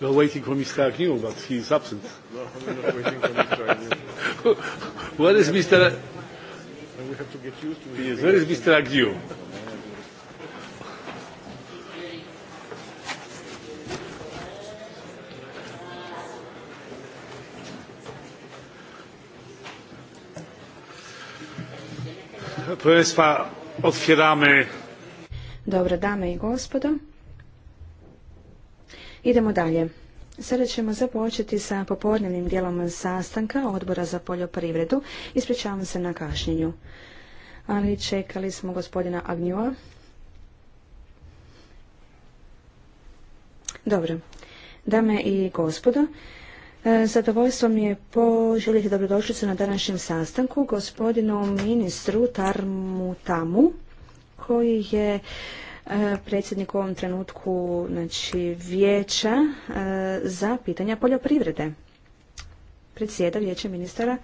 We are waiting for Mr. Agnew, but he is absent. No, we're waiting for Mr. Agnew. Where is Mr. And we have to get used to it. Yes, where is Mr. Agnew? Proszę Państwa, Otvjeramy. Dobro, dame i gospodo. Idemo dalje. Sada ćemo započeti sa popodnevnim dijelom sastanka odbora za poljoprivredu. Ispričavam se na kašnjenju. Ali čekali smo gospodina Agnjua. Dobro. Dame i gospodo, E, zadovoljstvo mi je poželjeti dobrodošlicu na današnjem sastanku gospodinu ministru Tarmu Tamu koji je e, predsjednik u ovom trenutku znači, vijeća e, za pitanja poljoprivrede. Predsjeda vijeće ministara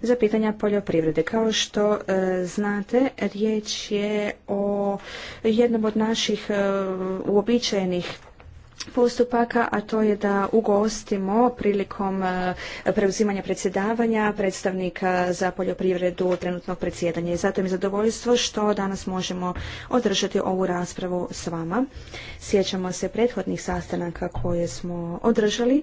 za pitanja poljoprivrede. Kao što znate, riječ je o jednom od naših e, uobičajenih postupaka, a to je da ugostimo prilikom e, preuzimanja predsjedavanja predstavnika za poljoprivredu trenutnog predsjedanja. I zato mi je zadovoljstvo što danas možemo održati ovu raspravu s vama. Sjećamo se prethodnih sastanaka koje smo održali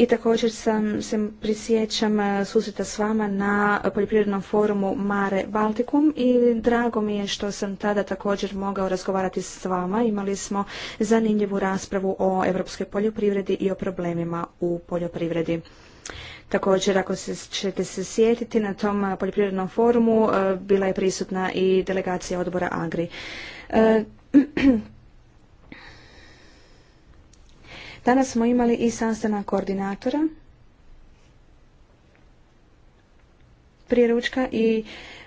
i također sam se prisjećam e, susreta s vama na poljoprivrednom forumu Mare Baltikum i drago mi je što sam tada također mogao razgovarati s vama. Imali smo zanimljivu raspravu o evropskoj poljoprivredi i o problemima u poljoprivredi. Također, ako se, ćete se sjetiti, na tom e, poljoprivrednom forumu e, bila je prisutna i delegacija odbora Agri. Danas smo imali i sastanak koordinatora prije ručka i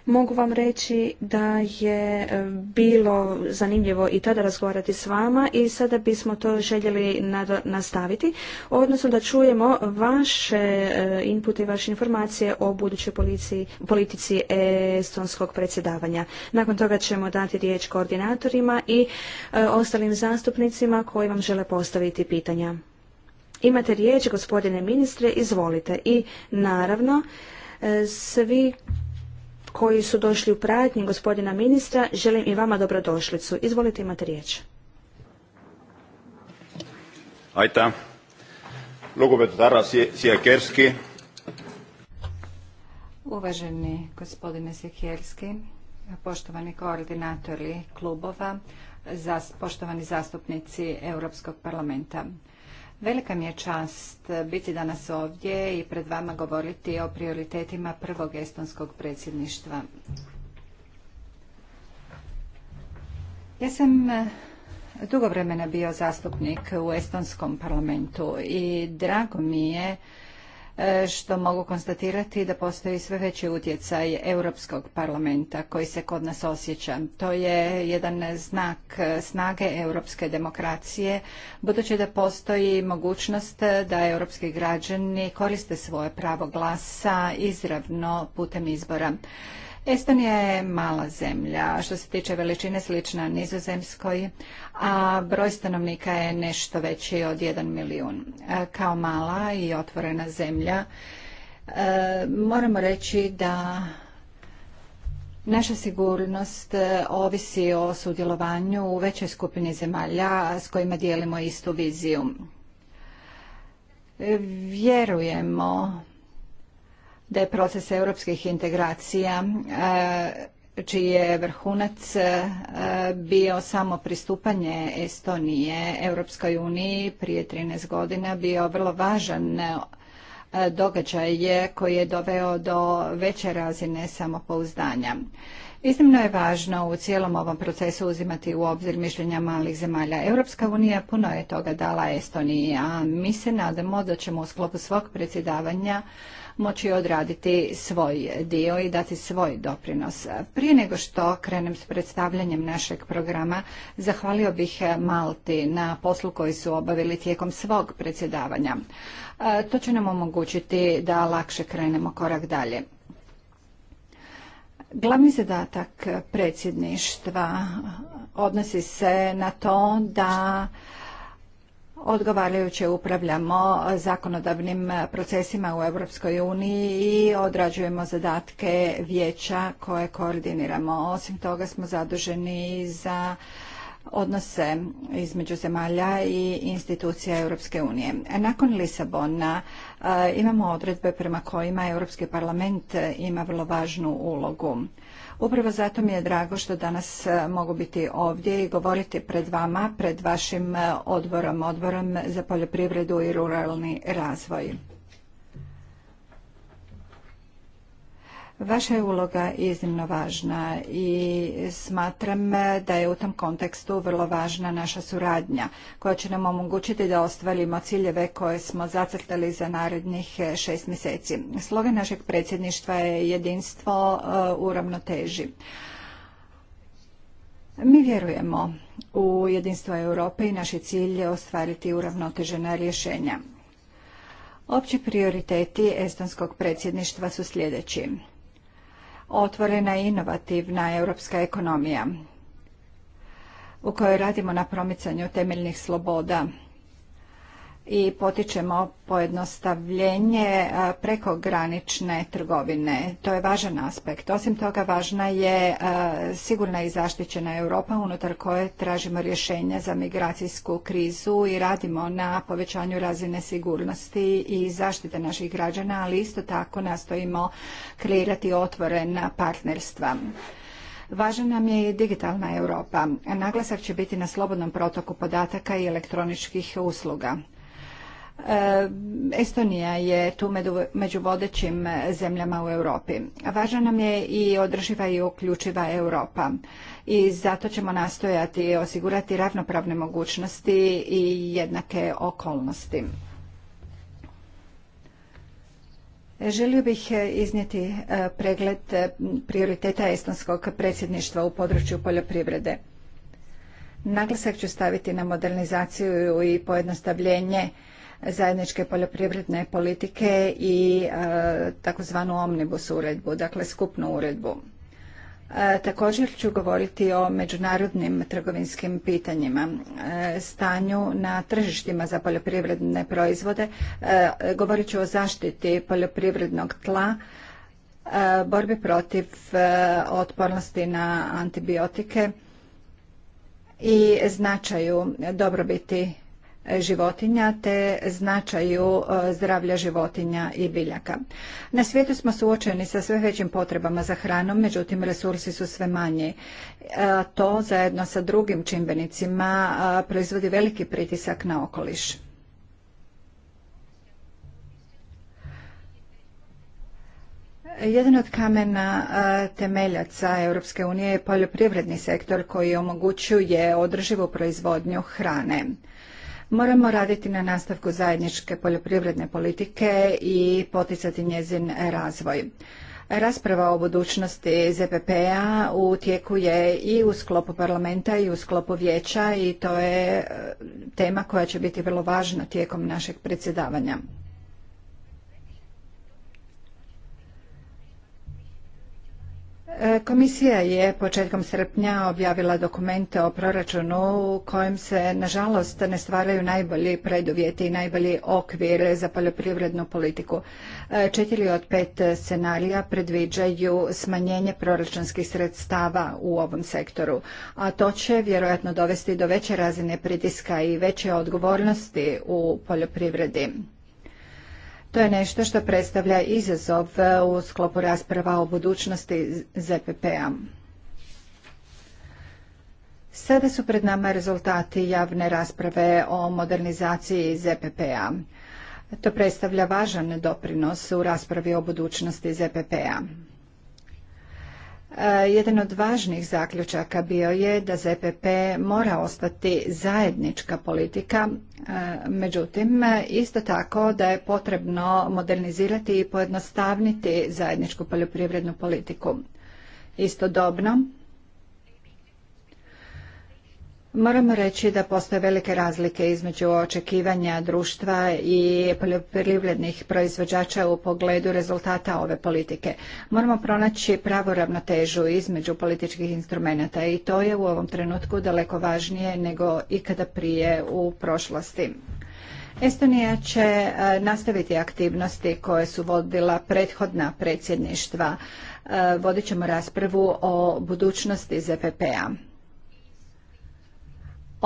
Mogu vam reći da je e, bilo zanimljivo i tada razgovarati s vama i sada bismo to željeli nastaviti, odnosno da čujemo vaše e, inpute i vaše informacije o budućoj politici estonskog predsjedavanja. Nakon toga ćemo dati riječ koordinatorima i e, ostalim zastupnicima koji vam žele postaviti pitanja. Imate riječ, gospodine ministre, izvolite. I naravno, svi koji su došli u pratnji gospodina ministra. Želim i vama dobrodošlicu. Izvolite, imate riječ. Ajta. Sijekerski. Uvaženi gospodine Sijekerski, poštovani koordinatori klubova, poštovani zastupnici Europskog parlamenta. Velika mi je čast biti danas ovdje i pred vama govoriti o prioritetima prvog estonskog predsjedništva. Ja sam e, dugo vremena bio zastupnik u Estonskom parlamentu i drago mi je E, što mogu konstatirati da postoji sve veći utjecaj Europskog parlamenta koji se kod nas osjeća. To je jedan znak e, snage europske demokracije, budući da postoji mogućnost da europski građani koriste svoje pravo glasa izravno putem izbora. Estonija je mala zemlja, što se tiče veličine slična nizozemskoj, a broj stanovnika je nešto veći od 1 milijun. E, kao mala i otvorena zemlja, e, moramo reći da Naša sigurnost e, ovisi o sudjelovanju u većoj skupini zemalja s kojima dijelimo istu viziju. Vjerujemo da je proces europskih integracija e, čiji je vrhunac e, bio samo pristupanje Estonije Europskoj uniji prije 13 godina bio vrlo važan e, događaj koji je doveo do veće razine samopouzdanja. Iznimno je važno u cijelom ovom procesu uzimati u obzir mišljenja malih zemalja. Europska unija puno je toga dala Estoniji, a mi se nadamo da ćemo u sklopu svog predsjedavanja moći odraditi svoj dio i dati svoj doprinos. Prije nego što krenem s predstavljanjem našeg programa, zahvalio bih Malti na poslu koji su obavili tijekom svog predsjedavanja. E, to će nam omogućiti da lakše krenemo korak dalje. Glavni zadatak predsjedništva odnosi se na to da odgovarajuće upravljamo zakonodavnim procesima u Europskoj uniji i odrađujemo zadatke vijeća koje koordiniramo. Osim toga smo zaduženi za odnose između zemalja i institucija Europske unije. Nakon Lisabona imamo odredbe prema kojima Europski parlament ima vrlo važnu ulogu. Upravo zato mi je drago što danas mogu biti ovdje i govoriti pred vama, pred vašim odborom, odborom za poljoprivredu i ruralni razvoj. Vaša je uloga iznimno važna i smatram da je u tom kontekstu vrlo važna naša suradnja koja će nam omogućiti da ostvarimo ciljeve koje smo zacrtali za narednih šest mjeseci. Slogan našeg predsjedništva je jedinstvo uh, u ravnoteži. Mi vjerujemo u jedinstvo Europe i naš je ostvariti uravnotežena rješenja. Opći prioriteti estonskog predsjedništva su sljedeći otvorena i inovativna europska ekonomija u kojoj radimo na promicanju temeljnih sloboda i potičemo pojednostavljenje e, prekogranične trgovine. To je važan aspekt. Osim toga, važna je e, sigurna i zaštićena Europa unutar koje tražimo rješenja za migracijsku krizu i radimo na povećanju razine sigurnosti i zaštite naših građana, ali isto tako nastojimo kreirati otvorena partnerstva. Važna nam je i digitalna Europa. Naglasak će biti na slobodnom protoku podataka i elektroničkih usluga. E, Estonija je tu među vodećim e, zemljama u Europi. Važna nam je i održiva i uključiva Europa i zato ćemo nastojati osigurati ravnopravne mogućnosti i jednake okolnosti. Želio bih e, iznijeti pregled prioriteta estonskog predsjedništva u području poljoprivrede. Naglasak ću staviti na modernizaciju i pojednostavljenje zajedničke poljoprivredne politike i e, takozvanu omnibus uredbu, dakle skupnu uredbu. E, također ću govoriti o međunarodnim trgovinskim pitanjima, e, stanju na tržištima za poljoprivredne proizvode, govorit ću o zaštiti poljoprivrednog tla, borbi protiv otpornosti na antibiotike i značaju dobrobiti životinja te značaju e, zdravlja životinja i biljaka. Na svijetu smo suočeni sa sve većim potrebama za hranom, međutim resursi su sve manji. E, to zajedno sa drugim čimbenicima e, proizvodi veliki pritisak na okoliš. Jedan od kamena temeljaca Europske unije je poljoprivredni sektor koji omogućuje održivu proizvodnju hrane. Moramo raditi na nastavku zajedničke poljoprivredne politike i poticati njezin razvoj. Rasprava o budućnosti ZPP-a u tijeku je i u sklopu parlamenta i u sklopu vijeća i to je e, tema koja će biti vrlo važna tijekom našeg predsjedavanja. E, komisija je početkom srpnja objavila dokumente o proračunu u kojem se nažalost ne stvaraju najbolji preduvjeti i najbolji okvir za poljoprivrednu politiku. E, četiri od pet scenarija predviđaju smanjenje proračunskih sredstava u ovom sektoru, a to će vjerojatno dovesti do veće razine pritiska i veće odgovornosti u poljoprivredi. To je nešto što predstavlja izazov e, u sklopu rasprava o budućnosti ZPP-a. Sada su pred nama rezultati javne rasprave o modernizaciji ZPP-a. To predstavlja važan doprinos u raspravi o budućnosti ZPP-a. Eh, jedan od važnijih zaključaka bio je da ZPP mora ostati zajednička politika, eh, međutim isto tako da je potrebno modernizirati i pojednostavniti zajedničku poljoprivrednu politiku. Istodobno, Moramo reći da postoje velike razlike između očekivanja društva i poljoprivrednih proizvođača u pogledu rezultata ove politike. Moramo pronaći pravu ravnotežu između političkih instrumenata i to je u ovom trenutku daleko važnije nego ikada prije u prošlosti. Estonija će e, nastaviti aktivnosti koje su vodila prethodna predsjedništva. E, vodit ćemo raspravu o budućnosti ZPP-a.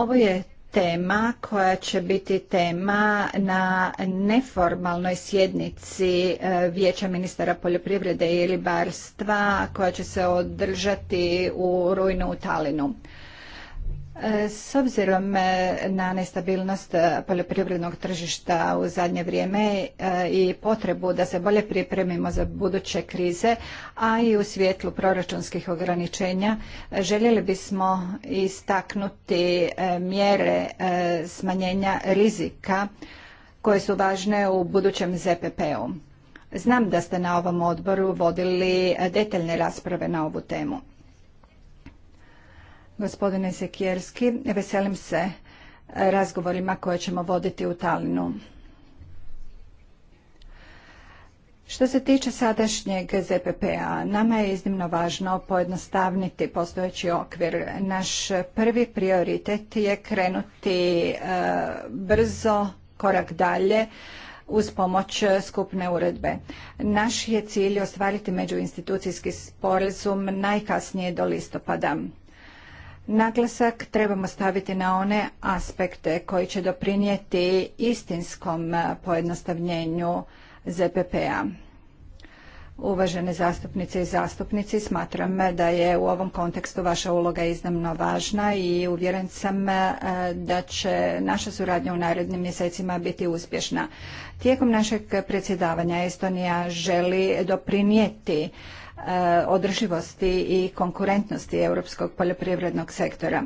Ovo je tema koja će biti tema na neformalnoj sjednici e, Vijeća ministara poljoprivrede i ribarstva koja će se održati u rujnu u Talinu. S obzirom e, na nestabilnost e, poljoprivrednog tržišta u zadnje vrijeme e, i potrebu da se bolje pripremimo za buduće krize, a i u svijetlu proračunskih ograničenja, željeli bismo istaknuti mjere smanjenja rizika koje su važne u budućem ZPP-u. Znam da ste na ovom odboru vodili detaljne rasprave na ovu temu. Gospodine Sekjerski, veselim se razgovorima koje ćemo voditi u Talinu. Što se tiče sadašnjeg ZPP-a, nama je iznimno važno pojednostavniti postojeći okvir. Naš prvi prioritet je krenuti e, brzo korak dalje uz pomoć skupne uredbe. Naš je cilj ostvariti međuinstitucijski sporazum najkasnije do listopada. Naglasak trebamo staviti na one aspekte koji će doprinijeti istinskom eh, pojednostavljenju ZPP-a. Uvažene zastupnice i zastupnici, smatram da je u ovom kontekstu vaša uloga iznimno važna i uvjeren sam eh, da će naša suradnja u narednim mjesecima biti uspješna. Tijekom našeg predsjedavanja Estonija želi doprinijeti Eh, održivosti i konkurentnosti europskog poljoprivrednog sektora.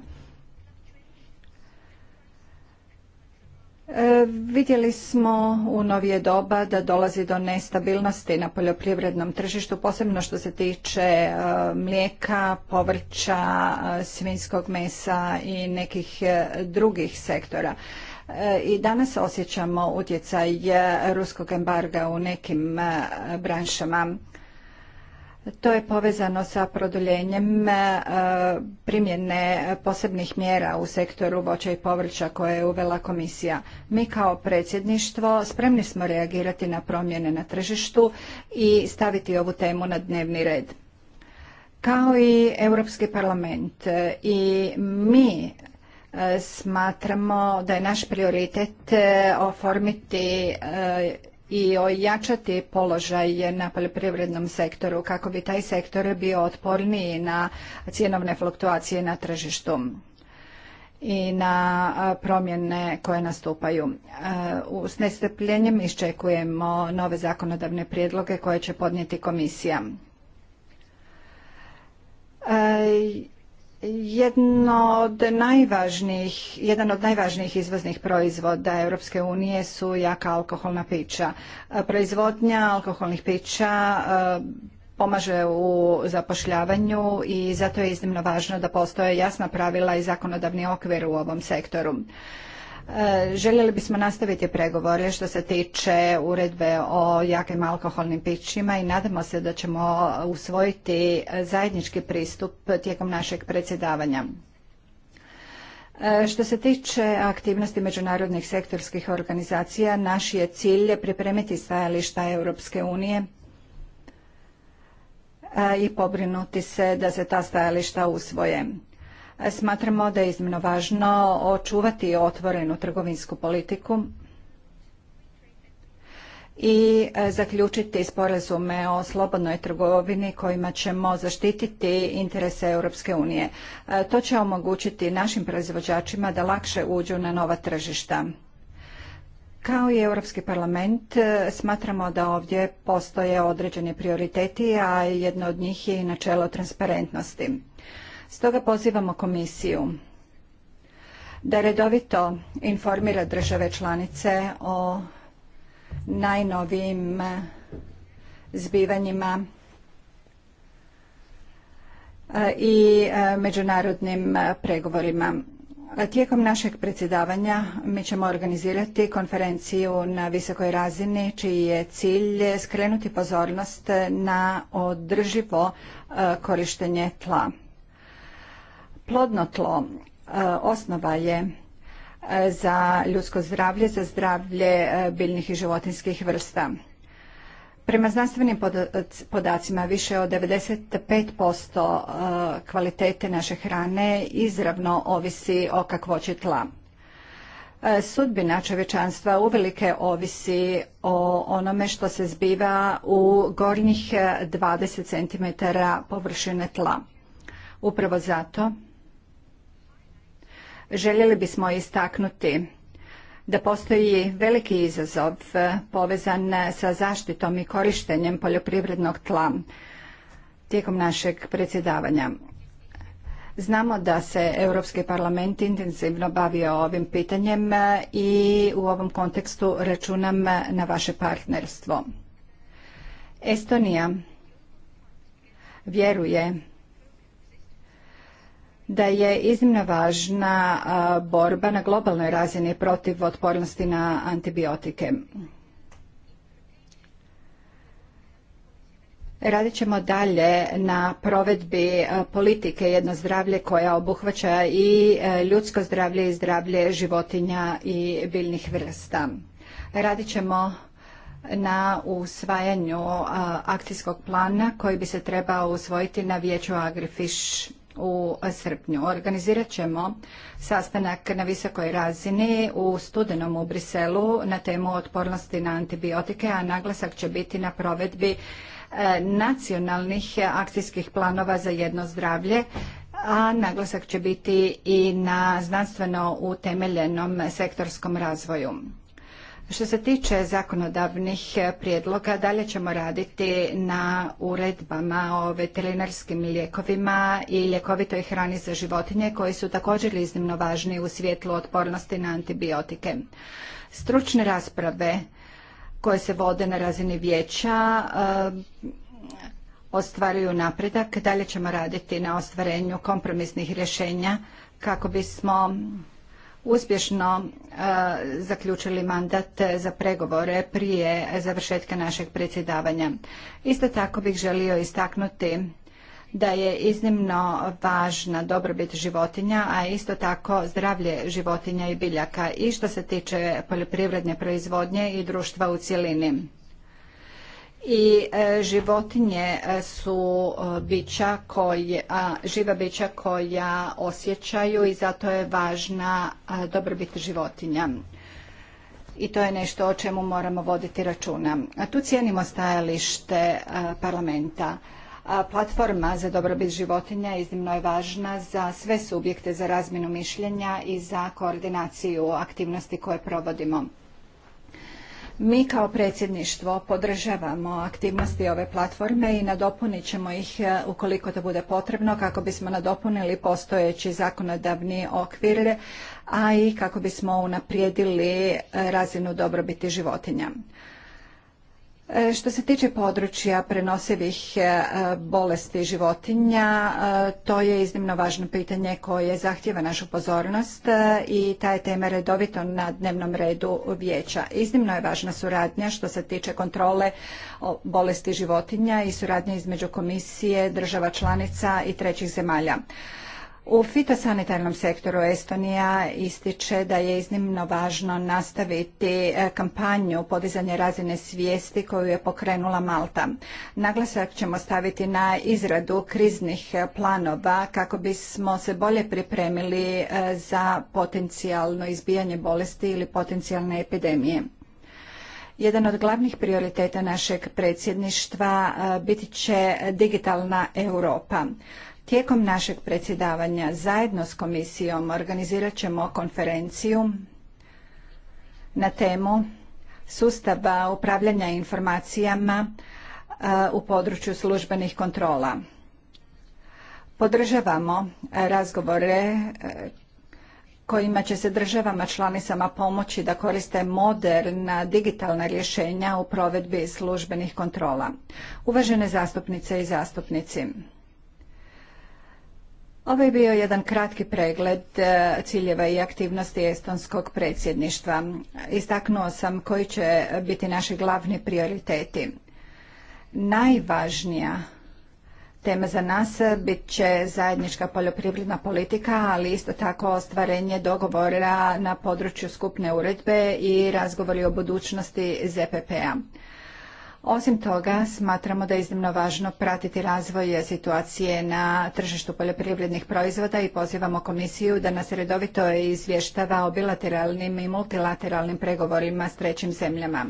Eh, vidjeli smo u novije doba da dolazi do nestabilnosti na poljoprivrednom tržištu, posebno što se tiče eh, mlijeka, povrća, svinjskog mesa i nekih drugih sektora. I danas osjećamo utjecaj ruskog embarga u nekim branšama to je povezano sa produljenjem e, primjene posebnih mjera u sektoru voća i povrća koje je uvela komisija. Mi kao predsjedništvo spremni smo reagirati na promjene na tržištu i staviti ovu temu na dnevni red. Kao i Europski parlament e, i mi e, smatramo da je naš prioritet oformiti i ojačati položaj na poljoprivrednom sektoru kako bi taj sektor bio otporniji na cjenovne fluktuacije na tržištu i na promjene koje nastupaju. S nestrpljenjem iščekujemo nove zakonodavne prijedloge koje će podnijeti komisija od jedan od najvažnijih izvoznih proizvoda Europske unije su jaka alkoholna pića. Proizvodnja alkoholnih pića e, pomaže u zapošljavanju i zato je iznimno važno da postoje jasna pravila i zakonodavni okvir u ovom sektoru. E, željeli bismo nastaviti pregovore što se tiče uredbe o jakim alkoholnim pićima i nadamo se da ćemo usvojiti zajednički pristup tijekom našeg predsjedavanja. E, što se tiče aktivnosti međunarodnih sektorskih organizacija, naš je cilj pripremiti stajališta Europske unije e, i pobrinuti se da se ta stajališta usvoje. Smatramo da je iznimno važno očuvati otvorenu trgovinsku politiku i e, zaključiti sporazume o slobodnoj trgovini kojima ćemo zaštititi interese Europske unije. E, to će omogućiti našim proizvođačima da lakše uđu na nova tržišta. Kao i Europski parlament e, smatramo da ovdje postoje određeni prioriteti, a jedno od njih je i načelo transparentnosti. Stoga pozivamo komisiju da redovito informira države članice o najnovijim zbivanjima e, i e, međunarodnim pregovorima. Tijekom našeg predsjedavanja mi ćemo organizirati konferenciju na visokoj razini čiji je cilj skrenuti pozornost na održivo e, korištenje tla. Plodno tlo e, osnova je e, za ljudsko zdravlje, za zdravlje e, biljnih i životinskih vrsta. Prema znanstvenim podacima više od 95% kvalitete naše hrane izravno ovisi o kakvoći tla. Sudbina čovječanstva uvelike ovisi o onome što se zbiva u gornjih 20 cm površine tla. Upravo zato Željeli bismo istaknuti da postoji veliki izazov eh, povezan eh, sa zaštitom i korištenjem poljoprivrednog tla tijekom našeg predsjedavanja. Znamo da se Europski parlament intenzivno bavio ovim pitanjem eh, i u ovom kontekstu računam na vaše partnerstvo. Estonija vjeruje da je iznimno važna borba na globalnoj razini protiv otpornosti na antibiotike. Radit ćemo dalje na provedbi politike jedno zdravlje koja obuhvaća i ljudsko zdravlje i zdravlje životinja i biljnih vrsta. Radit ćemo na usvajanju akcijskog plana koji bi se trebao usvojiti na vijeću Agrifish u srpnju. Organizirat ćemo sastanak na visokoj razini u studenom u Briselu na temu otpornosti na antibiotike, a naglasak će biti na provedbi e, nacionalnih akcijskih planova za jedno zdravlje, a naglasak će biti i na znanstveno utemeljenom sektorskom razvoju. Što se tiče zakonodavnih e, prijedloga, dalje ćemo raditi na uredbama o veterinarskim lijekovima i ljekovitoj hrani za životinje, koji su također iznimno važni u svjetlu otpornosti na antibiotike. Stručne rasprave koje se vode na razini vijeća e, ostvaruju napredak. Dalje ćemo raditi na ostvarenju kompromisnih rješenja kako bismo uspješno e, zaključili mandat za pregovore prije završetka našeg predsjedavanja. Isto tako bih želio istaknuti da je iznimno važna dobrobit životinja, a isto tako zdravlje životinja i biljaka i što se tiče poljoprivredne proizvodnje i društva u cjelini i e, životinje e, su e, bića koja, živa bića koja osjećaju i zato je važna dobrobit životinja. I to je nešto o čemu moramo voditi računa. tu cijenimo stajalište parlamenta. platforma za dobrobit životinja iznimno je važna za sve subjekte za razminu mišljenja i za koordinaciju aktivnosti koje provodimo. Mi kao predsjedništvo podržavamo aktivnosti ove platforme i nadopunit ćemo ih e, ukoliko to bude potrebno kako bismo nadopunili postojeći zakonodavni okvir, a i kako bismo unaprijedili e, razinu dobrobiti životinja. E, što se tiče područja prenosivih e, bolesti životinja, e, to je iznimno važno pitanje koje zahtjeva našu pozornost i ta je tema redovito na dnevnom redu vijeća. Iznimno je važna suradnja što se tiče kontrole bolesti životinja i suradnje između komisije, država članica i trećih zemalja. U fitosanitarnom sektoru Estonija ističe da je iznimno važno nastaviti e, kampanju podizanja razine svijesti koju je pokrenula Malta. Naglasak ćemo staviti na izradu kriznih planova kako bismo se bolje pripremili e, za potencijalno izbijanje bolesti ili potencijalne epidemije. Jedan od glavnih prioriteta našeg predsjedništva e, biti će digitalna Europa. Tijekom našeg predsjedavanja zajedno s komisijom organizirat ćemo konferenciju na temu sustava upravljanja informacijama e, u području službenih kontrola. Podržavamo razgovore e, kojima će se državama članicama pomoći da koriste moderna digitalna rješenja u provedbi službenih kontrola. Uvažene zastupnice i zastupnici, ovo je bio jedan kratki pregled e, ciljeva i aktivnosti estonskog predsjedništva. Istaknuo sam koji će biti naši glavni prioriteti. Najvažnija tema za nas bit će zajednička poljoprivredna politika, ali isto tako ostvarenje dogovora na području skupne uredbe i razgovori o budućnosti ZPP-a. Osim toga, smatramo da je iznimno važno pratiti razvoj situacije na tržištu poljoprivrednih proizvoda i pozivamo komisiju da nas redovito izvještava o bilateralnim i multilateralnim pregovorima s trećim zemljama.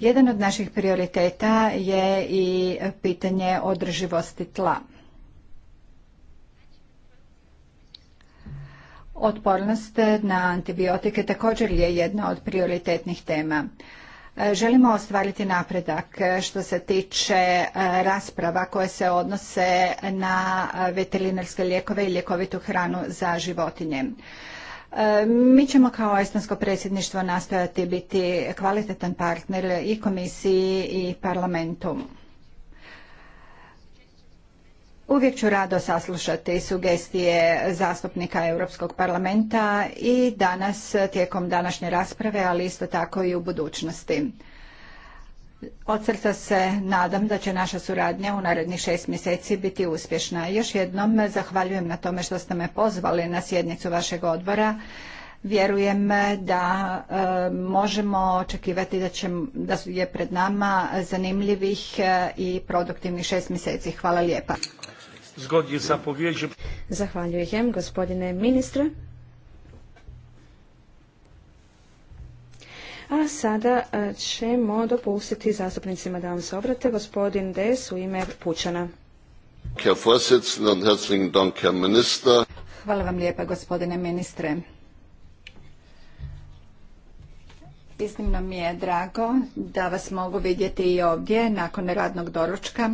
Jedan od naših prioriteta je i pitanje održivosti tla. Otpornost na antibiotike također je jedna od prioritetnih tema. E, želimo ostvariti napredak e, što se tiče e, rasprava koje se odnose na veterinarske lijekove i ljekovitu hranu za životinje. Mi ćemo kao estonsko predsjedništvo nastojati biti kvalitetan partner i komisiji i parlamentu. Uvijek ću rado saslušati sugestije zastupnika Europskog parlamenta i danas tijekom današnje rasprave, ali isto tako i u budućnosti. Od srca se nadam da će naša suradnja u narednih šest mjeseci biti uspješna. Još jednom zahvaljujem na tome što ste me pozvali na sjednicu vašeg odbora. Vjerujem da e, možemo očekivati da, će, da je pred nama zanimljivih e, i produktivnih šest mjeseci. Hvala lijepa. Zahvaljujem gospodine ministre. A sada e, ćemo dopustiti zastupnicima da vam se obrate. Gospodin Des u ime Pučana. Hvala vam lijepa gospodine ministre. Iznimno mi je drago da vas mogu vidjeti i ovdje nakon radnog doručka.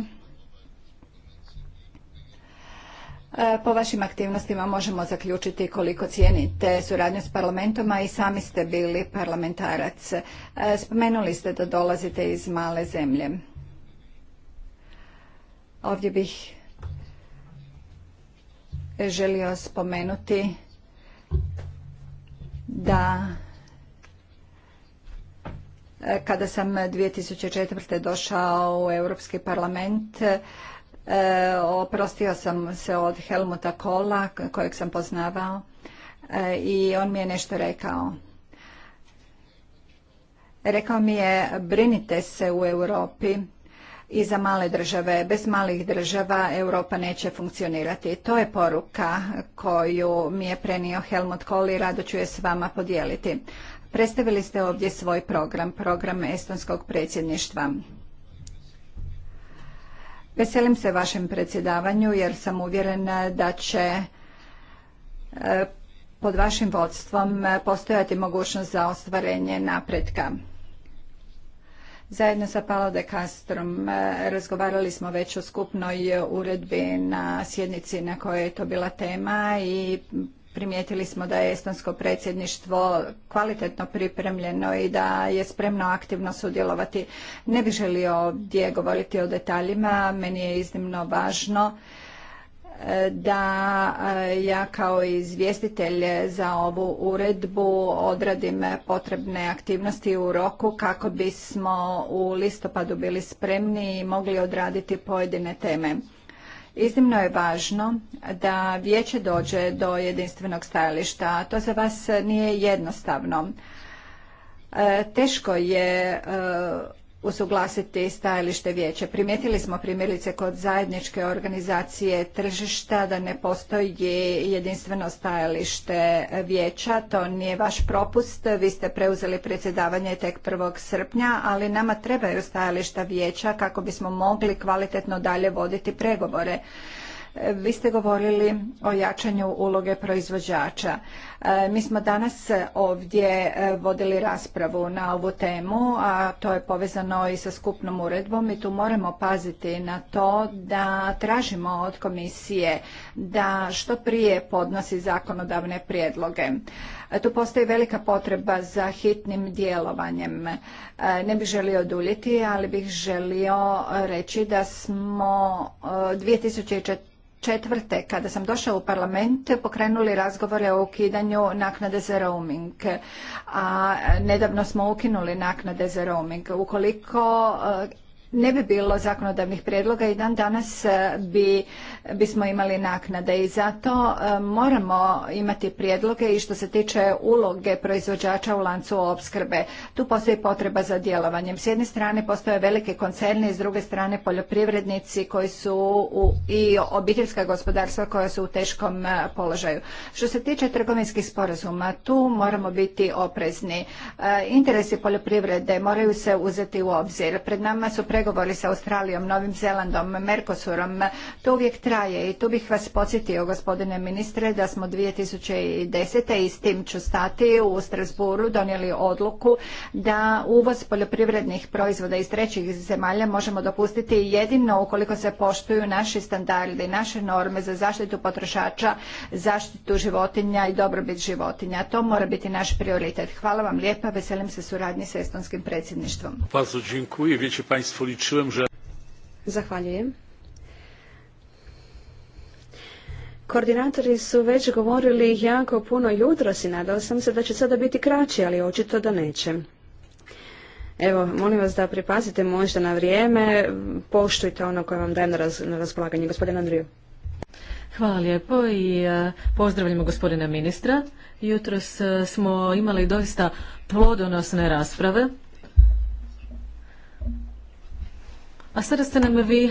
E, po vašim aktivnostima možemo zaključiti koliko cijenite suradnju s parlamentom, a i sami ste bili parlamentarac. E, spomenuli ste da dolazite iz male zemlje. Ovdje bih želio spomenuti da e, kada sam 2004. došao u Europski parlament, E, oprostio sam se od Helmuta Kola kojeg sam poznavao e, i on mi je nešto rekao. Rekao mi je brinite se u Europi i za male države. Bez malih država Europa neće funkcionirati. To je poruka koju mi je prenio Helmut Kohl i rado ću je s vama podijeliti. Predstavili ste ovdje svoj program, program estonskog predsjedništva. Veselim se vašem predsjedavanju jer sam uvjerena da će e, pod vašim vodstvom e, postojati mogućnost za ostvarenje napretka. Zajedno sa Palo de Castrom e, razgovarali smo već o skupnoj uredbi na sjednici na kojoj je to bila tema i Primijetili smo da je estonsko predsjedništvo kvalitetno pripremljeno i da je spremno aktivno sudjelovati. Ne bih želio ovdje govoriti o detaljima, meni je iznimno važno e, da e, ja kao izvjestitelj za ovu uredbu odradim potrebne aktivnosti u roku kako bismo u listopadu bili spremni i mogli odraditi pojedine teme. Iznimno je važno da vijeće dođe do jedinstvenog stajališta. To za vas nije jednostavno. E, teško je e, usuglasiti stajalište vijeća. Primijetili smo primjerice kod zajedničke organizacije tržišta da ne postoji jedinstveno stajalište vijeća. To nije vaš propust. Vi ste preuzeli predsjedavanje tek 1. srpnja, ali nama trebaju stajališta vijeća kako bismo mogli kvalitetno dalje voditi pregovore. Vi ste govorili o jačanju uloge proizvođača. E, mi smo danas ovdje e, vodili raspravu na ovu temu, a to je povezano i sa skupnom uredbom i tu moramo paziti na to da tražimo od komisije da što prije podnosi zakonodavne prijedloge. E, tu postoji velika potreba za hitnim djelovanjem. Ne bih želio duljiti, ali bih želio reći da smo 2014 četvrte, kada sam došao u parlament, pokrenuli razgovore o ukidanju naknade za roaming. A nedavno smo ukinuli naknade za roaming. Ukoliko ne bi bilo zakonodavnih prijedloga i dan danas e, bismo imali naknade i zato e, moramo imati prijedloge i što se tiče uloge proizvođača u lancu opskrbe. Tu postoji potreba za djelovanjem. S jedne strane postoje velike koncerne s druge strane poljoprivrednici koji su i obiteljska gospodarstva koja su u teškom e, položaju. Što se tiče trgovinskih sporazuma, tu moramo biti oprezni. Interesi poljoprivrede moraju se uzeti u obzir. Pred nama su pre pregovori sa Australijom, Novim Zelandom, Mercosurom, to uvijek traje i tu bih vas podsjetio gospodine ministre da smo 2010. i s tim ću stati u Strasburu donijeli odluku da uvoz poljoprivrednih proizvoda iz trećih zemalja možemo dopustiti jedino ukoliko se poštuju naši standardi, naše norme za zaštitu potrošača, zaštitu životinja i dobrobit životinja. To mora biti naš prioritet. Hvala vam lijepa, veselim se suradnji sa estonskim predsjedništvom policzyłem, że... Zahvaljujem. Koordinatori su već govorili jako puno jutros i nadala sam se da će sada biti kraći, ali očito da neće. Evo, molim vas da pripazite možda na vrijeme, poštujte ono koje vam dajem na, na raspolaganje. Gospodin Andriju. Hvala lijepo i e, pozdravljamo gospodina ministra. Jutros e, smo imali doista plodonosne rasprave. A sada ste nam vi eh,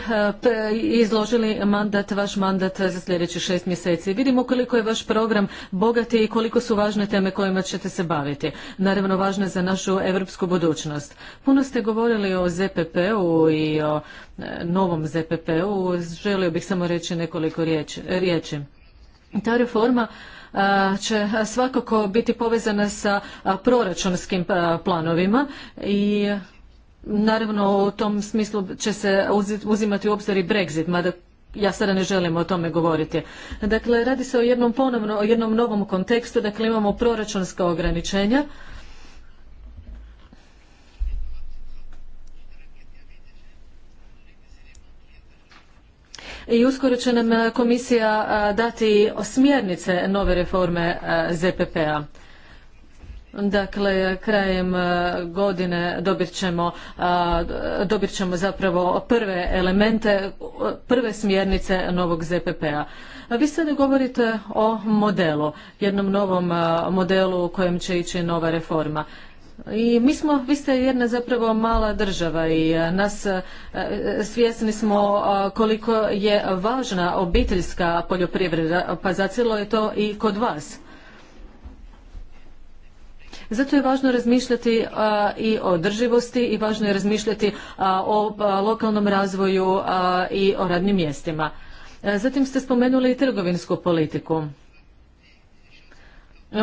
izložili mandat, vaš mandat za sljedećih šest mjeseci. Vidimo koliko je vaš program bogati i koliko su važne teme kojima ćete se baviti. Naravno, važne za našu europsku budućnost. Puno ste govorili o ZPP-u i o eh, novom ZPP-u. Želio bih samo reći nekoliko riječi. Ta reforma eh, će svakako biti povezana sa proračunskim planovima i Naravno, u tom smislu će se uzimati u obzir i Brexit, mada ja sada ne želim o tome govoriti. Dakle, radi se o jednom ponovno, o jednom novom kontekstu, dakle imamo proračunska ograničenja. I uskoro će nam komisija dati smjernice nove reforme ZPP-a. Dakle, krajem e, godine dobit ćemo, zapravo prve elemente, prve smjernice novog ZPP-a. Vi sada govorite o modelu, jednom novom modelu u kojem će ići nova reforma. I mi smo, vi ste jedna zapravo mala država i nas svjesni smo koliko je važna obiteljska poljoprivreda, pa zacijelo je to i kod vas. Zato je važno razmišljati i o održivosti i važno je razmišljati o lokalnom razvoju i o radnim mjestima. Zatim ste spomenuli i trgovinsku politiku.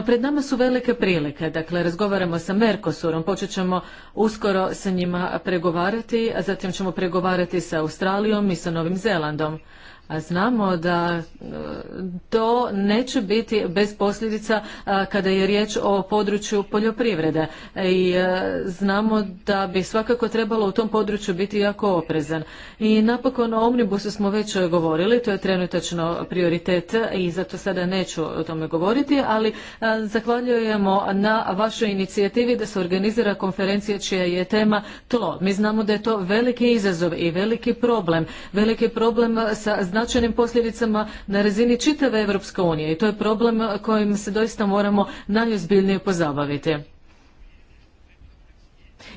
Pred nama su velike prilike, dakle razgovaramo sa Mercosurom, počet ćemo uskoro sa njima pregovarati, a zatim ćemo pregovarati sa Australijom i sa Novim Zelandom. A znamo da e, to neće biti bez posljedica e, kada je riječ o području poljoprivrede e, i znamo da bi svakako trebalo u tom području biti jako oprezan. I napokon o omnibusu smo već govorili, to je trenutačno prioritet i zato sada neću o tome govoriti, ali zahvaljujemo na vašoj inicijativi da se organizira konferencija čija je tema tlo. Mi znamo da je to veliki izazov i veliki problem, veliki problem sa značajnim posljedicama na razini čitave Europske unije i to je problem kojim se doista moramo najozbiljnije pozabaviti.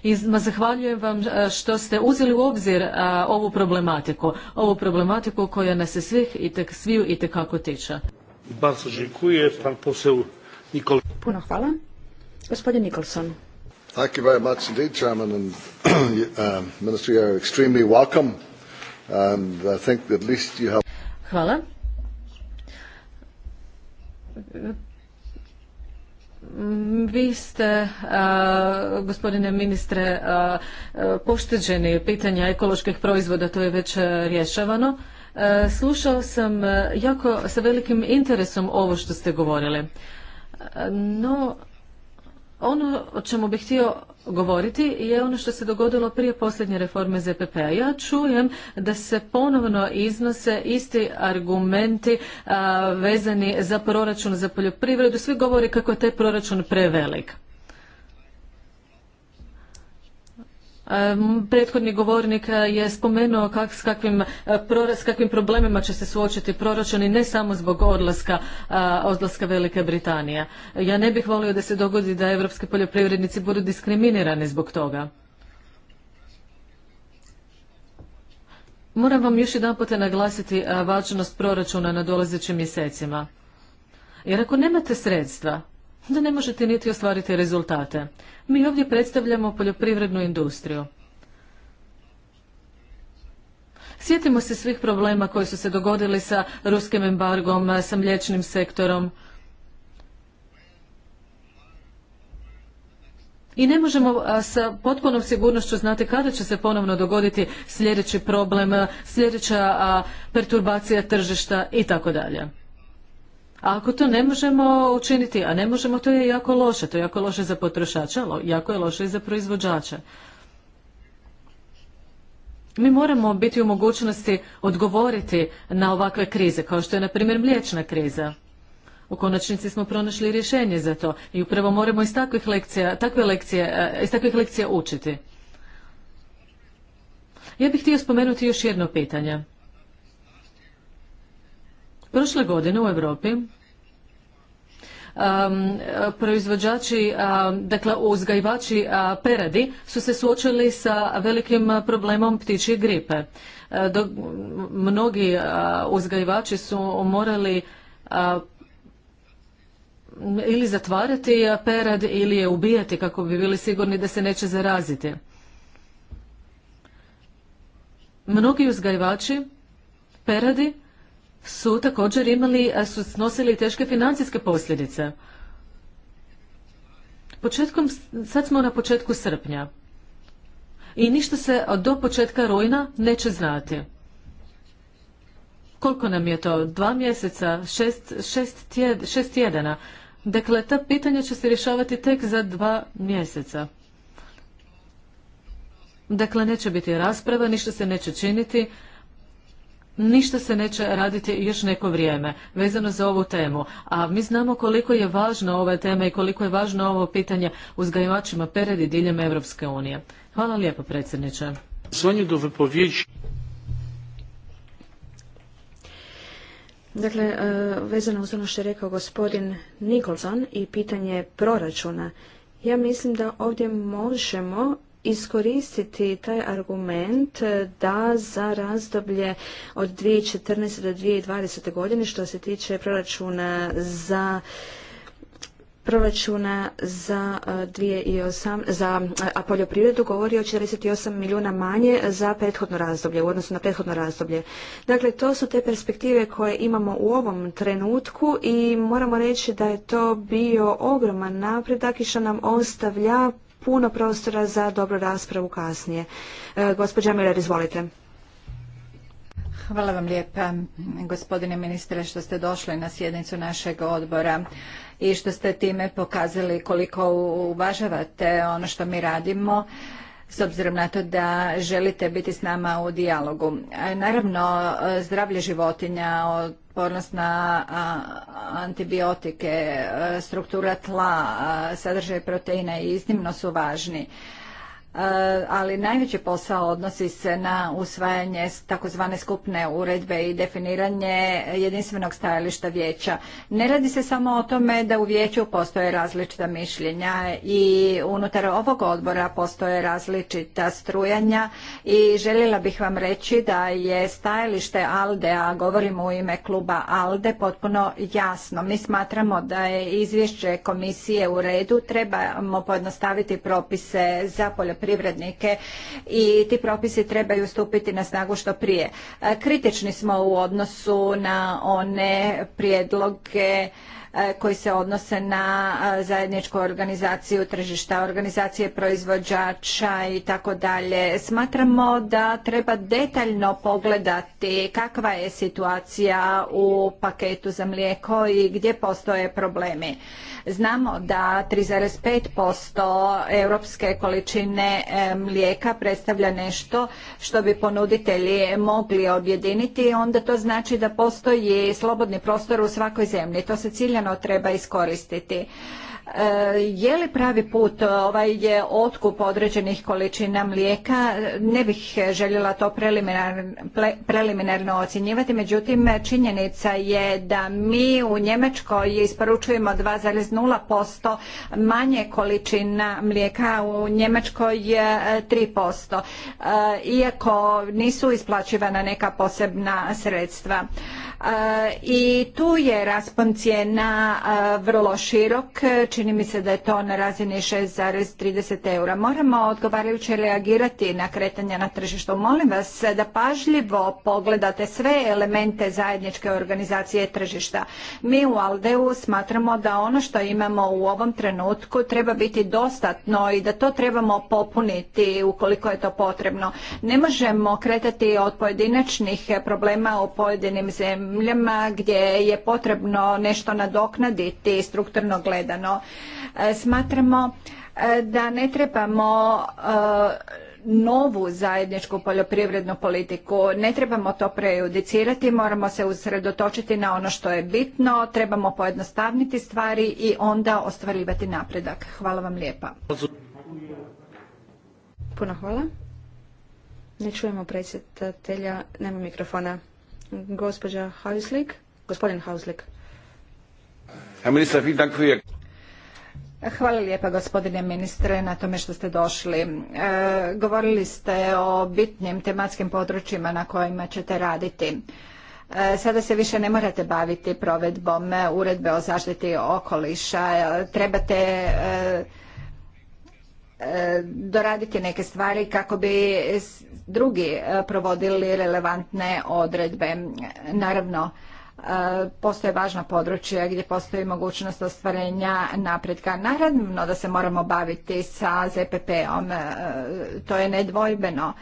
I zahvaljujem vam e, što ste uzeli u obzir a, e, ovu problematiku, ovu problematiku koja nas se svih i tek sviju i tekako tiče. Puno hvala. Gospodin Nicholson. Thank you very much indeed, Chairman and uh, Minister. You're extremely welcome Hvala. Vi ste, gospodine ministre, pošteđeni pitanja ekoloških proizvoda, to je već rješavano. Slušao sam jako sa velikim interesom ovo što ste govorili. No, ono o čemu bih htio govoriti je ono što se dogodilo prije posljednje reforme ZPP-a. Ja čujem da se ponovno iznose isti argumenti vezani za proračun za poljoprivredu. Svi govori kako je taj proračun prevelik. Prethodni govornik eh, je spomenuo kak, eh, s, kakvim, problemima će se suočiti proračuni ne samo zbog odlaska, eh, odlaska Velike Britanije. Ja ne bih volio da se dogodi da evropski poljoprivrednici budu diskriminirani zbog toga. Moram vam još jedan naglasiti važnost proračuna na dolazećim mjesecima. Jer ako nemate sredstva, da ne možete niti ostvariti rezultate. Mi ovdje predstavljamo poljoprivrednu industriju. Sjetimo se svih problema koji su se dogodili sa ruskim embargom, sa mliječnim sektorom. I ne možemo sa potpunom sigurnošću znati kada će se ponovno dogoditi sljedeći problem, sljedeća perturbacija tržišta i tako dalje. A ako to ne možemo učiniti, a ne možemo, to je jako loše. To je jako loše za potrošača, jako je loše i za proizvođača. Mi moramo biti u mogućnosti odgovoriti na ovakve krize, kao što je, na primjer, mliječna kriza. U konačnici smo pronašli rješenje za to i upravo moramo iz takvih lekcija, takve lekcije, eh, iz takvih lekcija učiti. Ja bih htio spomenuti još jedno pitanje. Prošle godine u Europi um, proizvođači, um, dakle uzgajivači uh, peradi su se suočili sa velikim problemom ptičje gripe. Uh, mnogi uh, uzgajivači su morali ili zatvarati perad ili je ubijati kako bi bili sigurni da se neće zaraziti. Mnogi uzgajivači peradi su također imali, su snosili teške financijske posljedice. Početkom, sad smo na početku srpnja i ništa se do početka rujna neće znati. Koliko nam je to? Dva mjeseca? Šest, šest tjedana? Dakle, ta pitanja će se rješavati tek za dva mjeseca. Dakle, neće biti rasprava, ništa se neće činiti, ništa se neće raditi još neko vrijeme vezano za ovu temu. A mi znamo koliko je važna ova tema i koliko je važno ovo pitanje uzgajivačima peredi diljem Evropske unije. Hvala lijepo predsjedniče. Dakle, e, vezano uz ono što je rekao gospodin Nicholson i pitanje proračuna, ja mislim da ovdje možemo iskoristiti taj argument e, da za razdoblje od 2014. do 2020. godine što se tiče proračuna za proračuna za e, za a poljoprivredu govori o 48 milijuna manje za prethodno razdoblje, u odnosu na prethodno razdoblje. Dakle, to su te perspektive koje imamo u ovom trenutku i moramo reći da je to bio ogroman napredak i što nam ostavlja puno prostora za dobru raspravu kasnije. E, gospođa Miller, izvolite. Hvala vam lijepa, gospodine ministre, što ste došli na sjednicu našeg odbora i što ste time pokazali koliko uvažavate ono što mi radimo s obzirom na to da želite biti s nama u dijalogu. E, naravno, zdravlje životinja, otpornost na antibiotike, e, struktura tla, sadržaj proteina iznimno su važni. E, ali najveći posao odnosi se na usvajanje takozvane skupne uredbe i definiranje jedinstvenog stajališta vijeća. Ne radi se samo o tome da u vijeću postoje različita mišljenja i unutar ovog odbora postoje različita strujanja i željela bih vam reći da je stajalište ALDE, a govorimo u ime kluba ALDE, potpuno jasno. Mi smatramo da je izvješće komisije u redu, trebamo pojednostaviti propise za poljoprivrednike poljoprivrednike i ti propisi trebaju stupiti na snagu što prije. E, kritični smo u odnosu na one prijedloge E, koji se odnose na e, zajedničku organizaciju tržišta, organizacije proizvođača i tako dalje. Smatramo da treba detaljno pogledati kakva je situacija u paketu za mlijeko i gdje postoje problemi. Znamo da 3,5% europske količine e, mlijeka predstavlja nešto što bi ponuditelji mogli objediniti, onda to znači da postoji slobodni prostor u svakoj zemlji. To se ciljano no treba iskoristiti. E, je li pravi put e, ovaj je otkup određenih količina mlijeka? Ne bih željela to preliminarno ocjenjivati, međutim činjenica je da mi u Njemačkoj isporučujemo 2,0% manje količina mlijeka, u Njemačkoj 3%, e, iako nisu isplaćivana neka posebna sredstva. I tu je raspon cijena vrlo širok čini mi se da je to na razini 6,30 eura. Moramo odgovarajuće reagirati na kretanje na tržištu. Molim vas da pažljivo pogledate sve elemente zajedničke organizacije tržišta. Mi u Aldeu smatramo da ono što imamo u ovom trenutku treba biti dostatno i da to trebamo popuniti ukoliko je to potrebno. Ne možemo kretati od pojedinačnih problema u pojedinim zemljama gdje je potrebno nešto nadoknaditi strukturno gledano. E, smatramo e, da ne trebamo e, novu zajedničku poljoprivrednu politiku. Ne trebamo to prejudicirati, moramo se usredotočiti na ono što je bitno, trebamo pojednostavniti stvari i onda ostvarivati napredak. Hvala vam lijepa. Puno hvala. Ne čujemo predsjedatelja, nema mikrofona. Gospođa Hauslik, gospodin Hauslik. Hvala lijepa gospodine ministre na tome što ste došli. E, govorili ste o bitnim tematskim područjima na kojima ćete raditi. E, sada se više ne morate baviti provedbom uredbe o zaštiti okoliša. E, trebate doraditi neke stvari kako bi drugi provodili relevantne odredbe. Naravno, postoje važna područja gdje postoji mogućnost ostvarenja napretka. Naravno da se moramo baviti sa ZPP-om, e, to je nedvojbeno.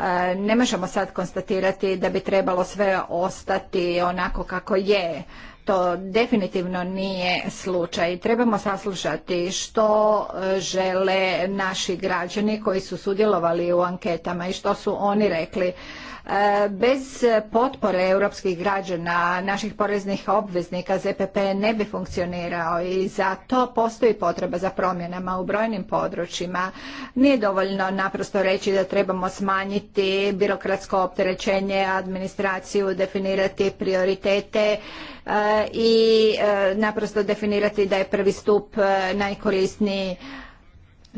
E, ne možemo sad konstatirati da bi trebalo sve ostati onako kako je. To definitivno nije slučaj. Trebamo saslušati što e, žele naši građani koji su sudjelovali u anketama i što su oni rekli Bez potpore europskih građana, naših poreznih obveznika, ZPP ne bi funkcionirao i zato postoji potreba za promjenama u brojnim područjima. Nije dovoljno naprosto reći da trebamo smanjiti birokratsko opterećenje, administraciju, definirati prioritete e, i e, naprosto definirati da je prvi stup e, najkorisniji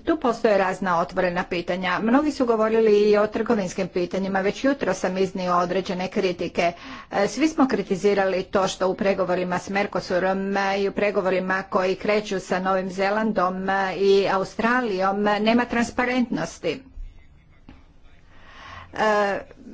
tu postoje razna otvorena pitanja. Mnogi su govorili i o trgovinskim pitanjima. Već jutro sam iznio određene kritike. E, svi smo kritizirali to što u pregovorima s Mercosurom e, i u pregovorima koji kreću sa Novim Zelandom e, i Australijom nema transparentnosti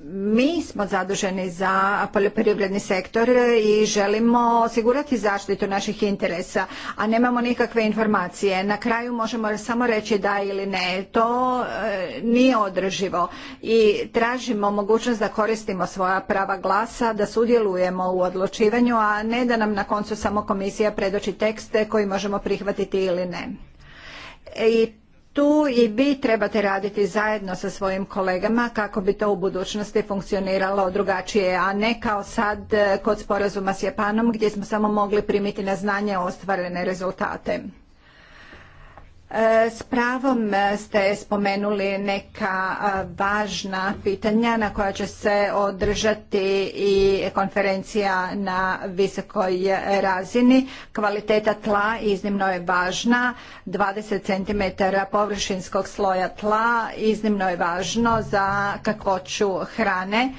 mi smo zaduženi za poljoprivredni sektor i želimo osigurati zaštitu naših interesa, a nemamo nikakve informacije. Na kraju možemo samo reći da ili ne. To e, nije održivo i tražimo mogućnost da koristimo svoja prava glasa, da sudjelujemo u odlučivanju, a ne da nam na koncu samo komisija predoči tekste koji možemo prihvatiti ili ne. I tu i vi trebate raditi zajedno sa svojim kolegama kako bi to u budućnosti funkcioniralo drugačije, a ne kao sad eh, kod sporazuma s Japanom gdje smo samo mogli primiti na znanje ostvarene rezultate. S pravom e, ste spomenuli neka e, važna pitanja na koja će se održati i konferencija na visokoj razini. Kvaliteta tla iznimno je važna. 20 cm površinskog sloja tla iznimno je važno za kakvoću hrane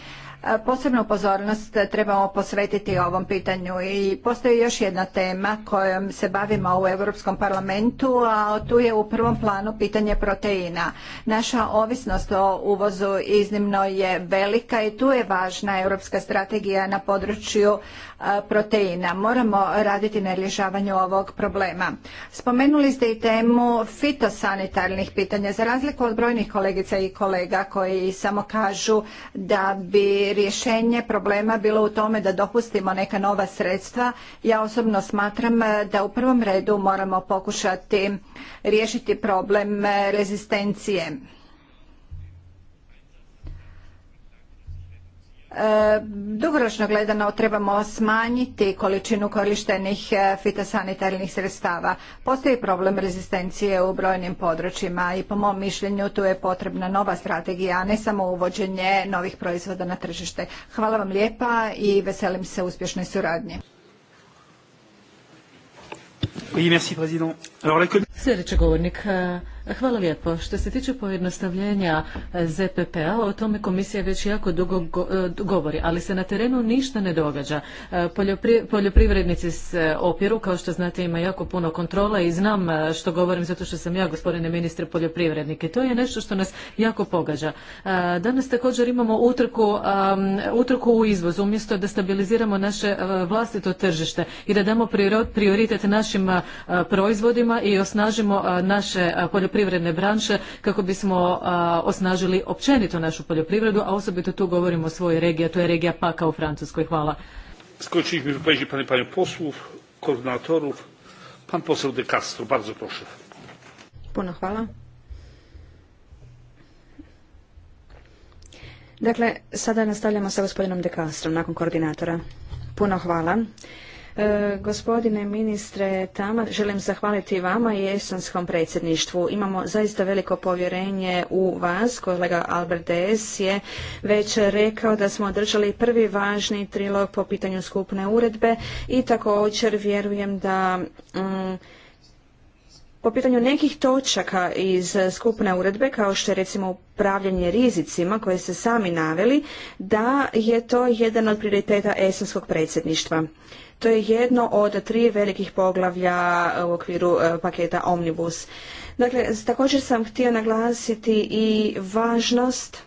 Posebnu pozornost trebamo posvetiti ovom pitanju i postoji još jedna tema kojom se bavimo u Europskom parlamentu, a tu je u prvom planu pitanje proteina. Naša ovisnost o uvozu iznimno je velika i tu je važna europska strategija na području proteina. Moramo raditi na rješavanju ovog problema. Spomenuli ste i temu fitosanitarnih pitanja. Za razliku od brojnih kolegica i kolega koji samo kažu da bi rješenje problema bilo u tome da dopustimo neka nova sredstva, ja osobno smatram da u prvom redu moramo pokušati riješiti problem rezistencije Dugoročno gledano trebamo smanjiti količinu korištenih e, fitosanitarnih sredstava. Postoji problem rezistencije u brojnim područjima i po mom mišljenju tu je potrebna nova strategija, a ne samo uvođenje novih proizvoda na tržište. Hvala vam lijepa i veselim se uspješnoj suradnji. Sljedeći Hvala lijepo. Što se tiče pojednostavljenja e, ZPPA, o tome komisija već jako dugo e, govori, ali se na terenu ništa ne događa. E, poljoprivrednici se opiru, kao što znate ima jako puno kontrola i znam što govorim zato što sam ja, gospodine ministre, poljoprivrednike. i to je nešto što nas jako pogađa. Danas također imamo utrku, utrku u izvozu, umjesto da stabiliziramo naše vlastito tržište i da damo prioritet našim proizvodima i osnažimo naše poljoprivrednike poljoprivredne branše kako bismo osnažili općenito našu poljoprivredu, a osobito tu govorimo o svojoj regiji, a to je regija Paka u Francuskoj. Hvala. mi wypowiedzi pani posłów, koordynatorów. Pan poseł De Castro, bardzo proszę. Puno hvala. Dakle, sada nastavljamo sa gospodinom De Castro nakon koordinatora. Puno hvala. E, gospodine ministre Tama, želim zahvaliti vama i esonskom predsjedništvu. Imamo zaista veliko povjerenje u vas. Kolega Albert Dees je već rekao da smo održali prvi važni trilog po pitanju skupne uredbe i također vjerujem da mm, po pitanju nekih točaka iz skupne uredbe, kao što je recimo upravljanje rizicima koje ste sami naveli, da je to jedan od prioriteta esonskog predsjedništva. To je jedno od tri velikih poglavlja e, u okviru e, paketa Omnibus. Dakle, također sam htio naglasiti i važnost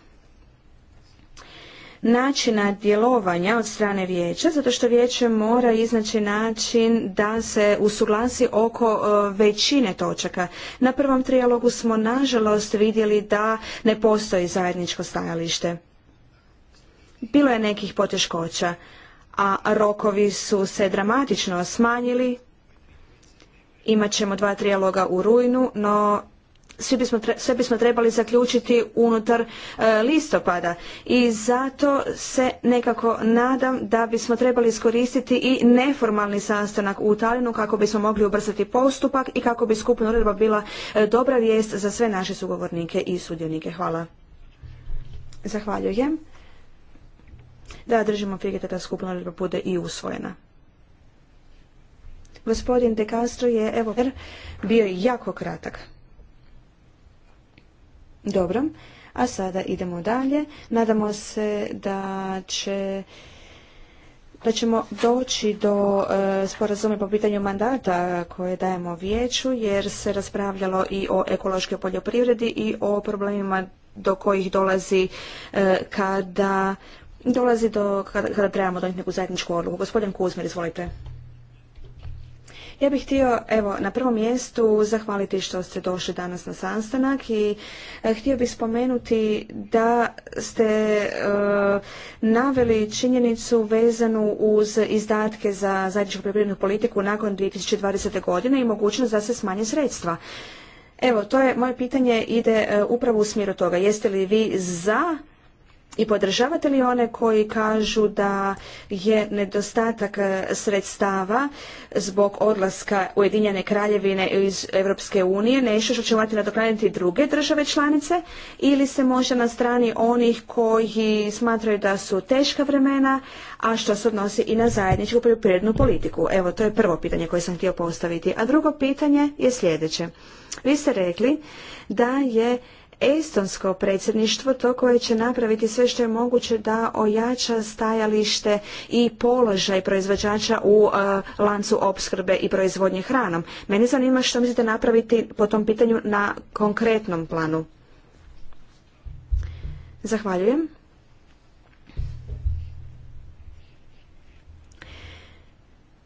načina djelovanja od strane vijeća, zato što vijeće mora iznaći način da se usuglasi oko e, većine točaka. Na prvom trijalogu smo nažalost vidjeli da ne postoji zajedničko stajalište. Bilo je nekih poteškoća a rokovi su se dramatično smanjili. Imat ćemo dva trijaloga u rujnu, no bismo sve bismo trebali zaključiti unutar e, listopada i zato se nekako nadam da bismo trebali iskoristiti i neformalni sastanak u Talinu kako bismo mogli ubrzati postupak i kako bi skupna uredba bila e, dobra vijest za sve naše sugovornike i sudionike. Hvala. Zahvaljujem da držimo fige da ta skupna bude i usvojena. Gospodin De Castro je, evo, er, bio jako kratak. Dobro, a sada idemo dalje. Nadamo se da će da ćemo doći do sporazume sporazuma po pitanju mandata koje dajemo vijeću jer se raspravljalo i o ekološkoj poljoprivredi i o problemima do kojih dolazi e, kada dolazi do kada, trebamo donijeti neku zajedničku odluku. Gospodin Kuzmer, izvolite. Ja bih htio, evo, na prvom mjestu zahvaliti što ste došli danas na sastanak i eh, htio bih spomenuti da ste eh, naveli činjenicu vezanu uz izdatke za zajedničku poljoprivrednu politiku nakon 2020. godine i mogućnost da se smanje sredstva. Evo, to je moje pitanje ide eh, upravo u smjeru toga. Jeste li vi za i podržavate li one koji kažu da je nedostatak e, sredstava zbog odlaska Ujedinjene kraljevine iz Europske unije nešto što će morati nadoknaditi druge države članice ili se možda na strani onih koji smatraju da su teška vremena, a što se odnosi i na zajedničku poljoprivrednu politiku? Evo, to je prvo pitanje koje sam htio postaviti. A drugo pitanje je sljedeće. Vi ste rekli da je estonsko predsjedništvo to koje će napraviti sve što je moguće da ojača stajalište i položaj proizvođača u e, lancu opskrbe i proizvodnje hranom. Mene zanima što mislite napraviti po tom pitanju na konkretnom planu. Zahvaljujem.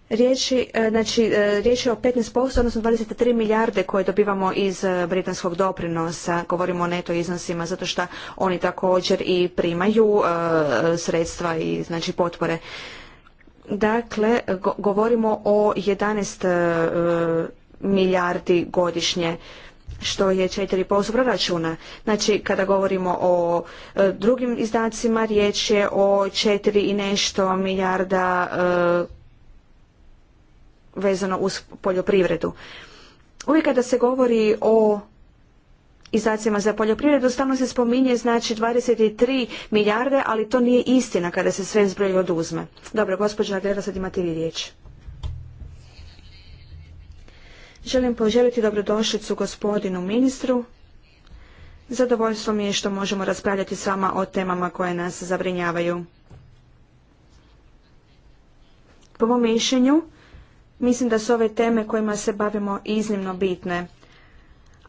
Riječi, e, znači, e, riječ je o 15%, odnosno 23 milijarde koje dobivamo iz e, britanskog doprinosa, govorimo o neto iznosima, zato što oni također i primaju sredstva i znači potpore. Dakle, govorimo o 11 milijardi godišnje što je 4,5% proračuna. Znači, kada govorimo o drugim izdacima, riječ je o 4 i nešto milijarda vezano uz poljoprivredu. Uvijek kada se govori o izdacima za poljoprivredu stalno se spominje znači 23 milijarde, ali to nije istina kada se sve zbroji oduzme. Dobro, gospođa Aguilera, sad imate vi riječ. Želim poželiti dobrodošlicu gospodinu ministru. Zadovoljstvo mi je što možemo raspravljati s vama o temama koje nas zabrinjavaju. Po mom mišljenju, Mislim da su ove teme kojima se bavimo iznimno bitne.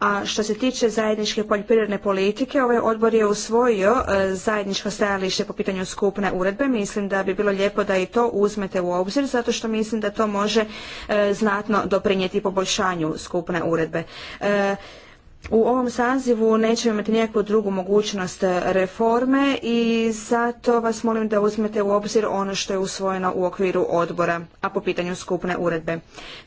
A što se tiče zajedničke poljoprivredne politike, ovaj odbor je usvojio e, zajedničko stajalište po pitanju skupne uredbe. Mislim da bi bilo lijepo da i to uzmete u obzir, zato što mislim da to može e, znatno doprinijeti poboljšanju skupne uredbe. E, u ovom sazivu nećemo imati nikakvu drugu mogućnost reforme i zato vas molim da uzmete u obzir ono što je usvojeno u okviru odbora, a po pitanju skupne uredbe.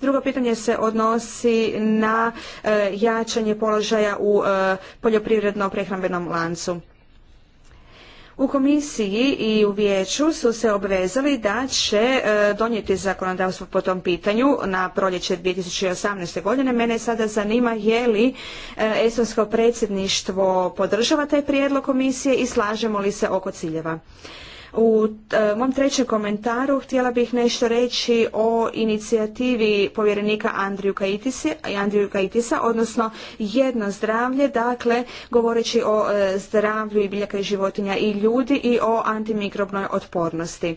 Drugo pitanje se odnosi na e, jačanje položaja u e, poljoprivredno prehrambenom lancu. U komisiji i u vijeću su se obvezali da će e, donijeti zakonodavstvo po tom pitanju na proljeće 2018. godine. Mene sada zanima je li e, estonsko predsjedništvo podržava taj prijedlog komisije i slažemo li se oko ciljeva. U e, mom trećem komentaru htjela bih nešto reći o inicijativi povjerenika Andriju Kaitisa, odnosno jedno zdravlje, dakle govoreći o e, zdravlju i biljaka i životinja i ljudi i o antimikrobnoj otpornosti.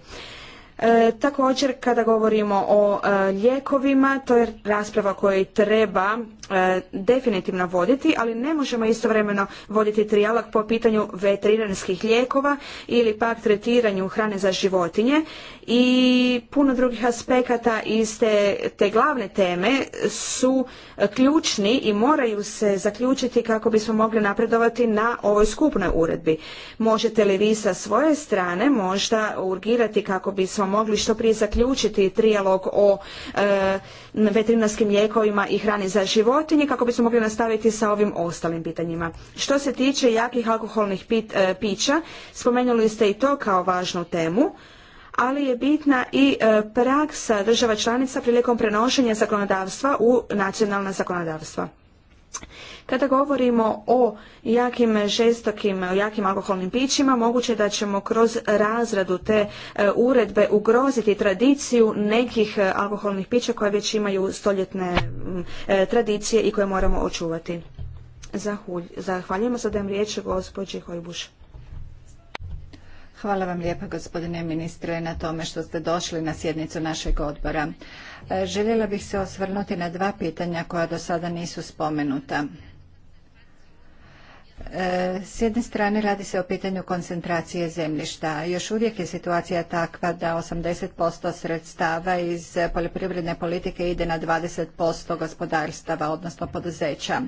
E, također kada govorimo o e, lijekovima, to je rasprava koju treba e, definitivno voditi, ali ne možemo istovremeno voditi trijalog po pitanju veterinarskih lijekova ili pak tretiranju hrane za životinje i puno drugih aspekata iz te, glavne teme su e, ključni i moraju se zaključiti kako bismo mogli napredovati na ovoj skupnoj uredbi. Možete li vi sa svoje strane možda urgirati kako bismo mogli što prije zaključiti trijalog o e, veterinarskim lijekovima i hrani za životinje kako bismo mogli nastaviti sa ovim ostalim pitanjima. Što se tiče jakih alkoholnih e, pića, spomenuli ste i to kao važnu temu ali je bitna i e, praksa država članica prilikom prenošenja zakonodavstva u nacionalna zakonodavstva. Kada govorimo o jakim žestokim, jakim alkoholnim pićima, moguće da ćemo kroz razradu te e, uredbe ugroziti tradiciju nekih e, alkoholnih pića koje već imaju stoljetne tradicije i koje moramo očuvati. Zahvaljujemo, sad dajem riječ gospođi Hojbuš. Hvala vam lijepa gospodine ministre na tome što ste došli na sjednicu našeg odbora. E, željela bih se osvrnuti na dva pitanja koja do sada nisu spomenuta. E, s jedne strane radi se o pitanju koncentracije zemljišta. Još uvijek je situacija takva da 80% sredstava iz poljoprivredne politike ide na 20% gospodarstava, odnosno poduzeća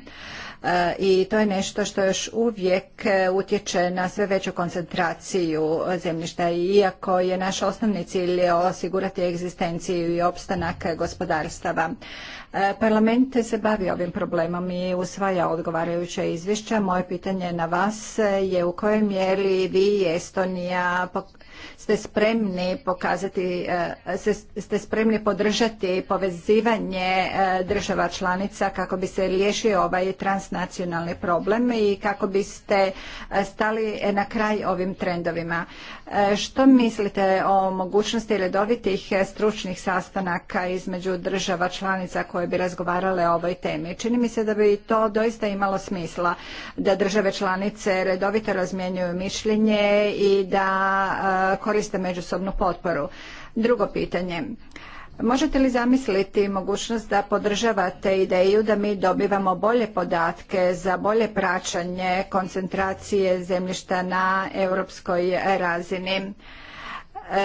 i to je nešto što još uvijek e, utječe na sve veću koncentraciju zemljišta iako je naš osnovni cilj osigurati egzistenciju i opstanak gospodarstava. E, parlament se bavi ovim problemom i usvaja odgovarajuća izvješća. Moje pitanje na vas je u kojoj mjeri vi i Estonija ste spremni pokazati, e, ste spremni podržati povezivanje e, država članica kako bi se riješio ovaj transnacionalni problem i kako biste e, stali na kraj ovim trendovima. E, što mislite o mogućnosti redovitih e, stručnih sastanaka između država članica koje bi razgovarale o ovoj temi? Čini mi se da bi to doista imalo smisla da države članice redovito razmjenjuju mišljenje i da e, koriste međusobnu potporu. Drugo pitanje. Možete li zamisliti mogućnost da podržavate ideju da mi dobivamo bolje podatke za bolje praćenje koncentracije zemljišta na europskoj razini? E,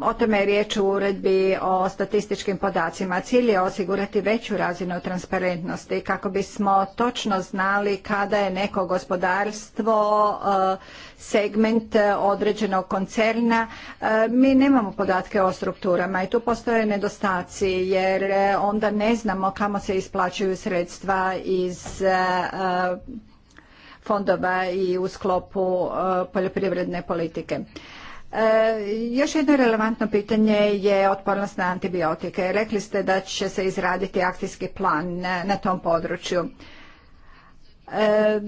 o tome je riječ u uredbi o statističkim podacima. Cilj je osigurati veću razinu transparentnosti kako bismo točno znali kada je neko gospodarstvo e, segment određenog koncerna. E, mi nemamo podatke o strukturama i tu postoje nedostaci jer onda ne znamo kamo se isplaćuju sredstva iz fondova i u sklopu poljoprivredne politike. E, još jedno relevantno pitanje je otpornost na antibiotike. Rekli ste da će se izraditi akcijski plan na tom području. E,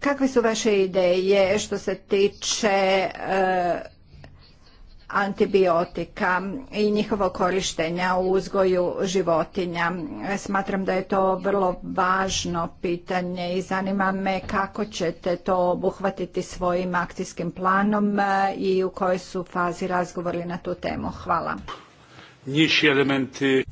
kakve su vaše ideje što se tiče e, antibiotika i njihovo korištenja u uzgoju životinja. Smatram da je to vrlo važno pitanje i zanima me kako ćete to obuhvatiti svojim akcijskim planom e, i u kojoj su fazi razgovori na tu temu. Hvala. elementi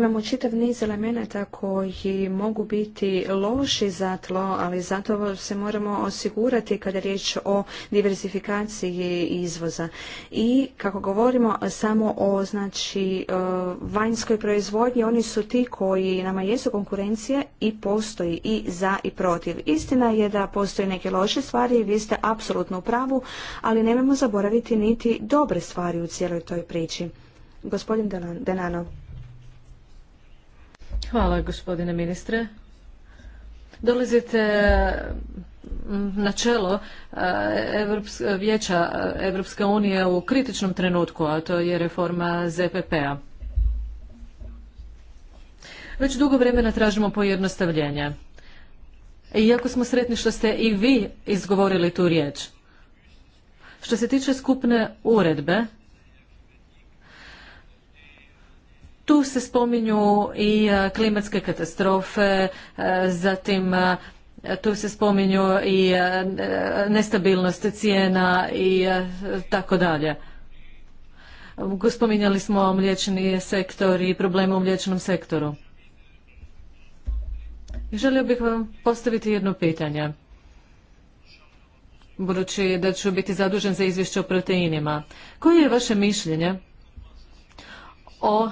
Imamo čitav niz elemenata koji mogu biti loši za tlo, ali zato se moramo osigurati kada je riječ o diversifikaciji izvoza. I kako govorimo samo o znači e, vanjskoj proizvodnji, oni su ti koji nama jesu konkurencija i postoji i za i protiv. Istina je da postoje neke loše stvari i vi ste apsolutno u pravu, ali nemojmo zaboraviti niti dobre stvari u cijeloj toj priči. Gospodin Denano. Hvala gospodine ministre. Dolazite na čelo e, Vijeća Evropske unije u kritičnom trenutku, a to je reforma ZPP-a. Već dugo vremena tražimo pojednostavljenje. Iako smo sretni što ste i vi izgovorili tu riječ. Što se tiče skupne uredbe, Tu se spominju i e, klimatske katastrofe, e, zatim e, tu se spominju i nestabilnost cijena i tako dalje. Spominjali smo mliječni sektor i probleme u mliječnom sektoru. Želio bih vam postaviti jedno pitanje, budući da ću biti zadužen za izvješće o proteinima. Koje je vaše mišljenje o e,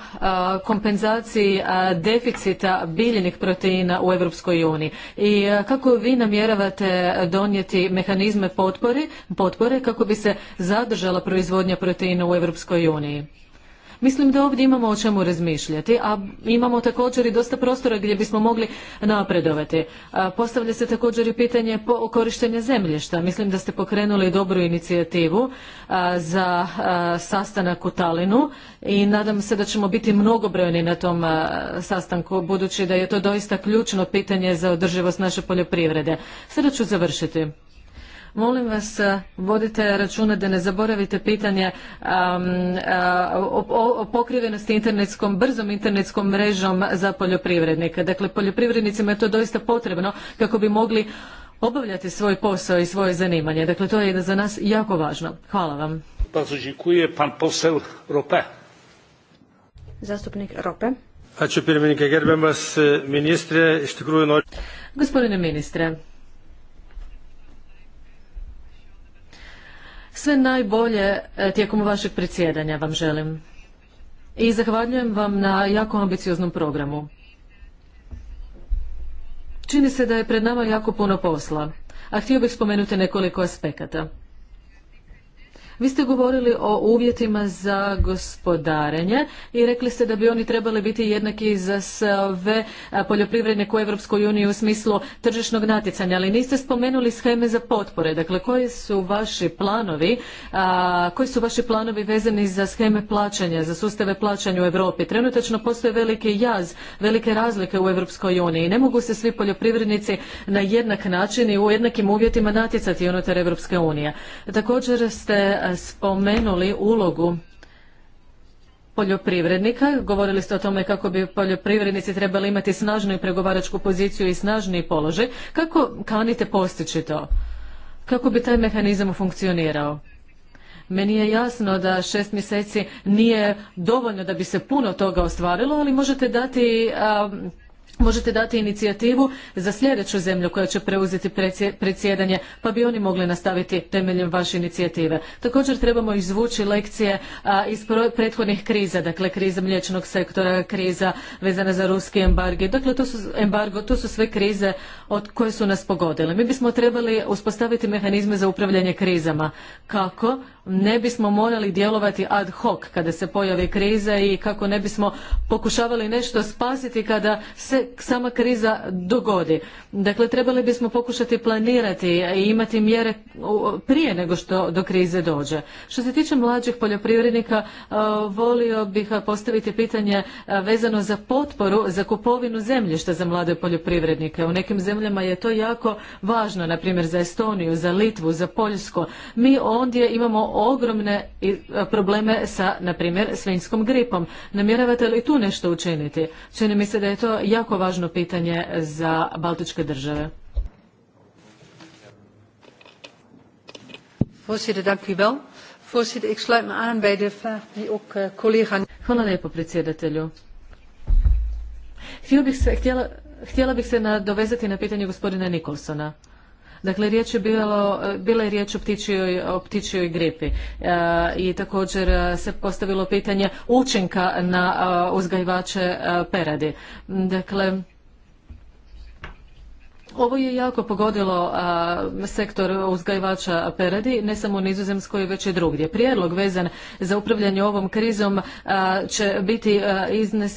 kompenzaciji e, deficita biljnih proteina u Europskoj uniji i e, kako vi namjeravate donijeti mehanizme potpore, potpore kako bi se zadržala proizvodnja proteina u Europskoj uniji? Mislim da ovdje imamo o čemu razmišljati, a imamo također i dosta prostora gdje bismo mogli napredovati. Postavlja se također i pitanje korištenja zemljišta. Mislim da ste pokrenuli dobru inicijativu za sastanak u Talinu i nadam se da ćemo biti mnogobrojni na tom sastanku, budući da je to doista ključno pitanje za održivost naše poljoprivrede. Sada ću završiti. Molim vas, e, vodite računa da ne zaboravite pitanje e, o, pokrivenosti internetskom, brzom internetskom mrežom za poljoprivrednika. Dakle, poljoprivrednicima je to doista potrebno kako bi mogli obavljati svoj posao i svoje zanimanje. Dakle, to je za nas jako važno. Hvala vam. pan Zastupnik Rope. Gospodine ministre, Sve najbolje e, tijekom vašeg predsjedanja vam želim. I zahvaljujem vam na jako ambicioznom programu. Čini se da je pred nama jako puno posla, a htio bih spomenuti nekoliko aspekata. Vi ste govorili o uvjetima za gospodarenje i rekli ste da bi oni trebali biti jednaki za sve poljoprivrednike u Europskoj uniji u smislu tržišnog natjecanja, ali niste spomenuli sheme za potpore. Dakle, koji su vaši planovi, a, koji su vaši planovi vezani za sheme plaćanja, za sustave plaćanja u Europi? Trenutačno postoje veliki jaz, velike razlike u Europskoj uniji. Ne mogu se svi poljoprivrednici na jednak način i u jednakim uvjetima natjecati unutar Europske unije. Također ste spomenuli ulogu poljoprivrednika. Govorili ste o tome kako bi poljoprivrednici trebali imati snažnu pregovaračku poziciju i snažniji položaj. Kako kanite postići to? Kako bi taj mehanizam funkcionirao? Meni je jasno da šest mjeseci nije dovoljno da bi se puno toga ostvarilo, ali možete dati možete dati inicijativu za sljedeću zemlju koja će preuzeti predsjedanje pa bi oni mogli nastaviti temeljem vaše inicijative. Također trebamo izvući lekcije iz prethodnih kriza, dakle kriza mliječnog sektora, kriza vezana za ruski embargo. Dakle, to su embargo, to su sve krize od koje su nas pogodile. Mi bismo trebali uspostaviti mehanizme za upravljanje krizama. Kako? ne bismo morali djelovati ad hoc kada se pojavi kriza i kako ne bismo pokušavali nešto spasiti kada se sama kriza dogodi. Dakle, trebali bismo pokušati planirati i imati mjere prije nego što do krize dođe. Što se tiče mlađih poljoprivrednika, volio bih postaviti pitanje vezano za potporu za kupovinu zemljišta za mlade poljoprivrednike. U nekim zemljama je to jako važno, na primjer za Estoniju, za Litvu, za Poljsko. Mi ondje imamo ogromne e, probleme sa, na primjer, svinjskom gripom. Namjeravate li tu nešto učiniti? Čini mi se da je to jako važno pitanje za Baltičke države. Voorzitter, dank u ik sluit me aan bij de vraag die ook eh, Hvala lijepo, predsjedatelju. htjela, bih se nadovezati na pitanje gospodina Nikolsona. Dakle, riječ je bilo, bila je riječ o ptičjoj, gripi e, i također e, se postavilo pitanje učinka na e, uzgajivače peradi. Dakle, ovo je jako pogodilo sektor uzgajivača peradi, ne samo u Nizozemskoj, već i drugdje. Prijedlog vezan za upravljanje ovom krizom će biti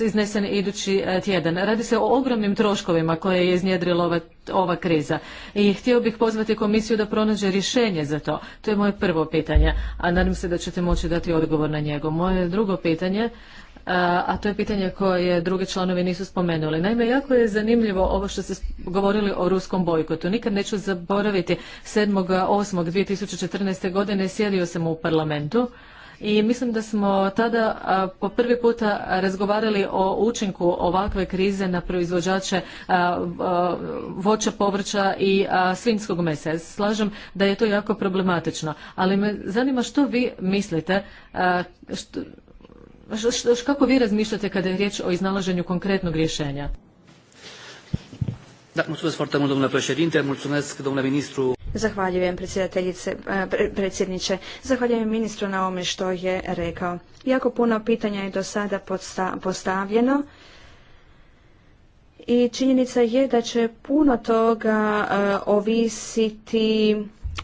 iznesen idući tjedan. Radi se o ogromnim troškovima koje je iznjedrila ova, kriza. I htio bih pozvati komisiju da pronađe rješenje za to. To je moje prvo pitanje, a nadam se da ćete moći dati odgovor na njego. Moje drugo pitanje a to je pitanje koje drugi članovi nisu spomenuli. Naime, jako je zanimljivo ovo što ste govorili o ruskom bojkotu. Nikad neću zaboraviti 7.8.2014. godine sjedio sam u parlamentu i mislim da smo tada po prvi puta razgovarali o učinku ovakve krize na proizvođače voća, povrća i svinjskog mesa. Slažem da je to jako problematično, ali me zanima što vi mislite, što, kako vi razmišljate kada je riječ o iznalaženju konkretnog rješenja? ministru. Zahvaljujem eh, predsjedniče. Zahvaljujem ministru na ome što je rekao. Jako puno pitanja je do sada postavljeno i činjenica je da će puno toga eh, ovisiti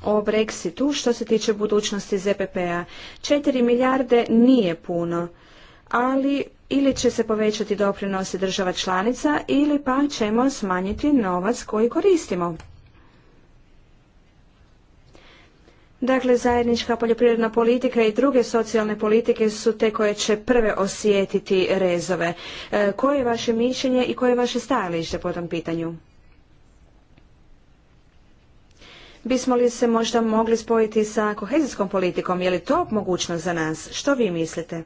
o Brexitu što se tiče budućnosti ZPP-a. 4 milijarde nije puno ali ili će se povećati doprinosi država članica ili pa ćemo smanjiti novac koji koristimo. Dakle, zajednička poljoprivredna politika i druge socijalne politike su te koje će prve osjetiti rezove. E, koje je vaše mišljenje i koje je vaše stajalište po tom pitanju? Bismo li se možda mogli spojiti sa kohezijskom politikom? Je li to mogućnost za nas? Što vi mislite?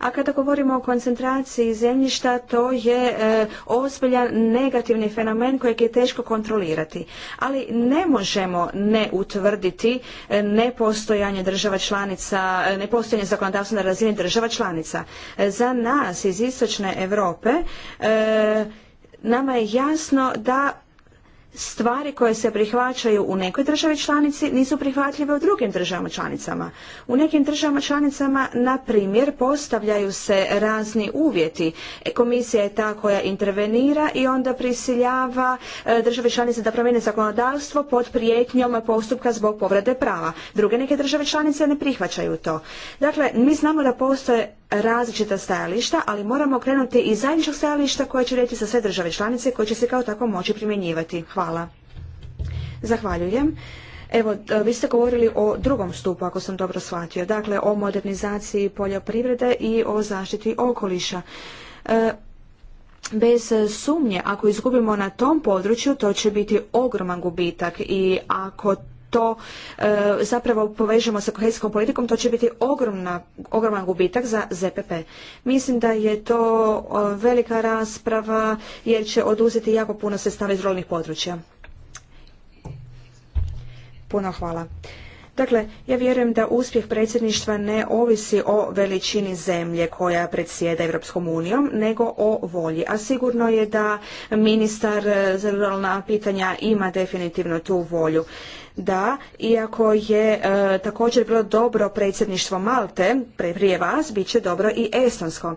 a kada govorimo o koncentraciji zemljišta to je e, ozbiljan negativni fenomen kojeg je teško kontrolirati. Ali ne možemo ne utvrditi e, nepostojanje država članica, e, nepostojanje zakonodavstva na razini država članica. Za nas iz istočne Europe nama je jasno da stvari koje se prihvaćaju u nekoj državi članici nisu prihvatljive u drugim državama članicama. U nekim državama članicama, na primjer, postavljaju se razni uvjeti. E, komisija je ta koja intervenira i onda prisiljava e, države članice da promijene zakonodavstvo pod prijetnjom postupka zbog povrede prava. Druge neke države članice ne prihvaćaju to. Dakle, mi znamo da postoje različita stajališta, ali moramo krenuti iz zajedničkog stajališta koje će reći sa sve države članice koje će se kao tako moći primjenjivati. Hvala. Zahvaljujem. Evo, vi ste govorili o drugom stupu, ako sam dobro shvatio. Dakle, o modernizaciji poljoprivrede i o zaštiti okoliša. E, bez sumnje, ako izgubimo na tom području, to će biti ogroman gubitak i ako to e, zapravo povežemo sa kohezijskom politikom, to će biti ogromna, ogroman gubitak za ZPP. Mislim da je to e, velika rasprava jer će oduzeti jako puno sredstava iz rolnih područja. Puno hvala. Dakle, ja vjerujem da uspjeh predsjedništva ne ovisi o veličini zemlje koja predsjeda Europskom unijom, nego o volji. A sigurno je da ministar za ruralna pitanja ima definitivno tu volju da iako je e, također bilo dobro predsjedništvo Malte prije vas, bit će dobro i estonsko.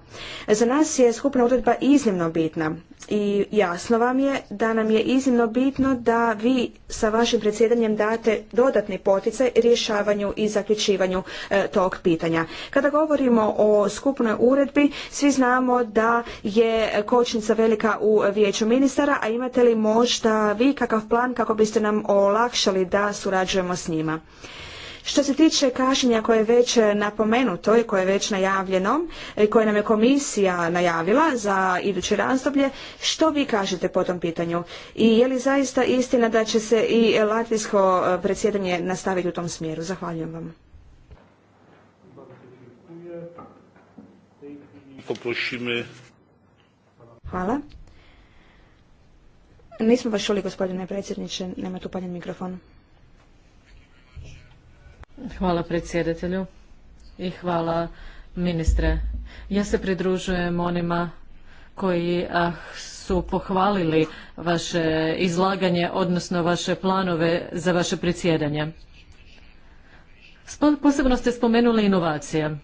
Za nas je skupna uredba iznimno bitna i jasno vam je da nam je iznimno bitno da vi sa vašim predsjedanjem date dodatni poticaj rješavanju i zaključivanju e, tog pitanja. Kada govorimo o skupnoj uredbi, svi znamo da je kočnica velika u vijeću ministara, a imate li možda vi kakav plan kako biste nam olakšali da surađujemo s njima. Što se tiče kašnjenja koje je već napomenuto i koje je već najavljeno i koje nam je komisija najavila za iduće razdoblje, što vi kažete po tom pitanju? I je li zaista istina da će se i latvijsko e, predsjedanje nastaviti u tom smjeru? Zahvaljujem vam. Hvala. Nismo baš čuli, gospodine predsjedniče, nema tu paljen mikrofon. Hvala predsjedatelju i hvala ministre. Ja se pridružujem onima koji ah, su pohvalili vaše izlaganje, odnosno vaše planove za vaše predsjedanje. Posebno ste spomenuli inovacije.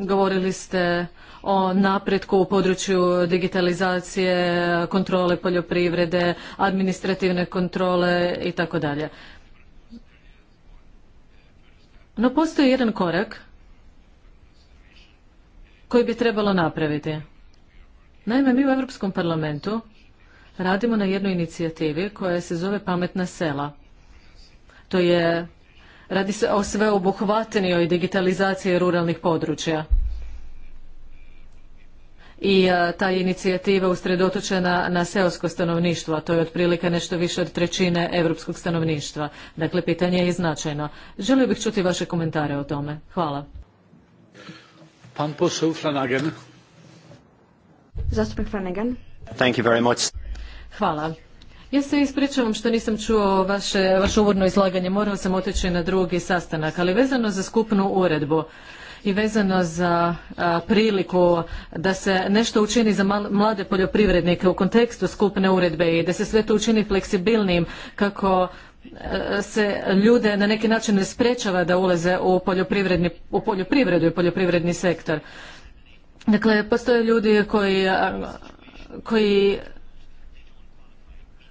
Govorili ste o napretku u području digitalizacije, kontrole poljoprivrede, administrativne kontrole i tako dalje. No postoji jedan korak koji bi trebalo napraviti. Naime, mi u Europskom parlamentu radimo na jednoj inicijativi koja se zove Pametna sela. To je Radi se o sveobuhvatnijoj digitalizaciji ruralnih područja. I e, ta inicijativa usredotočena na seosko stanovništvo, a to je otprilike nešto više od trećine europskog stanovništva. Dakle, pitanje je i značajno. Želio bih čuti vaše komentare o tome. Hvala. Pan Zastupnik Thank you very much. Hvala. Ja se ispričavam što nisam čuo vaše, uvodno izlaganje, morao sam otići na drugi sastanak, ali vezano za skupnu uredbu i vezano za priliku da se nešto učini za mlade poljoprivrednike u kontekstu skupne uredbe i da se sve to učini fleksibilnim kako se ljude na neki način ne sprečava da ulaze u, u poljoprivredu i poljoprivredni sektor. Dakle, postoje ljudi koji, koji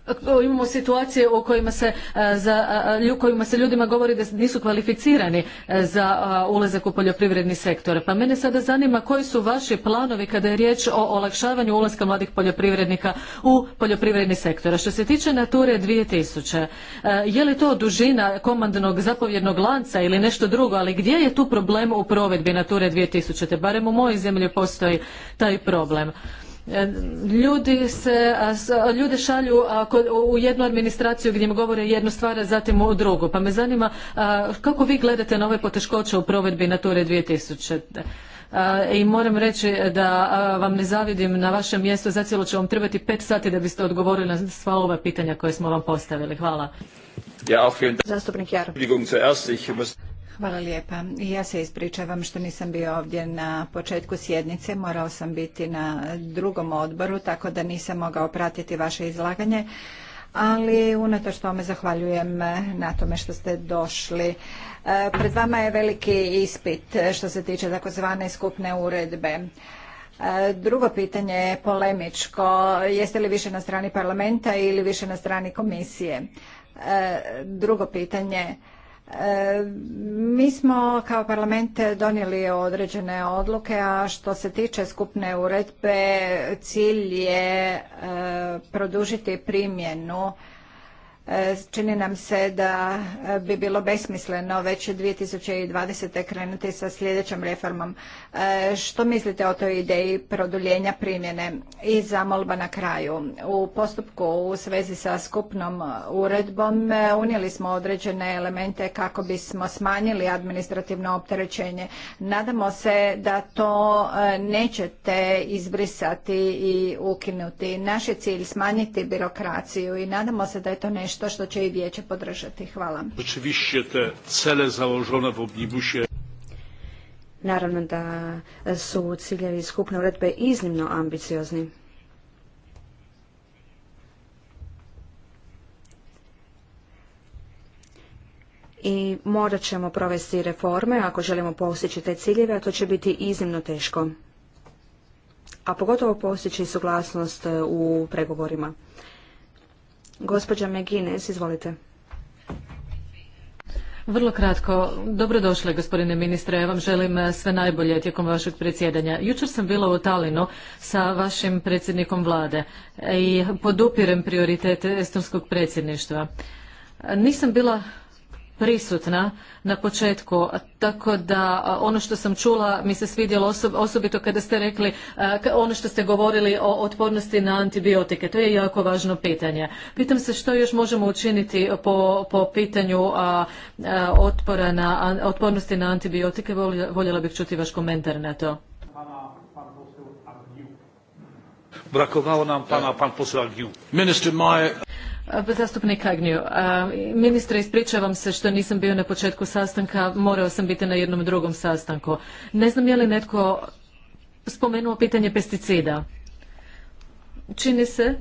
imamo situacije u kojima se, e, za, e, e, kojima se ljudima govori da nisu kvalificirani za ulazak u poljoprivredni sektor. Pa mene sada zanima koji su vaši planovi kada je riječ o olakšavanju ulaska mladih poljoprivrednika u poljoprivredni sektor. što se tiče Nature 2000, je li to dužina komandnog zapovjednog lanca ili nešto drugo, ali gdje je tu problem u provedbi Nature 2000? Barem u mojoj zemlji postoji taj problem. E, ljudi se, ljude šalju u jednu administraciju gdje im govore jednu stvar, a zatim u drugu. Pa me zanima kako vi gledate na ove poteškoće u provedbi Nature 2000? I moram reći da vam ne zavidim na vašem mjestu, zacijelo će vam trebati pet sati da biste odgovorili na sva ova pitanja koje smo vam postavili. Hvala. Zastupnik Hvala lijepa. Ja se ispričavam što nisam bio ovdje na početku sjednice. Morao sam biti na drugom odboru, tako da nisam mogao pratiti vaše izlaganje. Ali unatoč tome zahvaljujem na tome što ste došli. E, pred vama je veliki ispit što se tiče takozvane skupne uredbe. E, drugo pitanje je polemičko. Jeste li više na strani parlamenta ili više na strani komisije? E, drugo pitanje mi smo kao parlament donijeli određene odluke, a što se tiče skupne uredbe, cilj je e, produžiti primjenu Čini nam se da bi bilo besmisleno već 2020. krenuti sa sljedećom reformom. E, što mislite o toj ideji produljenja primjene? I zamolba na kraju. U postupku u svezi sa skupnom uredbom unijeli smo određene elemente kako bismo smanjili administrativno opterećenje. Nadamo se da to e, nećete izbrisati i ukinuti. Naš je cilj smanjiti birokraciju i nadamo se da je to nešto to što će i vijeće podržati. Hvala. cele Naravno da su ciljevi skupne uredbe iznimno ambiciozni. I morat ćemo provesti reforme ako želimo postići te ciljeve, a to će biti iznimno teško. A pogotovo postići suglasnost u pregovorima. Gospođa Megines, izvolite. Vrlo kratko. Dobrodošli, gospodine ministre. Ja vam želim eh, sve najbolje tijekom vašeg predsjedanja. Jučer sam bila u Talinu sa vašim predsjednikom vlade eh, i podupirem prioritete estonskog predsjedništva. Nisam bila prisutna na početku, tako da ono što sam čula mi se svidjelo osobito kada ste rekli ono što ste govorili o otpornosti na antibiotike. To je jako važno pitanje. Pitam se što još možemo učiniti po, po pitanju a, otpora na, otpornosti na antibiotike. Voljela, bih čuti vaš komentar na to. Brakovao nam pana pan Zastupnik Agnju, ministre, ispričavam se što nisam bio na početku sastanka, morao sam biti na jednom drugom sastanku. Ne znam je li netko spomenuo pitanje pesticida. Čini se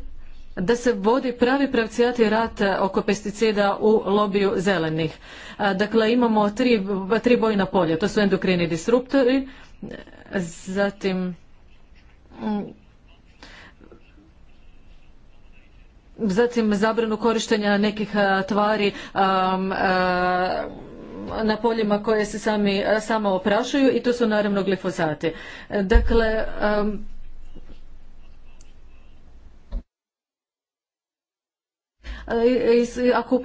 da se vodi pravi pravcijati rat oko pesticida u lobiju zelenih. Dakle, imamo tri, tri bojna polja, to su endokrini disruptori, zatim zatim zabranu korištenja nekih tvari na poljima koje se sami, sama oprašuju i to su naravno glifosati. Dakle, Ako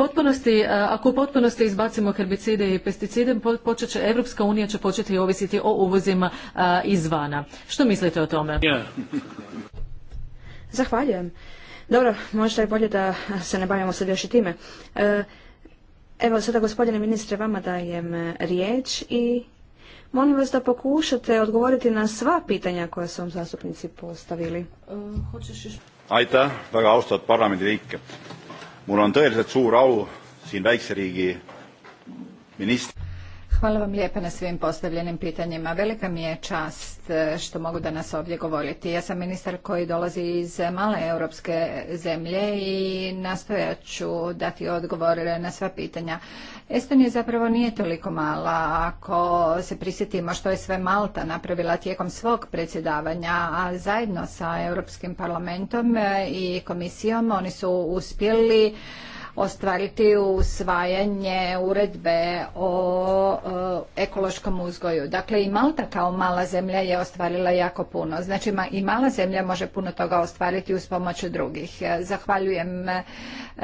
u, potpunosti, izbacimo herbicide i pesticide, počet će, Evropska unija će početi ovisiti o uvozima izvana. Što mislite o tome? Zahvaljujem. Dobro, možda je bolje da se ne bavimo sad još i time. E, evo sada gospodine ministre vama dajem riječ i molim vas da pokušate odgovoriti na sva pitanja koja su vam zastupnici postavili. E, hoćeš još... Aitäh, väga austatud parlamendi Mul on tõeliselt suur au siin väikse riigi ministri Hvala vam lijepa na svim postavljenim pitanjima. Velika mi je čast e, što mogu danas ovdje govoriti. Ja sam ministar koji dolazi iz male europske zemlje i nastojat ću dati odgovor na sva pitanja. Estonija zapravo nije toliko mala. Ako se prisjetimo što je sve Malta napravila tijekom svog predsjedavanja, a zajedno sa Europskim parlamentom e, i komisijom, oni su uspjeli ostvariti usvajanje uredbe o e, ekološkom uzgoju. Dakle, i Malta kao mala zemlja je ostvarila jako puno. Znači, i mala zemlja može puno toga ostvariti uz pomoć drugih. E, zahvaljujem e,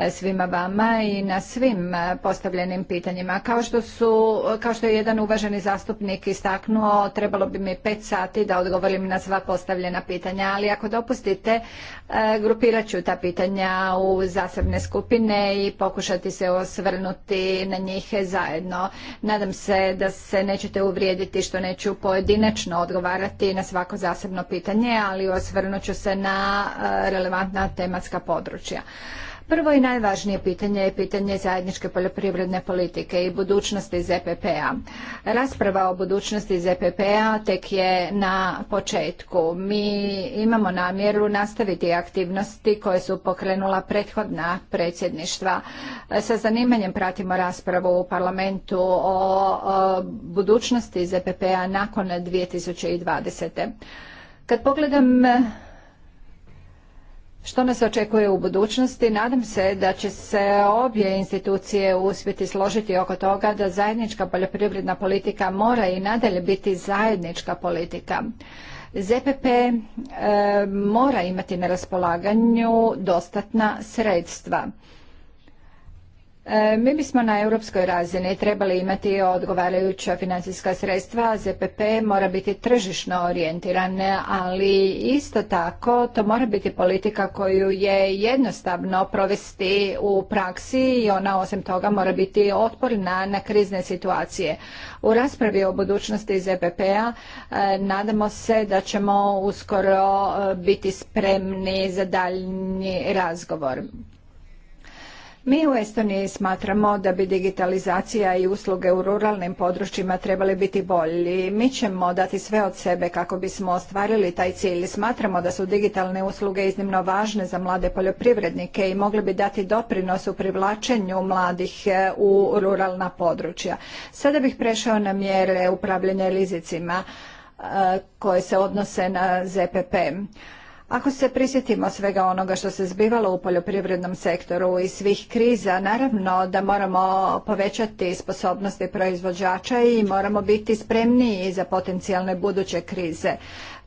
svima vama i na svim postavljenim pitanjima. Kao što, su, kao što je jedan uvaženi zastupnik istaknuo, trebalo bi mi pet sati da odgovorim na sva postavljena pitanja, ali ako dopustite, grupirat ću ta pitanja u zasebne skupine i pokušati se osvrnuti na njih zajedno. Nadam se da se nećete uvrijediti što neću pojedinačno odgovarati na svako zasebno pitanje, ali osvrnut ću se na eh, relevantna tematska područja. Prvo i najvažnije pitanje je pitanje zajedničke poljoprivredne politike i budućnosti ZPP-a. Rasprava o budućnosti ZPP-a tek je na početku. Mi imamo namjeru nastaviti aktivnosti koje su pokrenula prethodna predsjedništva. Sa zanimanjem pratimo raspravu u parlamentu o budućnosti ZPP-a nakon 2020. Kad pogledam što nas očekuje u budućnosti. Nadam se da će se obje institucije uspjeti složiti oko toga da zajednička poljoprivredna politika mora i nadalje biti zajednička politika. ZPP e, mora imati na raspolaganju dostatna sredstva. E, mi bismo na europskoj razini trebali imati odgovarajuća financijska sredstva, ZPP mora biti tržišno orijentiran, ali isto tako to mora biti politika koju je jednostavno provesti u praksi i ona osim toga mora biti otporna na krizne situacije. U raspravi o budućnosti ZPP-a e, nadamo se da ćemo uskoro e, biti spremni za daljnji razgovor. Mi u Estoniji smatramo da bi digitalizacija i usluge u ruralnim područjima trebali biti bolji. Mi ćemo dati sve od sebe kako bismo ostvarili taj cilj. Smatramo da su digitalne usluge iznimno važne za mlade poljoprivrednike i mogli bi dati doprinos u privlačenju mladih e, u ruralna područja. Sada bih prešao na mjere upravljanja rizicima e, koje se odnose na ZPP. Ako se prisjetimo svega onoga što se zbivalo u poljoprivrednom sektoru i svih kriza, naravno da moramo povećati sposobnosti proizvođača i moramo biti spremniji za potencijalne buduće krize.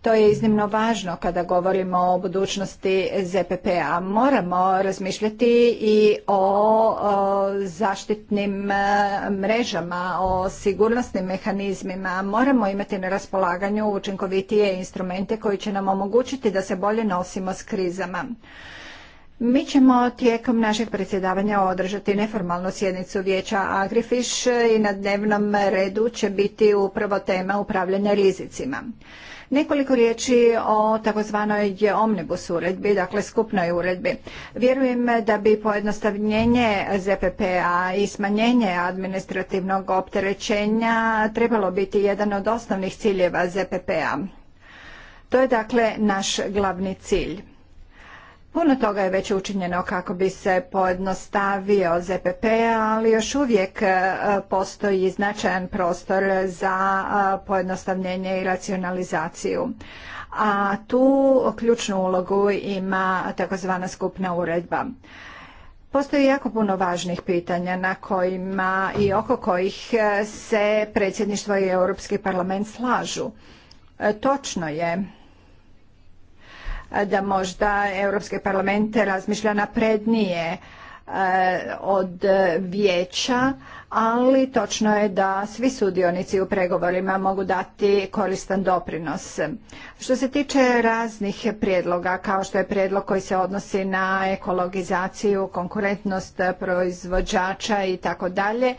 To je iznimno važno kada govorimo o budućnosti ZPP-a. Moramo razmišljati i o zaštitnim e, mrežama, o sigurnosnim mehanizmima. Moramo imati na raspolaganju učinkovitije instrumente koji će nam omogućiti da se bolje nosimo s krizama. Mi ćemo tijekom našeg predsjedavanja održati neformalnu sjednicu vijeća Agrifish i na dnevnom redu će biti upravo tema upravljanja rizicima. Nekoliko riječi o takozvanoj omnibus uredbi, dakle skupnoj uredbi. Vjerujem da bi pojednostavljenje ZPPA i smanjenje administrativnog opterećenja trebalo biti jedan od osnovnih ciljeva ZPPA. To je dakle naš glavni cilj. Puno toga je već učinjeno kako bi se pojednostavio ZPP, p-a, ali još uvijek e, postoji značajan prostor za e, pojednostavljenje i racionalizaciju. A tu ključnu ulogu ima takozvana skupna uredba. Postoji jako puno važnih pitanja na kojima i oko kojih e, se predsjedništvo i Europski parlament slažu. Točno je da možda Europski parlament razmišlja naprednije e, od vijeća, ali točno je da svi sudionici u pregovorima mogu dati koristan doprinos. Što se tiče raznih prijedloga, kao što je prijedlog koji se odnosi na ekologizaciju, konkurentnost proizvođača i tako dalje,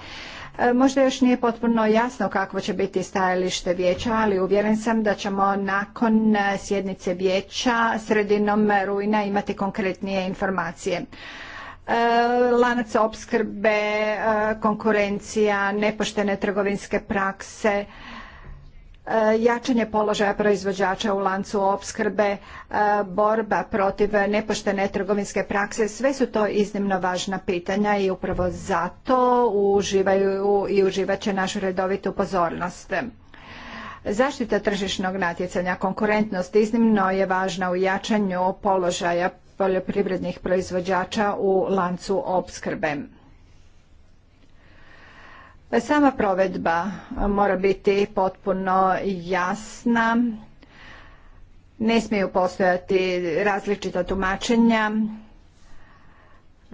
E, možda još nije potpuno jasno kakvo će biti stajalište vijeća, ali uvjeren sam da ćemo nakon e, sjednice vijeća sredinom rujna imati konkretnije informacije e, lanac opskrbe, konkurencija, nepoštene trgovinske prakse, E, jačanje položaja proizvođača u lancu opskrbe, e, borba protiv nepoštene trgovinske prakse, sve su to iznimno važna pitanja i upravo zato uživaju i uživat će našu redovitu pozornost. Zaštita tržišnog natjecanja, konkurentnost iznimno je važna u jačanju položaja poljoprivrednih proizvođača u lancu opskrbe. Pa sama provedba mora biti potpuno jasna. Ne smiju postojati različita tumačenja.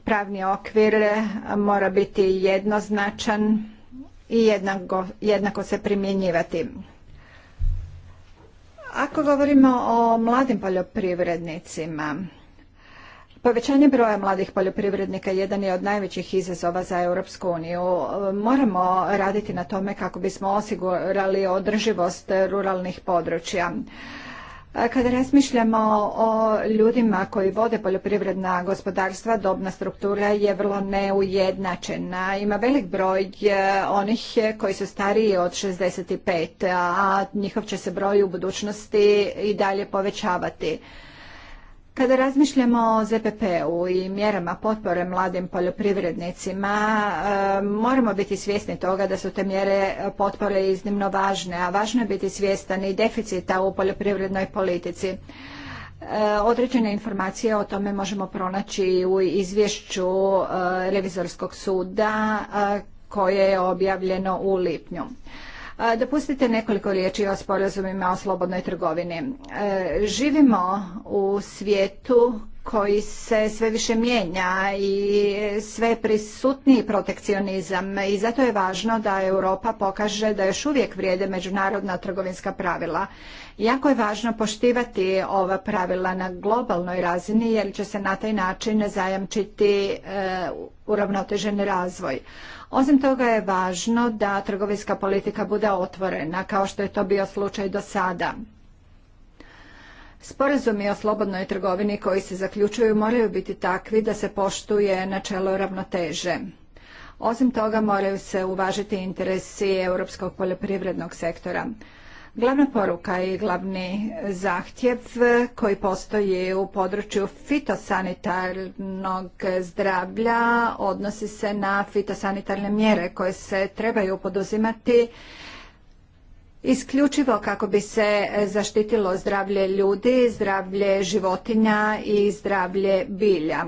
Pravni okvir mora biti jednoznačan i jednako, jednako se primjenjivati. Ako govorimo o mladim poljoprivrednicima, Povećanje broja mladih poljoprivrednika jedan je od najvećih izazova za Europsku uniju. Moramo raditi na tome kako bismo osigurali održivost ruralnih područja. Kada razmišljamo o ljudima koji vode poljoprivredna gospodarstva, dobna struktura je vrlo neujednačena. Ima velik broj e, onih koji su stariji od 65, a njihov će se broj u budućnosti i dalje povećavati. Kada razmišljamo o ZPP-u i mjerama potpore mladim poljoprivrednicima, e, moramo biti svjesni toga da su te mjere potpore iznimno važne, a važno je biti svjestan i deficita u poljoprivrednoj politici. E, određene informacije o tome možemo pronaći u izvješću e, Revizorskog suda koje je objavljeno u lipnju. Dopustite nekoliko riječi o sporazumima o slobodnoj trgovini. E, živimo u svijetu koji se sve više mijenja i sve prisutniji protekcionizam i zato je važno da Europa pokaže da još uvijek vrijede međunarodna trgovinska pravila. Jako je važno poštivati ova pravila na globalnoj razini jer će se na taj način zajamčiti e, uravnoteženi razvoj. Osim toga je važno da trgovinska politika bude otvorena, kao što je to bio slučaj do sada. Sporazumi o slobodnoj trgovini koji se zaključuju moraju biti takvi da se poštuje načelo ravnoteže. Osim toga moraju se uvažiti interesi europskog poljoprivrednog sektora. Glavna poruka i glavni zahtjev koji postoji u području fitosanitarnog zdravlja odnosi se na fitosanitarne mjere koje se trebaju poduzimati isključivo kako bi se zaštitilo zdravlje ljudi, zdravlje životinja i zdravlje bilja.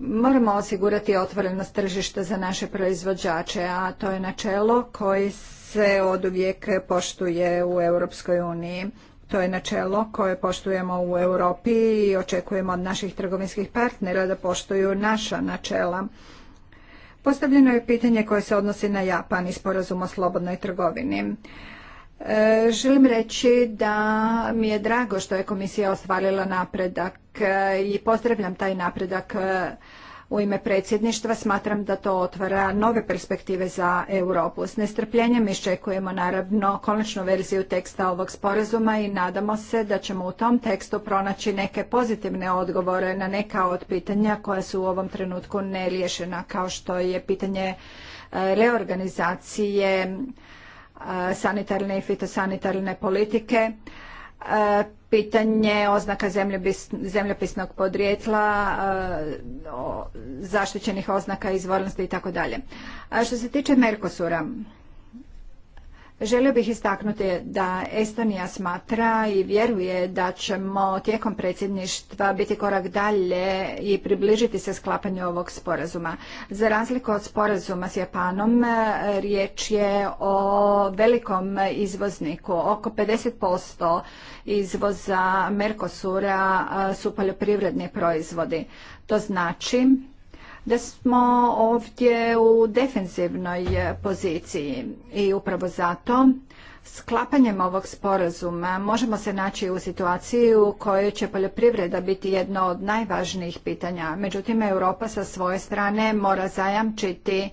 Moramo osigurati otvorenost tržišta za naše proizvođače, a to je načelo koje se oduvijek poštuje u Europskoj uniji. To je načelo koje poštujemo u Europi i očekujemo od naših trgovinskih partnera da poštuju naša načela. Postavljeno je pitanje koje se odnosi na Japan i sporazum o slobodnoj trgovini. E, želim reći da mi je drago što je komisija ostvarila napredak e, i pozdravljam taj napredak e, u ime predsjedništva. Smatram da to otvara nove perspektive za Europu. S nestrpljenjem iščekujemo naravno konačnu verziju teksta ovog sporazuma i nadamo se da ćemo u tom tekstu pronaći neke pozitivne odgovore na neka od pitanja koja su u ovom trenutku neriješena kao što je pitanje reorganizacije sanitarne i fitosanitarne politike, pitanje oznaka zemljopisnog podrijetla, zaštićenih oznaka izvornosti i tako dalje. Što se tiče Merkosura, Želio bih istaknuti da Estonija smatra i vjeruje da ćemo tijekom predsjedništva biti korak dalje i približiti se sklapanju ovog sporazuma. Za razliku od sporazuma s Japanom, riječ je o velikom izvozniku. Oko 50% izvoza Merkosura su poljoprivredni proizvodi. To znači da smo ovdje u defensivnoj poziciji i upravo zato Sklapanjem ovog sporazuma možemo se naći u situaciji u kojoj će poljoprivreda biti jedno od najvažnijih pitanja. Međutim, Europa sa svoje strane mora zajamčiti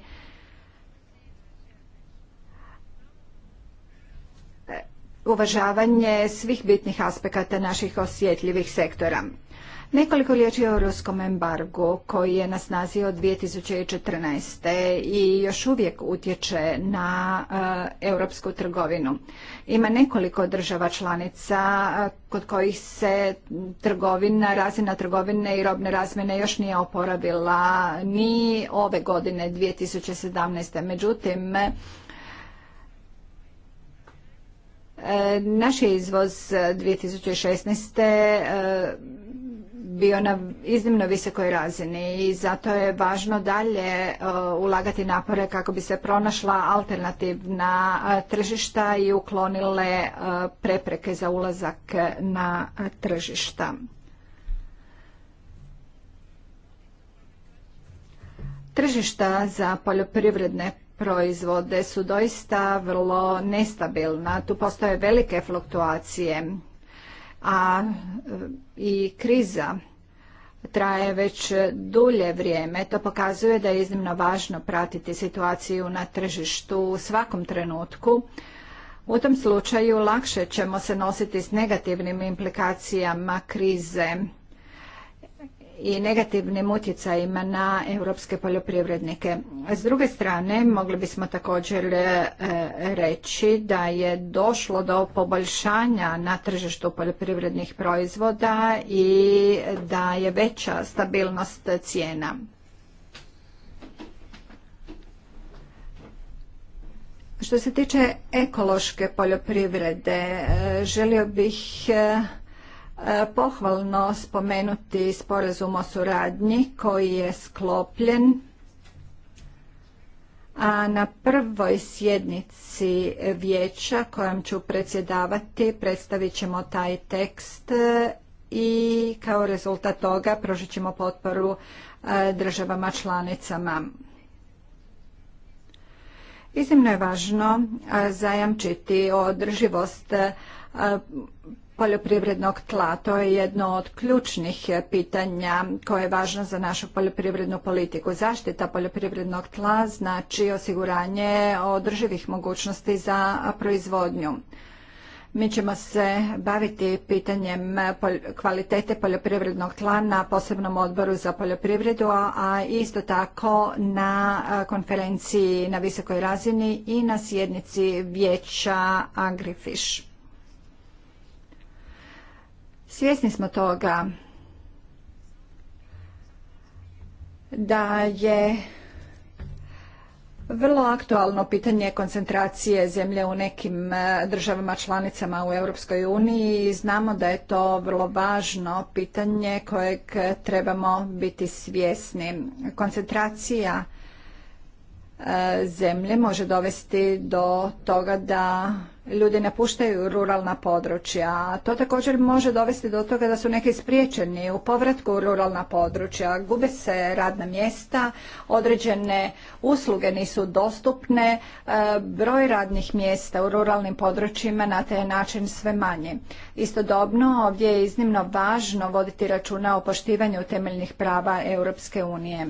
e, uvažavanje svih bitnih aspekata naših osjetljivih sektora. Nekoliko riječi o ruskom embargu koji je na snazi od 2014. i još uvijek utječe na e, europsku trgovinu. Ima nekoliko država članica kod kojih se trgovina, razina trgovine i robne razmjene još nije oporavila ni ove godine 2017. Međutim, e, naš je izvoz 2016 bio na iznimno visokoj razini i zato je važno dalje e, ulagati napore kako bi se pronašla alternativna e, tržišta i uklonile e, prepreke za ulazak na tržišta. Tržišta za poljoprivredne proizvode su doista vrlo nestabilna. Tu postoje velike fluktuacije a e, i kriza traje već dulje vrijeme. To pokazuje da je iznimno važno pratiti situaciju na tržištu u svakom trenutku. U tom slučaju lakše ćemo se nositi s negativnim implikacijama krize i negativnim utjecajima na europske poljoprivrednike. S druge strane, mogli bismo također e, reći da je došlo do poboljšanja na tržištu poljoprivrednih proizvoda i da je veća stabilnost cijena. Što se tiče ekološke poljoprivrede, e, želio bih e, pohvalno spomenuti sporazum o suradnji koji je sklopljen a na prvoj sjednici vijeća kojom ću predsjedavati predstavit ćemo taj tekst i kao rezultat toga prožit ćemo potporu e, državama članicama. Iznimno je važno zajamčiti održivost poljoprivrednog tla. To je jedno od ključnih pitanja koje je važno za našu poljoprivrednu politiku. Zaštita poljoprivrednog tla znači osiguranje održivih mogućnosti za proizvodnju. Mi ćemo se baviti pitanjem kvalitete poljoprivrednog tla na posebnom odboru za poljoprivredu, a isto tako na konferenciji na visokoj razini i na sjednici vijeća Agrifish. Svjesni smo toga da je vrlo aktualno pitanje koncentracije zemlje u nekim e, državama članicama u Europskoj uniji i znamo da je to vrlo važno pitanje kojeg trebamo biti svjesni. Koncentracija e, zemlje može dovesti do toga da ljudi napuštaju ruralna područja. to također može dovesti do toga da su neki spriječeni u povratku u ruralna područja. Gube se radna mjesta, određene usluge nisu dostupne, e, broj radnih mjesta u ruralnim područjima na taj način sve manje. Istodobno ovdje je iznimno važno voditi računa o poštivanju temeljnih prava Europske unije.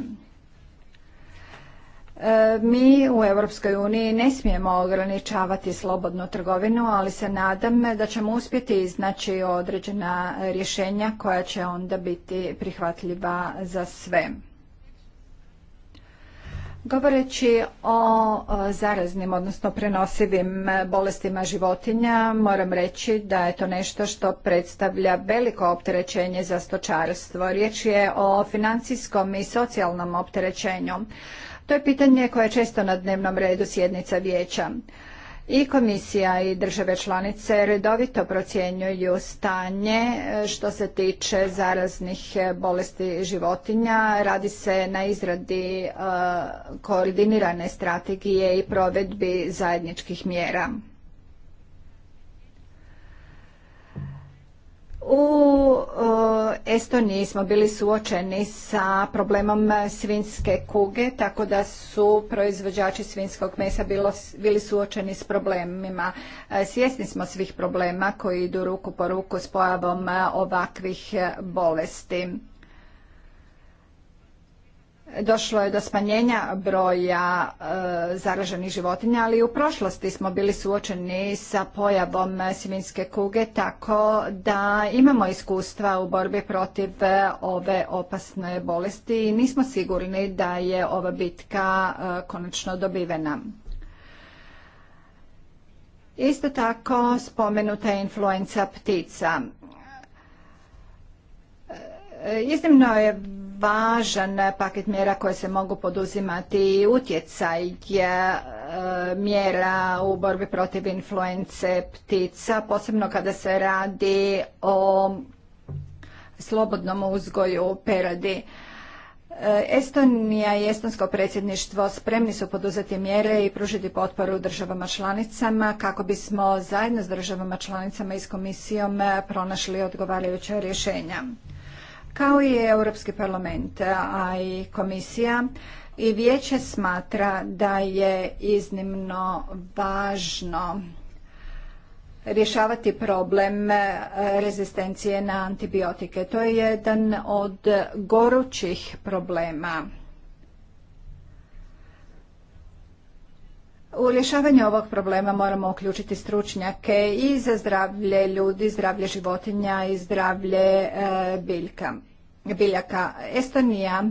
E, mi u Europskoj uniji ne smijemo ograničavati slobodnu trgovinu, ali se nadam da ćemo uspjeti iznaći određena rješenja koja će onda biti prihvatljiva za sve. Govoreći o zaraznim, odnosno prenosivim bolestima životinja, moram reći da je to nešto što predstavlja veliko opterećenje za stočarstvo. Riječ je o financijskom i socijalnom opterećenju. To je pitanje koje je često na dnevnom redu sjednica vijeća. I komisija i države članice redovito procjenjuju stanje e, što se tiče zaraznih e, bolesti životinja. Radi se na izradi e, koordinirane strategije i provedbi zajedničkih mjera. U Estoniji smo bili suočeni sa problemom svinske kuge, tako da su proizvođači svinskog mesa bili suočeni s problemima. E, svjesni smo svih problema koji idu ruku po ruku s pojavom e, ovakvih bolesti. Došlo je do smanjenja broja e, zaraženih životinja, ali u prošlosti smo bili suočeni sa pojavom svinjske kuge, tako da imamo iskustva u borbi protiv e, ove opasne bolesti i nismo sigurni da je ova bitka e, konačno dobivena. Isto tako spomenuta je influenza ptica. iznimno je važan paket mjera koje se mogu poduzimati i utjecaj e, mjera u borbi protiv influence ptica, posebno kada se radi o slobodnom uzgoju peradi. E, Estonija i estonsko predsjedništvo spremni su poduzeti mjere i pružiti potporu državama članicama kako bismo zajedno s državama članicama i s komisijom pronašli odgovarajuća rješenja. Kao i Europski parlament, a i komisija, i vijeće smatra da je iznimno važno rješavati problem e, rezistencije na antibiotike. To je jedan od gorućih problema U rješavanje ovog problema moramo uključiti stručnjake i za zdravlje ljudi, zdravlje životinja i zdravlje e, biljka, biljaka. Estonija e,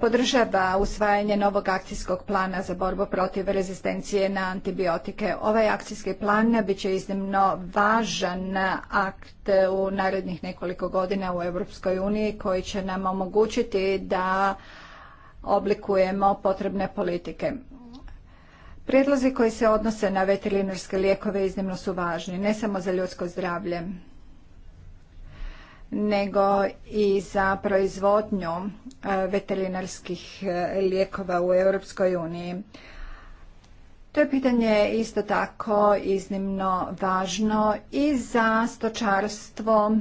podržava usvajanje novog akcijskog plana za borbu protiv rezistencije na antibiotike. Ovaj akcijski plan bit će iznimno važan akt u narednih nekoliko godina u Europskoj uniji koji će nam omogućiti da oblikujemo potrebne politike. Prijedlozi koji se odnose na veterinarske lijekove iznimno su važni, ne samo za ljudsko zdravlje, nego i za proizvodnju e, veterinarskih e, lijekova u Europskoj uniji. To je pitanje isto tako iznimno važno i za stočarstvo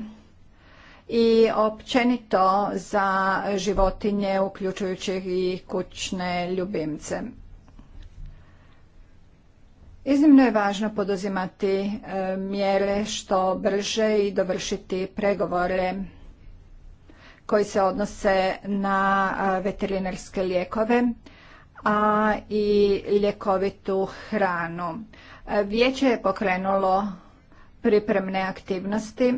i općenito za životinje, uključujući i kućne ljubimce. Iznimno je važno poduzimati e, mjere što brže i dovršiti pregovore koji se odnose na e, veterinarske lijekove, a i ljekovitu hranu. E, vijeće je pokrenulo pripremne aktivnosti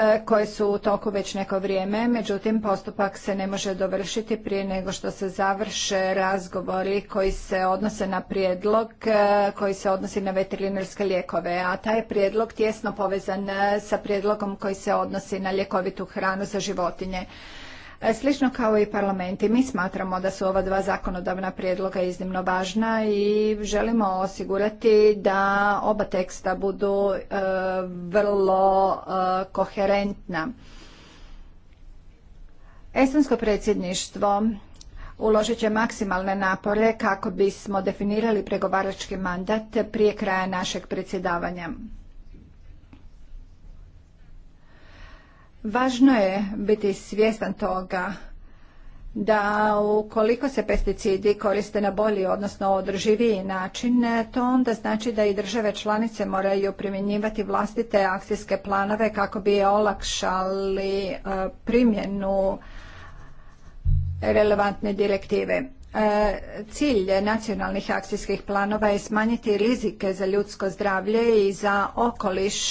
E, koje su u toku već neko vrijeme, međutim postupak se ne može dovršiti prije nego što se završe razgovori koji se odnose na prijedlog e, koji se odnosi na veterinarske lijekove, a taj je prijedlog tjesno povezan e, sa prijedlogom koji se odnosi na ljekovitu hranu za životinje. E, slično kao i parlamenti, mi smatramo da su ova dva zakonodavna prijedloga iznimno važna i želimo osigurati da oba teksta budu e, vrlo e, koherentna. Estonsko predsjedništvo uložit će maksimalne napore kako bismo definirali pregovarački mandat prije kraja našeg predsjedavanja. Važno je biti svjestan toga da ukoliko se pesticidi koriste na bolji, odnosno održiviji način, to onda znači da i države članice moraju primjenjivati vlastite akcijske planove kako bi olakšali e, primjenu relevantne direktive. E, cilj nacionalnih akcijskih planova je smanjiti rizike za ljudsko zdravlje i za okoliš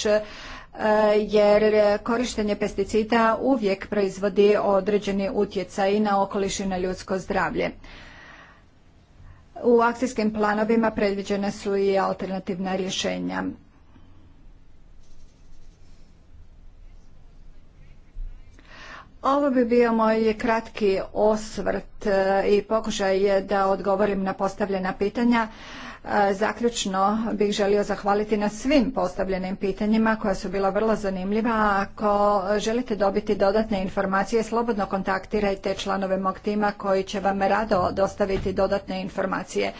Eh, jer korištenje pesticida uvijek proizvodi određeni utjecaj na okoliš i na ljudsko zdravlje. U akcijskim planovima predviđena su i alternativna rješenja. Ovo bi bio moj kratki osvrt eh, i pokušaj da odgovorim na postavljena pitanja. E, zaključno bih želio zahvaliti na svim postavljenim pitanjima koja su bila vrlo zanimljiva. Ako želite dobiti dodatne informacije, slobodno kontaktirajte članove mog tima koji će vam rado dostaviti dodatne informacije.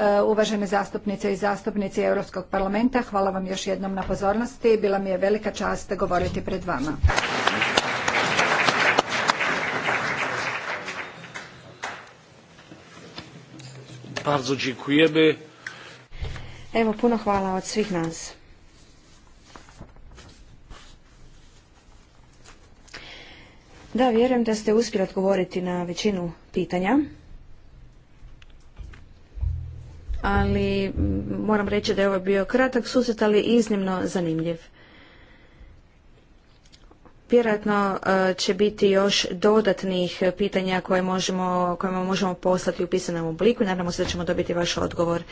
E, uvažene zastupnice i zastupnici Europskog parlamenta, hvala vam još jednom na pozornosti. Bila mi je velika čast govoriti pred vama. Bardzo Evo, puno hvala od svih nas. Da, vjerujem da ste uspjeli odgovoriti na većinu pitanja. Ali moram reći da je ovo bio kratak susret, ali iznimno zanimljiv. Vjerojatno e, će biti još dodatnih pitanja koje možemo, kojima možemo poslati u pisanom obliku i nadamo se da ćemo dobiti vaš odgovor.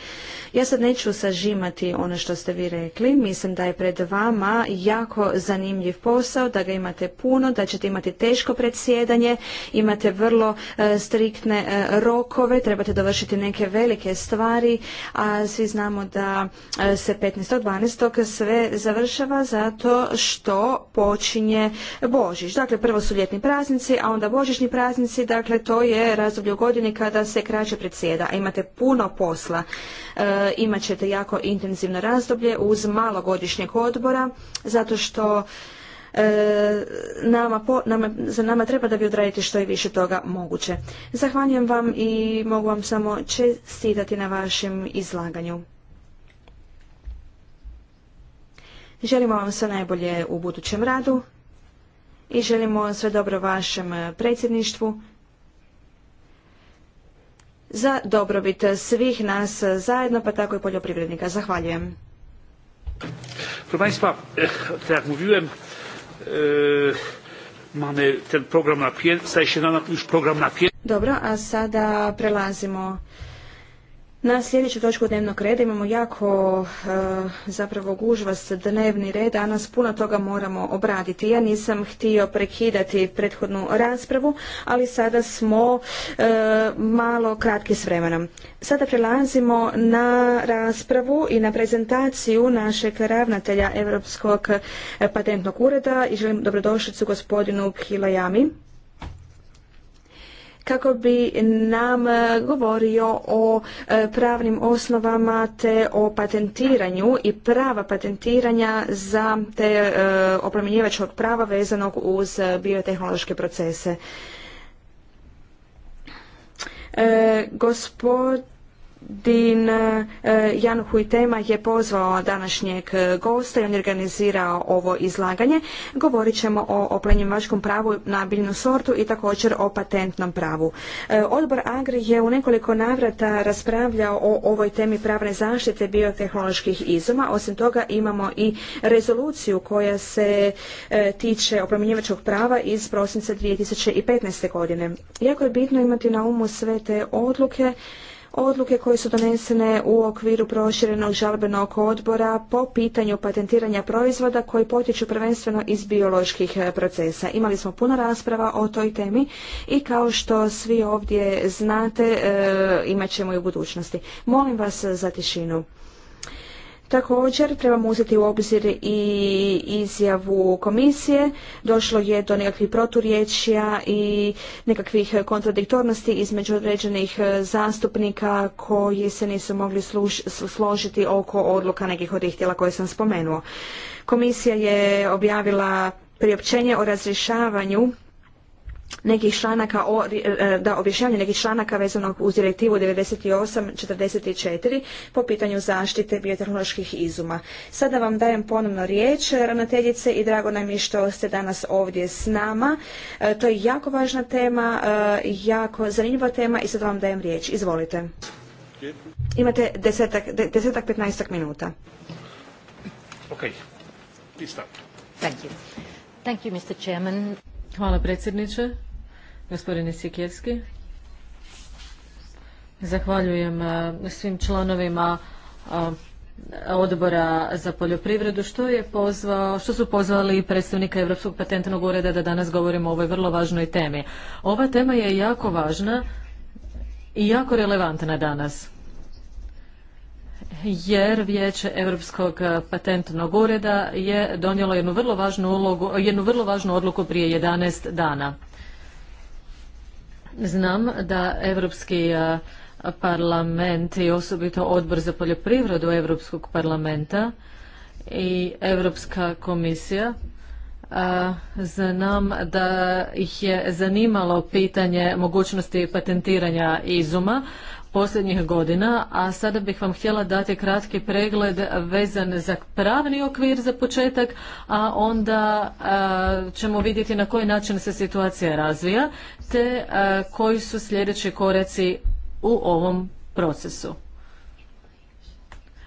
Ja sad neću sažimati ono što ste vi rekli. Mislim da je pred vama jako zanimljiv posao, da ga imate puno, da ćete imati teško predsjedanje, imate vrlo e, striktne e, rokove, trebate dovršiti neke velike stvari, a svi znamo da se 15.12. sve završava zato što počinje Božić. Dakle, prvo su ljetni praznici, a onda božićni praznici, dakle to je razdoblje u godini kada se kraće predsjeda, a imate puno posla. E, imat ćete jako intenzivno razdoblje uz malo godišnjeg odbora, zato što e, nama za nama treba da bi odraditi što je više toga moguće. Zahvaljujem vam i mogu vam samo čestitati na vašem izlaganju. Želimo vam sve najbolje u budućem radu i želimo sve dobro vašem eh, predsjedništvu za dobrobit svih nas eh, zajedno, pa tako i poljoprivrednika. Zahvaljujem. Eh, ten program na program na Dobro, a sada prelazimo na sljedeću točku dnevnog reda imamo jako e, zapravo gužvast dnevni red, danas puno toga moramo obraditi. Ja nisam htio prekidati prethodnu raspravu, ali sada smo e, malo kratki s vremenom. Sada prelazimo na raspravu i na prezentaciju našeg ravnatelja Europskog patentnog ureda i želim dobrodošlicu gospodinu Hilajami kako bi nam e, govorio o e, pravnim osnovama te o patentiranju i prava patentiranja za te e, oplemenjivačkog prava vezanog uz biotehnološke procese. gospod Din eh, Jan Huitema je pozvao današnjeg eh, gosta i on je organizirao ovo izlaganje. Govorit ćemo o oplenjivačkom pravu na biljnu sortu i također o patentnom pravu. Eh, odbor Agri je u nekoliko navrata raspravljao o ovoj temi pravne zaštite biotehnoloških izuma. Osim toga imamo i rezoluciju koja se tiče oplemenjivačkog prava iz prosinca 2015. godine. Jako je bitno imati na umu sve te odluke odluke koje su donesene u okviru proširenog žalbenog odbora po pitanju patentiranja proizvoda koji potiču prvenstveno iz bioloških e, procesa. Imali smo puno rasprava o toj temi i kao što svi ovdje znate e, imat ćemo i u budućnosti. Molim vas za tišinu. Također trebamo uzeti u obzir i izjavu komisije. Došlo je do nekakvih proturječja i nekakvih kontradiktornosti između određenih e, zastupnika koji se nisu mogli složiti oko odluka nekih od tih tijela koje sam spomenuo. Komisija je objavila priopćenje o razrješavanju nekih članaka e, e, da objašnjavanje nekih članaka vezanog uz direktivu 9844 po pitanju zaštite biotehnoloških izuma. Sada vam dajem ponovno riječ, ravnateljice, i drago nam je što ste danas ovdje s nama. E, to je jako važna tema, jako zanimljiva tema i sada vam dajem riječ. Izvolite. Imate desetak, desetak petnaestak minuta. Ok, Thank you. Thank you, Mr. Chairman. Hvala predsjedniče. Gospodine Sikjevski. Zahvaljujem e, svim članovima e, odbora za poljoprivredu što je pozvao, što su pozvali predstavnika Europskog patentnog ureda da danas govorimo o ovoj vrlo važnoj temi. Ova tema je jako važna i jako relevantna danas jer Vijeće Europskog patentnog ureda je donijelo jednu vrlo važnu, ulogu, jednu vrlo važnu odluku prije 11 dana. Znam da Europski e, parlament i osobito odbor za poljoprivredu Europskog parlamenta i Europska komisija e, znam da ih je zanimalo pitanje mogućnosti patentiranja izuma posljednjih godina, a sada bih vam htjela dati kratki pregled vezan za pravni okvir za početak, a onda ćemo vidjeti na koji način se situacija razvija, te koji su sljedeći koreci u ovom procesu.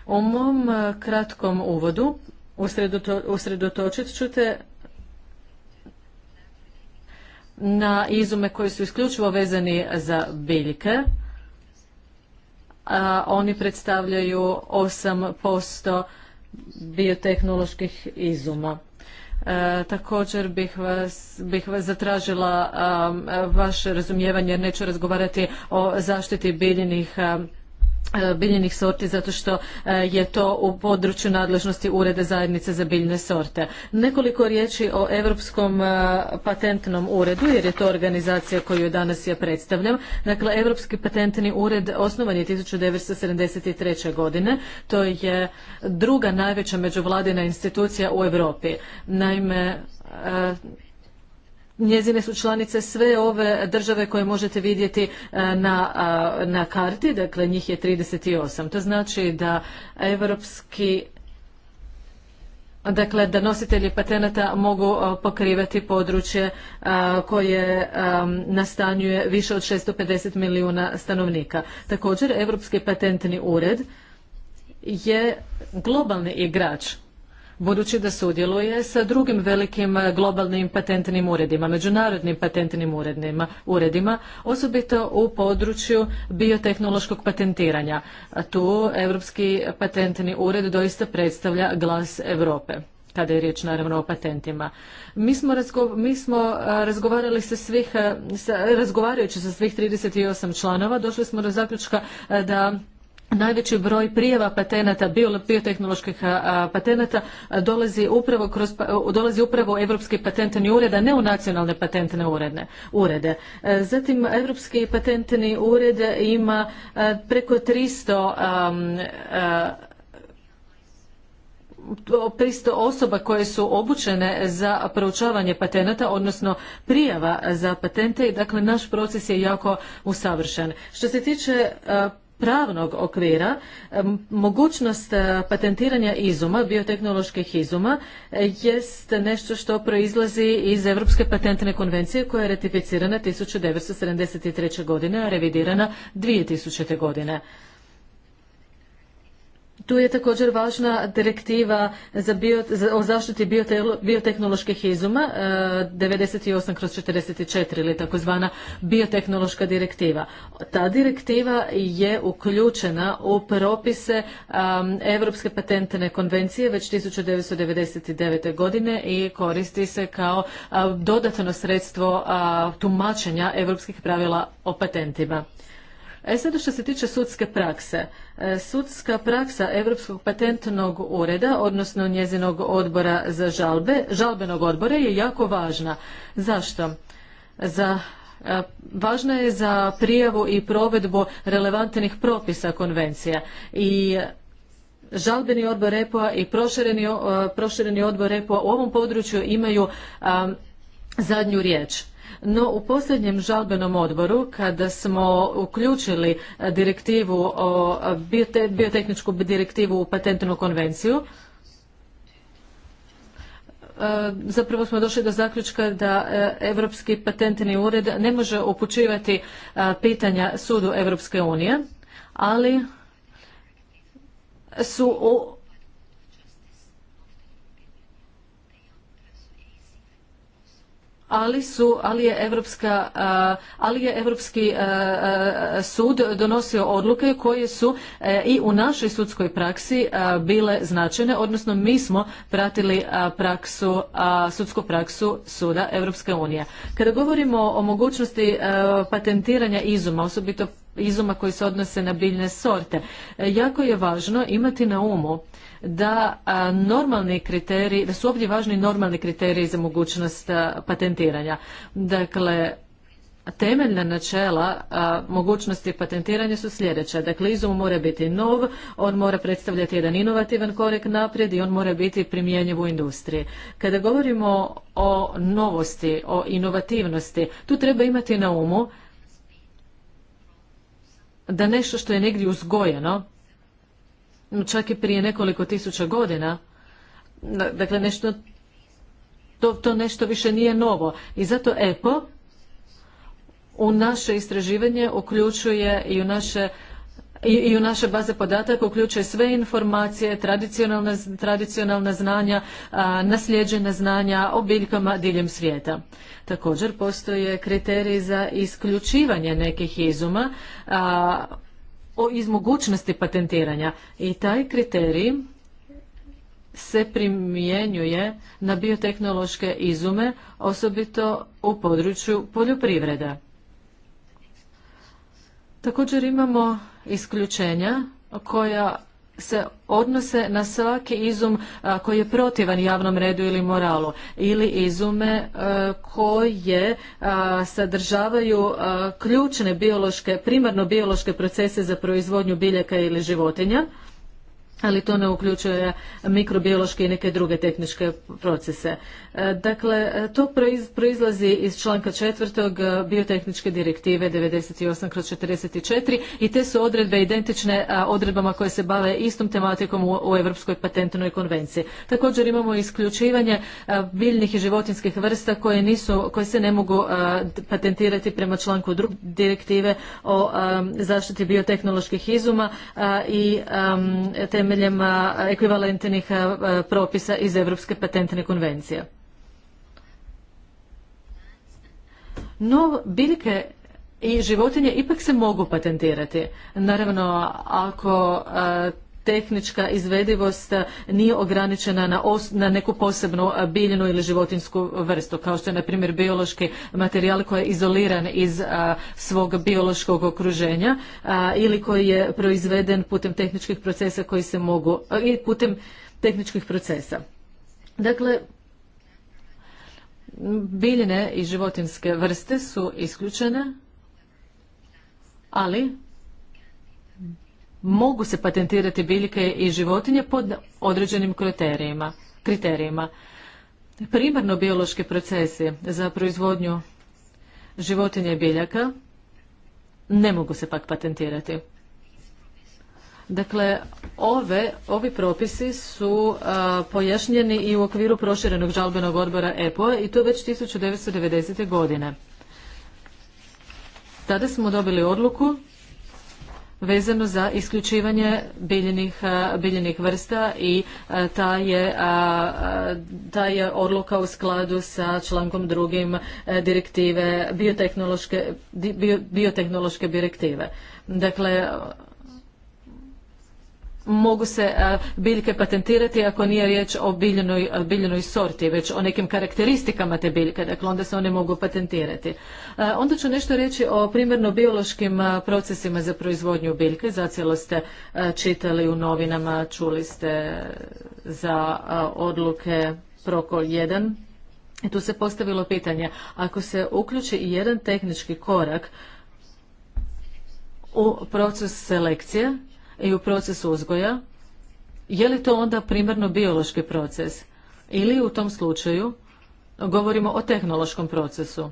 U mom kratkom uvodu usredotočit ću te na izume koji su isključivo vezani za biljke a oni predstavljaju 8% biotehnoloških izuma. E, također bih vas, bih vas zatražila vaše razumijevanje jer neću razgovarati o zaštiti biljnih E, biljnih sorti zato što e, je to u području nadležnosti Ureda zajednice za biljne sorte. Nekoliko riječi o Europskom e, patentnom uredu jer je to organizacija koju danas ja predstavljam. Dakle, Europski patentni ured osnovan je 1973. godine. To je druga najveća međuvladina institucija u Europi. Naime, Njezine su članice sve ove države koje možete vidjeti e, na, na karti, dakle njih je 38. To znači da evropski Dakle, da nositelji patenata mogu e, pokrivati područje e, koje nastanjuje više od 650 milijuna stanovnika. Također, Europski patentni ured je globalni igrač budući da sudjeluje sa drugim velikim e, globalnim patentnim uredima, međunarodnim patentnim uredima, uredima osobito u području biotehnološkog patentiranja. tu Europski patentni ured doista predstavlja glas Europe kada je riječ naravno o patentima. Mi smo, e, razgovarali sa svih, e, sa, razgovarajući sa svih 38 članova, došli smo do zaključka da Najveći broj prijava patenata, biotehnoloških patenata dolazi upravo kroz, pa, dolazi upravo Europski patentni ured, a ne u nacionalne patentne uredne, urede. E, zatim Europski patentni ured ima preko 300 osoba koje su obučene za proučavanje patenata, odnosno prijava za patente i dakle naš proces je jako usavršen. Što se tiče pravnog okvira mogućnost e, patentiranja izuma, biotehnoloških izuma, e, jest nešto što proizlazi iz Europske patentne konvencije koja je ratificirana 1973. godine, a revidirana 2000. godine tu je također važna direktiva za o zaštiti biotehnoloških izuma 98 e, kroz 44 ili takozvana biotehnološka direktiva. Ta direktiva je uključena u propise Europske patentne konvencije već 1999. godine i koristi se kao dodatno sredstvo tumačenja europskih pravila o patentima. E, sada što se tiče sudske prakse. E, sudska praksa Europskog patentnog ureda, odnosno njezinog odbora za žalbe, žalbenog odbora je jako važna. Zašto? Za e, važna je za prijavu i provedbu relevantnih propisa konvencija i žalbeni odbor EPO-a i prošireni, e, odbor EPO-a u ovom području imaju zadnju riječ. No u posljednjem žalbenom odboru kada smo uključili direktivu o biotehničku direktivu u patentnu konvenciju e, zapravo smo došli do zaključka da e, Europski patentni ured ne može upućivati e, pitanja sudu Europske unije, ali su ali su, ali je Evropska, ali je Evropski sud donosio odluke koje su e, i u našoj sudskoj praksi bile značajne, odnosno mi smo pratili praksu, sudsku praksu suda Evropske unije. Kada govorimo o mogućnosti e, patentiranja izuma, osobito izuma koji se odnose na biljne sorte, e, jako je važno imati na umu da normalni kriteriji, da su ovdje važni normalni kriteriji za mogućnost patentiranja. Dakle, Temeljna načela mogućnosti patentiranja su sljedeća. Dakle, izum mora biti nov, on mora predstavljati jedan inovativan korek naprijed i on mora biti primjenjiv u industriji. Kada govorimo o novosti, o inovativnosti, tu treba imati na umu da nešto što je negdje uzgojeno, čak i prije nekoliko tisuća godina. Dakle, nešto, to, to nešto više nije novo. I zato EPO u naše istraživanje uključuje i u naše i u naše baze podataka uključuje sve informacije, tradicionalna, tradicionalna znanja, a, nasljeđena znanja o biljkama diljem svijeta. Također postoje kriteriji za isključivanje nekih izuma, a, o izmogućnosti patentiranja i taj kriterij se primjenjuje na biotehnološke izume, osobito u području poljoprivrede. Također imamo isključenja koja se odnose na svaki izum koji je protivan javnom redu ili moralu ili izume koje sadržavaju ključne biološke, primarno biološke procese za proizvodnju biljaka ili životinja ali to ne uključuje mikrobiološke i neke druge tehničke procese. E, dakle, e, to proizlazi iz članka četvrtog e, biotehničke direktive 98 kroz 44 i te su odredbe identične odredbama koje se bave istom tematikom u Europskoj patentnoj konvenciji. Također imamo isključivanje biljnih i životinskih vrsta koje, nisu, koje se ne mogu patentirati prema članku druge direktive o zaštiti biotehnoloških izuma i te temeljem ekvivalentnih propisa iz Europske patentne konvencije. No, biljke i životinje ipak se mogu patentirati. Naravno, ako tehnička izvedivost eh, nije ograničena na, neku posebnu eh, biljnu ili životinsku vrstu, kao što je na primjer biološki materijal koji je izoliran iz eh, svog biološkog okruženja ili koji je proizveden putem tehničkih procesa koji se mogu i putem tehničkih procesa. Dakle, biljne i životinske vrste su isključene, ali mogu se patentirati biljke i životinje pod određenim kriterijima. kriterijima. Primarno biološki procesi za proizvodnju životinja i biljaka ne mogu se pak patentirati. Dakle, ove, ovi propisi su pojašnjeni i u okviru proširenog žalbenog odbora EPO i to već 1990. godine. Tada smo dobili odluku vezano za isključivanje biljenih, vrsta i ta je, je odluka u skladu sa člankom drugim e, direktive, biotehnološke, biotehnološke direktive. Dakle, mogu se e, biljke patentirati ako nije riječ o biljnoj e, sorti, već o nekim karakteristikama te biljke, dakle onda se one mogu patentirati. E, onda ću nešto reći o primjerno biološkim procesima za proizvodnju biljke, zacijelo ste čitali u novinama, čuli ste za odluke Prokol 1, i tu se postavilo pitanje, ako se uključi i jedan tehnički korak u proces selekcije, i u procesu uzgoja, je li to onda primarno biološki proces? Ili u tom slučaju govorimo o tehnološkom procesu?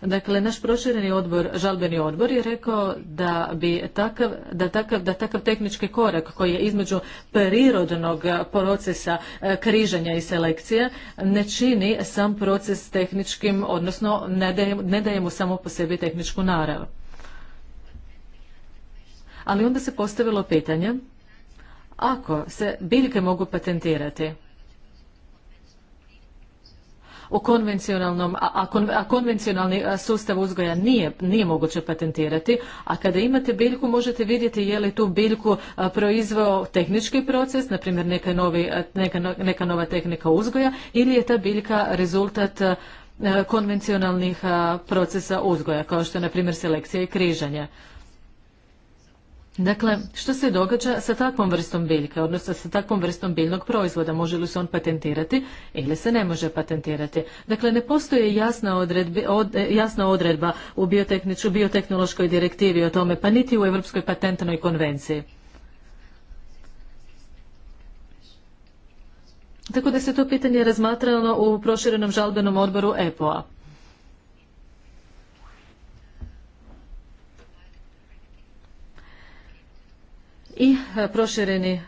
Dakle, naš prošireni odbor, žalbeni odbor je rekao da bi takav, da takav, da takav tehnički korak koji je između prirodnog procesa e, križanja i selekcije ne čini sam proces tehničkim, odnosno ne daje, ne daje mu samo po sebi tehničku narav. Ali onda se postavilo pitanje, ako se biljke mogu patentirati, u konvencionalnom, a, konvencionalni sustav uzgoja nije, nije moguće patentirati, a kada imate biljku možete vidjeti je li tu biljku proizveo tehnički proces, na primjer neka, neka nova tehnika uzgoja ili je ta biljka rezultat konvencionalnih procesa uzgoja, kao što je na primjer selekcija i križanje. Dakle, što se događa sa takvom vrstom biljke, odnosno sa takvom vrstom biljnog proizvoda? Može li se on patentirati ili se ne može patentirati? Dakle, ne postoji jasna, odredba u biotehnološkoj direktivi o tome, pa niti u Europskoj patentnoj konvenciji. Tako da se to pitanje razmatralo u proširenom žalbenom odboru EPO-a. i e, prošireni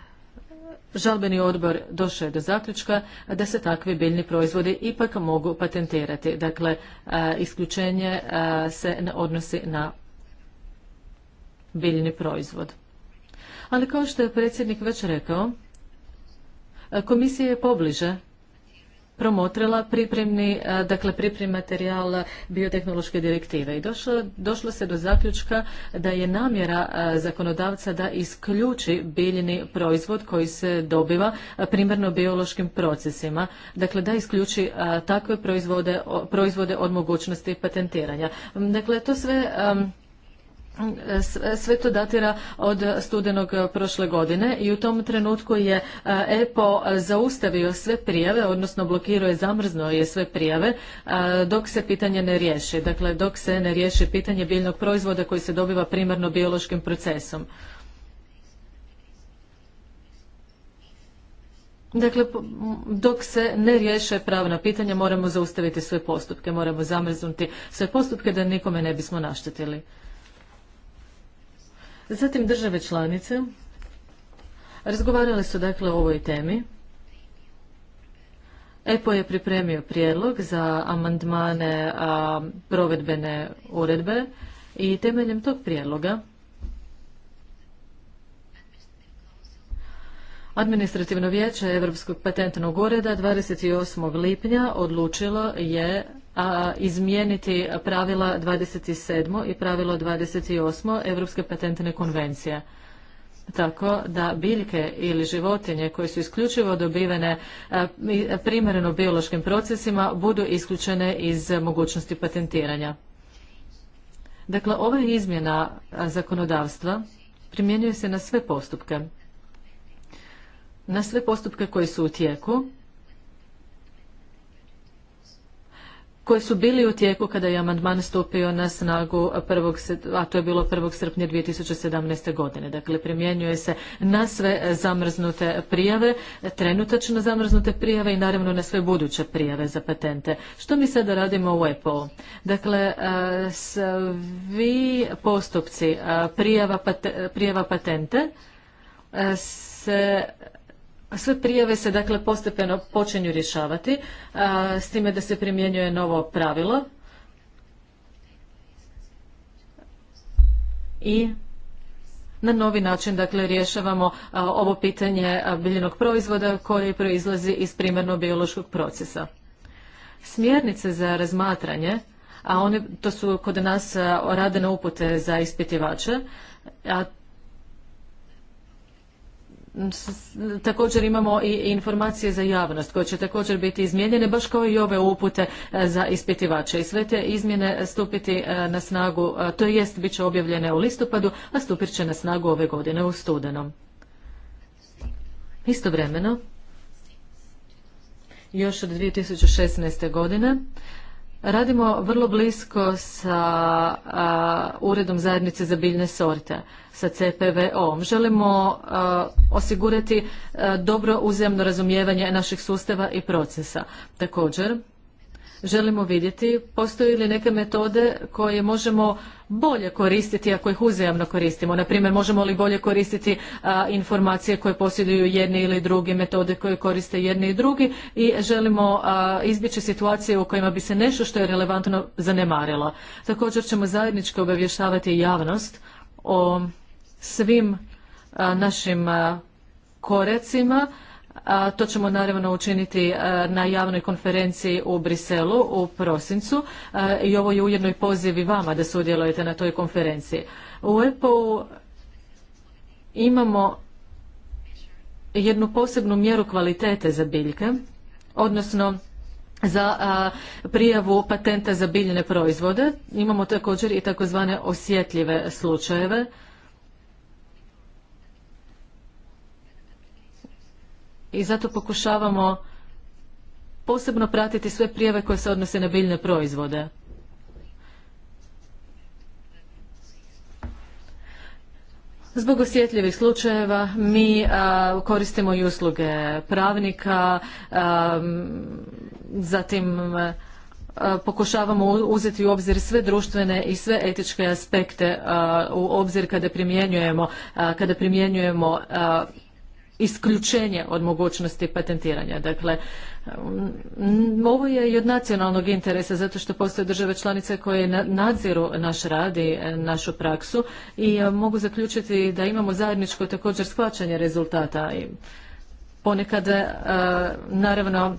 Žalbeni odbor došao je do zaključka da se takvi biljni proizvodi ipak mogu patentirati. Dakle, e, isključenje e, se ne odnosi na biljni proizvod. Ali kao što je predsjednik već rekao, komisija je pobliže promotrila pripremni, e, dakle pripremni materijal biotehnološke direktive i došlo, se do zaključka da je namjera e, zakonodavca da isključi biljni proizvod koji se dobiva e, primarno biološkim procesima, dakle da isključi takve proizvode, proizvode od mogućnosti patentiranja. Dakle, to sve sve to datira od studenog e, prošle godine i u tom trenutku je EPO e zaustavio sve prijave, odnosno blokirao je, zamrznuo je sve prijave e, dok se pitanje ne riješi. Dakle, dok se ne riješi pitanje biljnog proizvoda koji se dobiva primarno biološkim procesom. Dakle, dok se ne riješe pravna pitanja, moramo zaustaviti sve postupke, moramo zamrznuti sve postupke da nikome ne bismo naštetili. Zatim države članice razgovarale su dakle o ovoj temi. EPO je pripremio prijedlog za amandmane a, provedbene uredbe i temeljem tog prijedloga Administrativno vijeće Europskog patentnog ureda 28. lipnja odlučilo je izmijeniti pravila 27. i pravilo 28. Europske patentne konvencije. Tako da biljke ili životinje koje su isključivo dobivene primjereno biološkim procesima budu isključene iz mogućnosti patentiranja. Dakle, ova izmjena zakonodavstva primjenjuje se na sve postupke. Na sve postupke koji su u tijeku, koje su bili u tijeku kada je amandman stupio na snagu, a to je bilo 1. srpnja 2017. godine. Dakle, primjenjuje se na sve zamrznute prijave, trenutačno zamrznute prijave i naravno na sve buduće prijave za patente. Što mi sada radimo u EPO? Dakle, e, svi postupci e, prijava patente e, se sve prijave se dakle postepeno počinju rješavati, s time da se primjenjuje novo pravilo i na novi način dakle rješavamo ovo pitanje biljnog proizvoda koji proizlazi iz primarno biološkog procesa. Smjernice za razmatranje, a one to su kod nas radene upute za ispitivače, a Također imamo i informacije za javnost koje će također biti izmijenjene, baš kao i ove upute e, za ispitivače. I sve te izmjene stupiti e, na snagu, e, to jest bit će objavljene u listopadu, a stupit će na snagu ove godine u studenom. Istovremeno, još od 2016. godine Radimo vrlo blisko sa Uredom zajednice za biljne sorte, sa CPVO-om. Želimo osigurati dobro uzemno razumijevanje naših sustava i procesa. Također, želimo vidjeti postoje li neke metode koje možemo bolje koristiti ako ih uzajamno koristimo. Na primjer, možemo li bolje koristiti informacije koje posjeduju jedni ili drugi, metode koje koriste jedni i drugi i želimo a, izbjeći situacije u kojima bi se nešto što je relevantno zanemarilo. Također ćemo zajednički obavještavati javnost o svim našim koracima to ćemo naravno učiniti e, na javnoj konferenciji u Briselu u prosincu e, i ovo je ujedno i poziv i vama da sudjelujete na toj konferenciji. U EPO imamo jednu posebnu mjeru kvalitete za biljke, odnosno za prijavu patenta za biljne proizvode. Imamo također i takozvane osjetljive slučajeve i zato pokušavamo posebno pratiti sve prijave koje se odnose na biljne proizvode. Zbog osjetljivih slučajeva mi koristimo i usluge pravnika, zatim pokušavamo uzeti u obzir sve društvene i sve etičke aspekte u obzir kada primjenjujemo, kada primjenjujemo isključenje od mogućnosti patentiranja. Dakle, mm, ovo je i od nacionalnog interesa zato što postoje države članice koje nadziru naš rad i e, našu praksu i e, mogu zaključiti da imamo zajedničko također shvaćanje rezultata. Ponekad, e, naravno,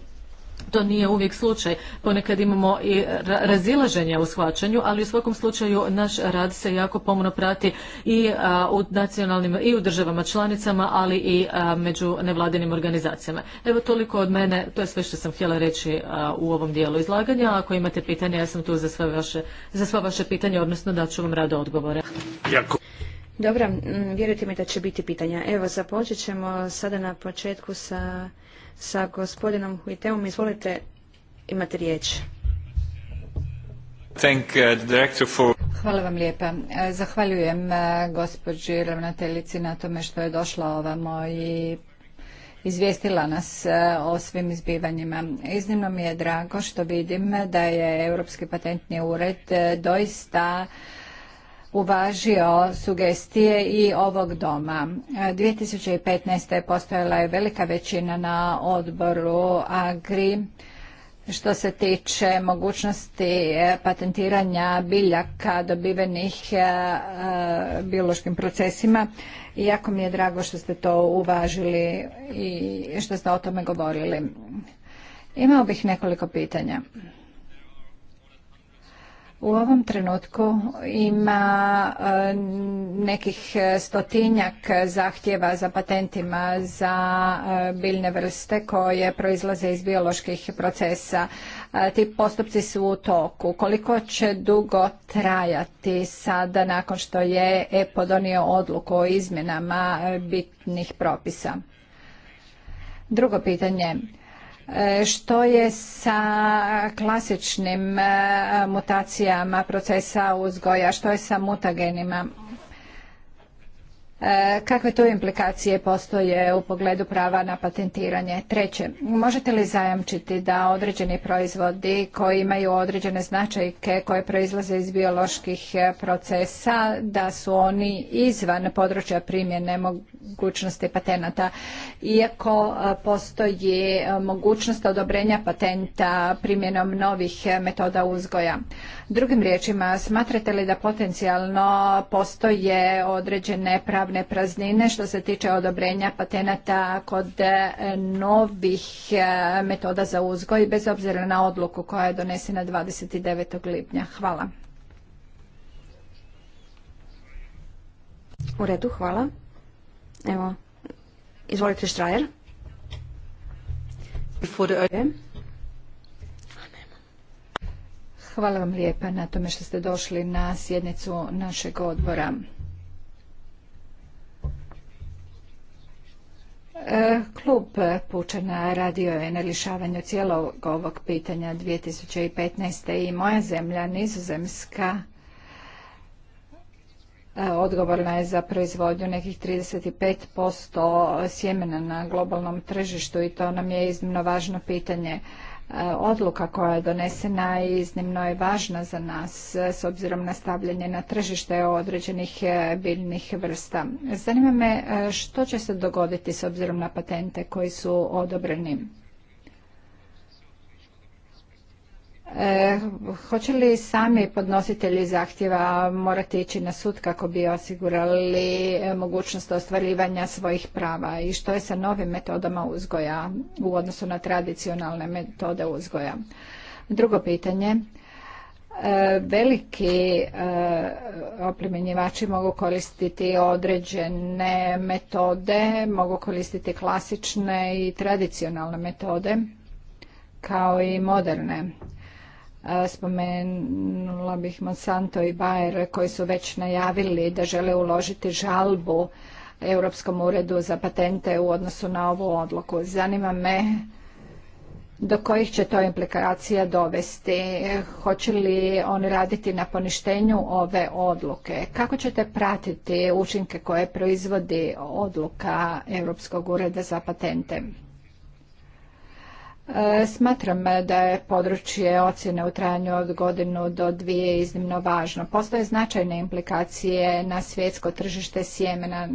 to nije uvijek slučaj. Ponekad imamo i razilaženja u shvaćanju, ali u svakom slučaju naš rad se jako pomno prati i u nacionalnim i u državama članicama, ali i među nevladinim organizacijama. Evo toliko od mene, to je sve što sam htjela reći u ovom dijelu izlaganja. Ako imate pitanja, ja sam tu za sva vaše pitanja, odnosno da ću vam rado odgovore. Dobro, vjerujte mi da će biti pitanja. Evo, započet ćemo sada na početku sa sa gospodinom Huitemom. Izvolite, imate riječ. Uh, Hvala vam lijepa. E, zahvaljujem e, gospođi ravnateljici na tome što je došla ovamo i izvijestila nas e, o svim izbivanjima. Iznimno mi je drago što vidim da je Europski patentni ured doista uvažio sugestije i ovog doma. 2015. E, postojala je velika većina na odboru AGRI što se tiče mogućnosti e, patentiranja biljaka dobivenih e, biološkim procesima. I jako mi je drago što ste to uvažili i što ste o tome govorili. Imao bih nekoliko pitanja. U ovom trenutku ima e, nekih stotinjak zahtjeva za patentima za e, biljne vrste koje proizlaze iz bioloških procesa. E, ti postupci su u toku. Koliko će dugo trajati sada nakon što je EPO donio odluku o izmjenama bitnih propisa? Drugo pitanje što je sa klasičnim e, mutacijama procesa uzgoja? Što je sa mutagenima? E, kakve tu implikacije postoje u pogledu prava na patentiranje? Treće, možete li zajamčiti da određeni proizvodi koji imaju određene značajke koje proizlaze iz bioloških e, procesa, da su oni izvan područja primjene mogućnosti patenata, iako e, postoji mogućnost odobrenja patenta primjenom novih metoda uzgoja? Drugim riječima, smatrate li da potencijalno postoje određene nepraznine praznine što se tiče odobrenja patenata kod e, novih e, metoda za uzgoj bez obzira na odluku koja je donesena 29. lipnja. Hvala. U redu, hvala. Evo, izvolite Štrajer. Hvala vam lijepa na tome što ste došli na sjednicu našeg odbora. E, klub Pučana radio je na rješavanju cijelog ovog pitanja 2015. i moja zemlja, Nizozemska, e, odgovorna je za proizvodnju nekih 35% sjemena na globalnom tržištu i to nam je iznimno važno pitanje. E, odluka koja je donesena i iznimno je važna za nas e, s obzirom na stavljanje na tržište određenih e, biljnih vrsta. Zanima me što će se dogoditi s obzirom na patente koji su odobreni. Eh, hoće li sami podnositelji zahtjeva morati ići na sud kako bi osigurali eh, mogućnost ostvarivanja svojih prava i što je sa novim metodama uzgoja u odnosu na tradicionalne metode uzgoja? Drugo pitanje. Eh, veliki e, oplemenjivači mogu koristiti određene metode, mogu koristiti klasične i tradicionalne metode kao i moderne Spomenula bih Monsanto i Bayer koji su već najavili da žele uložiti žalbu Europskom uredu za patente u odnosu na ovu odluku. Zanima me do kojih će to implikacija dovesti? Hoće li oni raditi na poništenju ove odluke? Kako ćete pratiti učinke koje proizvodi odluka Europskog ureda za patente? E, smatram da je područje ocjene u trajanju od godinu do dvije iznimno važno. Postoje značajne implikacije na svjetsko tržište sjemena.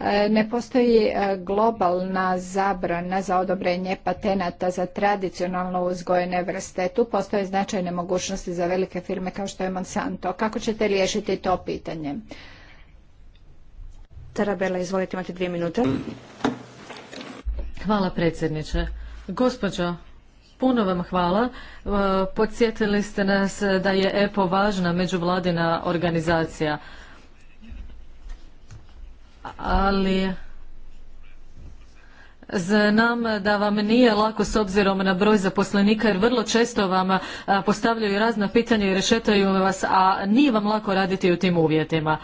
E, ne postoji e, globalna zabrana za odobrenje patenata za tradicionalno uzgojene vrste. Tu postoje značajne mogućnosti za velike firme kao što je Monsanto. Kako ćete riješiti to pitanje? Tarabela, izvolite, imate dvije minute. Hvala predsjedniče. Gospođo, puno vam hvala. E, podsjetili ste nas da je EPO važna međuvladina organizacija. Ali Znam da vam nije lako s obzirom na broj zaposlenika jer vrlo često vam e, postavljaju razna pitanja i rešetaju vas, a nije vam lako raditi u tim uvjetima.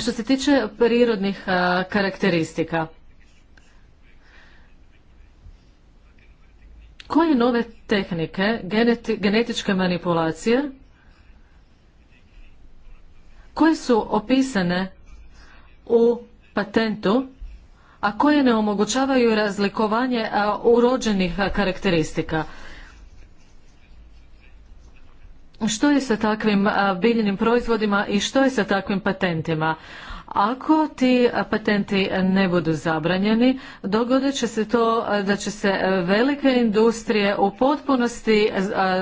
Što se tiče prirodnih e, karakteristika, koje nove tehnike genetičke manipulacije koje su opisane u patentu a koje ne omogućavaju razlikovanje urođenih karakteristika što je sa takvim biljnim proizvodima i što je sa takvim patentima ako ti patenti ne budu zabranjeni, dogodit će se to da će se velike industrije u potpunosti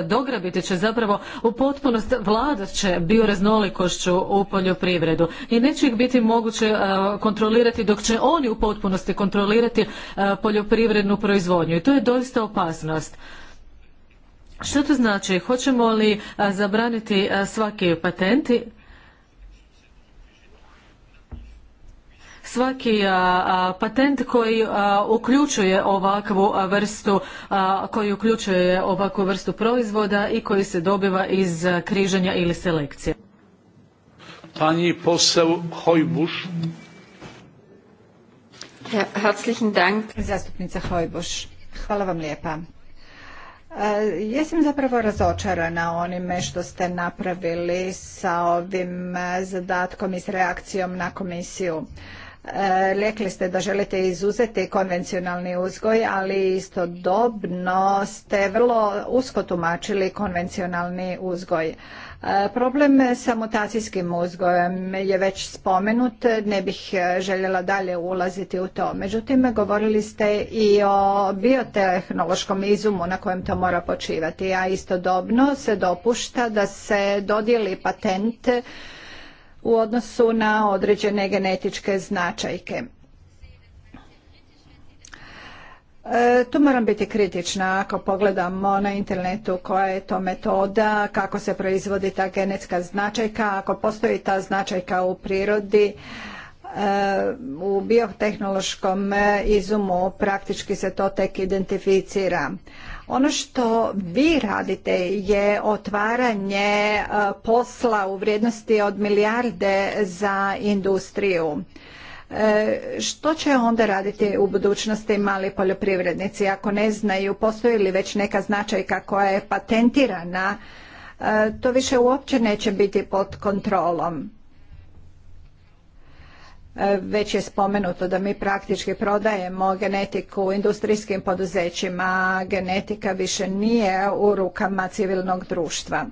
dograbiti će zapravo u potpunost vladat će bioraznolikošću u poljoprivredu i neće ih biti moguće kontrolirati dok će oni u potpunosti kontrolirati poljoprivrednu proizvodnju i to je doista opasnost. Što to znači? Hoćemo li zabraniti svaki patenti? svaki patent koji uključuje ovakvu vrstu koji uključuje ovakvu vrstu proizvoda i koji se dobiva iz križanja ili selekcije. Pani poseł Hojbuš. Herzlichen Dank. Zastupnica Hojbuš. Hvala vam lijepa. E, jesam zapravo razočarana onime što ste napravili sa ovim e, zadatkom i s reakcijom na komisiju. E, rekli ste da želite izuzeti konvencionalni uzgoj, ali istodobno ste vrlo usko tumačili konvencionalni uzgoj. E, problem sa mutacijskim uzgojem je već spomenut, ne bih željela dalje ulaziti u to. Međutim, govorili ste i o biotehnološkom izumu na kojem to mora počivati, a istodobno se dopušta da se dodijeli patent u odnosu na određene genetičke značajke. E, tu moram biti kritična ako pogledamo na internetu koja je to metoda, kako se proizvodi ta genetska značajka, ako postoji ta značajka u prirodi, e, u biotehnološkom izumu praktički se to tek identificira. Ono što vi radite je otvaranje e, posla u vrijednosti od milijarde za industriju. E, što će onda raditi u budućnosti mali poljoprivrednici ako ne znaju postoji li već neka značajka koja je patentirana? E, to više uopće neće biti pod kontrolom. E, već je spomenuto da mi praktički prodajemo genetiku industrijskim poduzećima, genetika više nije u rukama civilnog društva.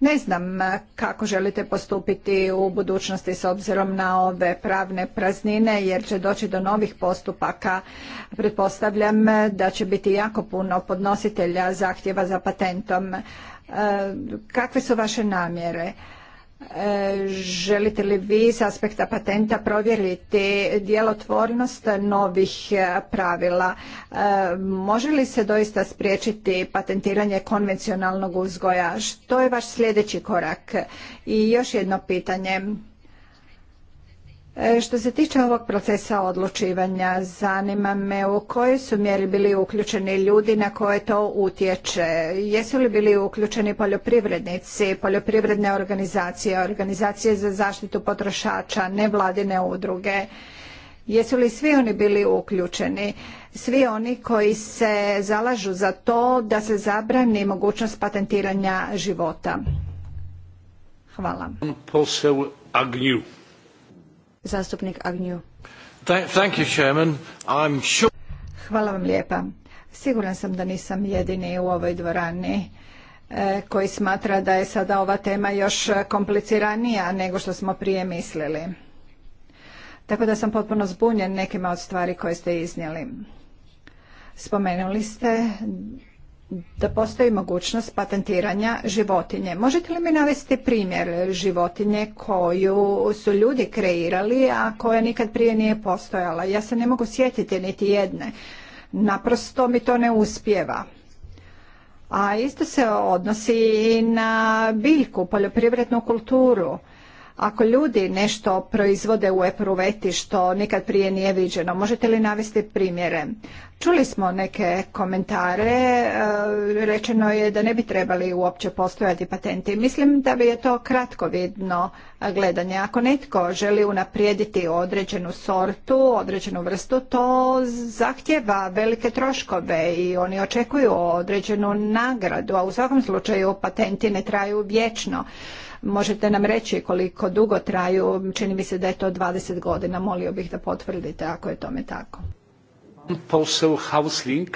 Ne znam e, kako želite postupiti u budućnosti s obzirom na ove pravne praznine jer će doći do novih postupaka. Pretpostavljam e, da će biti jako puno podnositelja zahtjeva za patentom. Kakve su vaše namjere? E, želite li vi s aspekta patenta provjeriti djelotvornost novih e, pravila? E, može li se doista spriječiti patentiranje konvencionalnog uzgoja? Što je vaš sljedeći korak? I još jedno pitanje. E, što se tiče ovog procesa odlučivanja, zanima me u kojoj su mjeri bili uključeni ljudi na koje to utječe. Jesu li bili uključeni poljoprivrednici, poljoprivredne organizacije, organizacije za zaštitu potrošača, nevladine udruge? Jesu li svi oni bili uključeni? Svi oni koji se zalažu za to da se zabrani mogućnost patentiranja života? Hvala. Zastupnik Agnju. Hvala vam lijepa. Siguran sam da nisam jedini u ovoj dvorani e, koji smatra da je sada ova tema još kompliciranija nego što smo prije mislili. Tako da sam potpuno zbunjen nekima od stvari koje ste iznijeli. Spomenuli ste da postoji mogućnost patentiranja životinje. Možete li mi navesti primjer životinje koju su ljudi kreirali, a koja nikad prije nije postojala? Ja se ne mogu sjetiti niti jedne. Naprosto mi to ne uspjeva. A isto se odnosi i na biljku, poljoprivrednu kulturu. Ako ljudi nešto proizvode u epruveti što nikad prije nije viđeno, možete li navesti primjere? Čuli smo neke komentare, e, rečeno je da ne bi trebali uopće postojati patenti. Mislim da bi je to kratkovidno gledanje. Ako netko želi unaprijediti određenu sortu, određenu vrstu, to zahtjeva velike troškove i oni očekuju određenu nagradu, a u svakom slučaju patenti ne traju vječno. Možete nam reći koliko dugo traju, čini mi se da je to 20 godina, molio bih da potvrdite ako je tome tako. Hausling.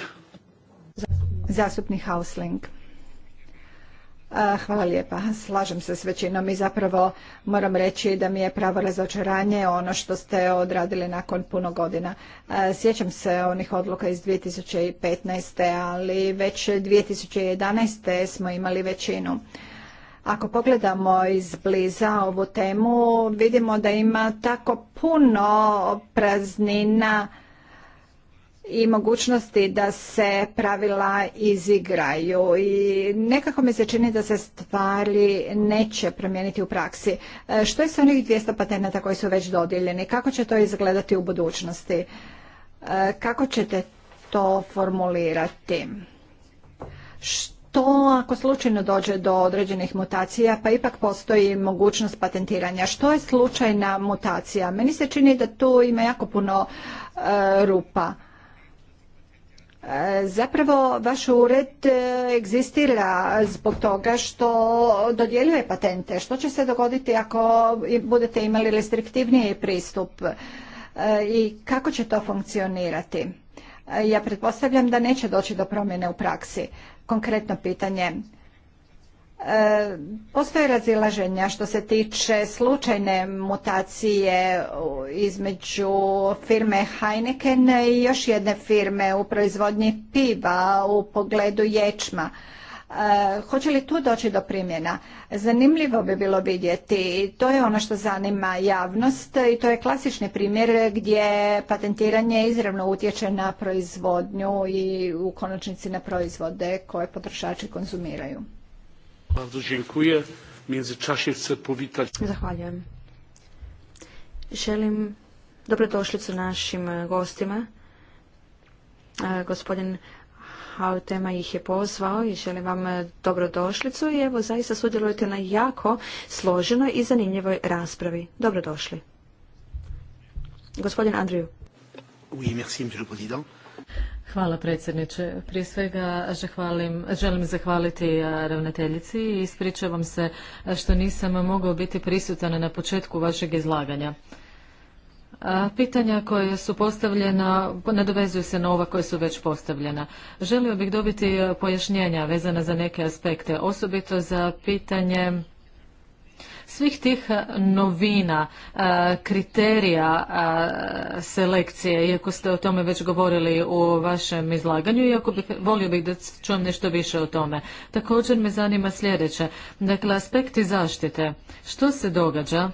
Hausling. Hvala lijepa. Slažem se s većinom i zapravo moram reći da mi je pravo razočaranje ono što ste odradili nakon puno godina. Sjećam se onih odluka iz 2015. ali već 2011. smo imali većinu. Ako pogledamo izbliza ovu temu, vidimo da ima tako puno praznina i mogućnosti da se pravila izigraju i nekako mi se čini da se stvari neće promijeniti u praksi. E, što je sa onih 200 patenata koji su već dodijeljeni? Kako će to izgledati u budućnosti? E, kako ćete to formulirati? Što to ako slučajno dođe do određenih mutacija, pa ipak postoji mogućnost patentiranja. Što je slučajna mutacija? Meni se čini da tu ima jako puno e, rupa. E, zapravo vaš ured e, egzistira zbog toga što dodjeljuje patente. Što će se dogoditi ako budete imali restriktivniji pristup i kako će to funkcionirati? Ja pretpostavljam da neće doći do promjene u praksi konkretno pitanje. E, postoje razilaženja što se tiče slučajne mutacije između firme Heineken i još jedne firme u proizvodnji piva u pogledu ječma. Eh, hoće li tu doći do primjena? Zanimljivo bi bilo vidjeti. To je ono što zanima javnost i to je klasični primjer gdje patentiranje izravno utječe na proizvodnju i u konačnici na proizvode koje potrošači konzumiraju. Zahvaljujem. Želim dobrodošlicu našim gostima. Eh, gospodin tema ih je pozvao i želim vam e, dobrodošlicu i evo zaista sudjelujete na jako složenoj i zanimljivoj raspravi. Dobrodošli. Gospodin Andriju. Oui, merci, président. Hvala predsjedniče. Prije svega želim, želim zahvaliti e, ravnateljici i ispričavam se e, što nisam mogao biti prisutan na početku vašeg izlaganja pitanja koje su postavljena nadovezuju se na ova koja su već postavljena. Želio bih dobiti e, pojašnjenja vezana za neke aspekte, osobito za pitanje svih tih e, novina, e, kriterija selekcije, iako ste o tome već govorili u vašem izlaganju, iako bih, volio bih da čujem nešto više o tome. Također me zanima sljedeće, dakle aspekti zaštite. Što se događa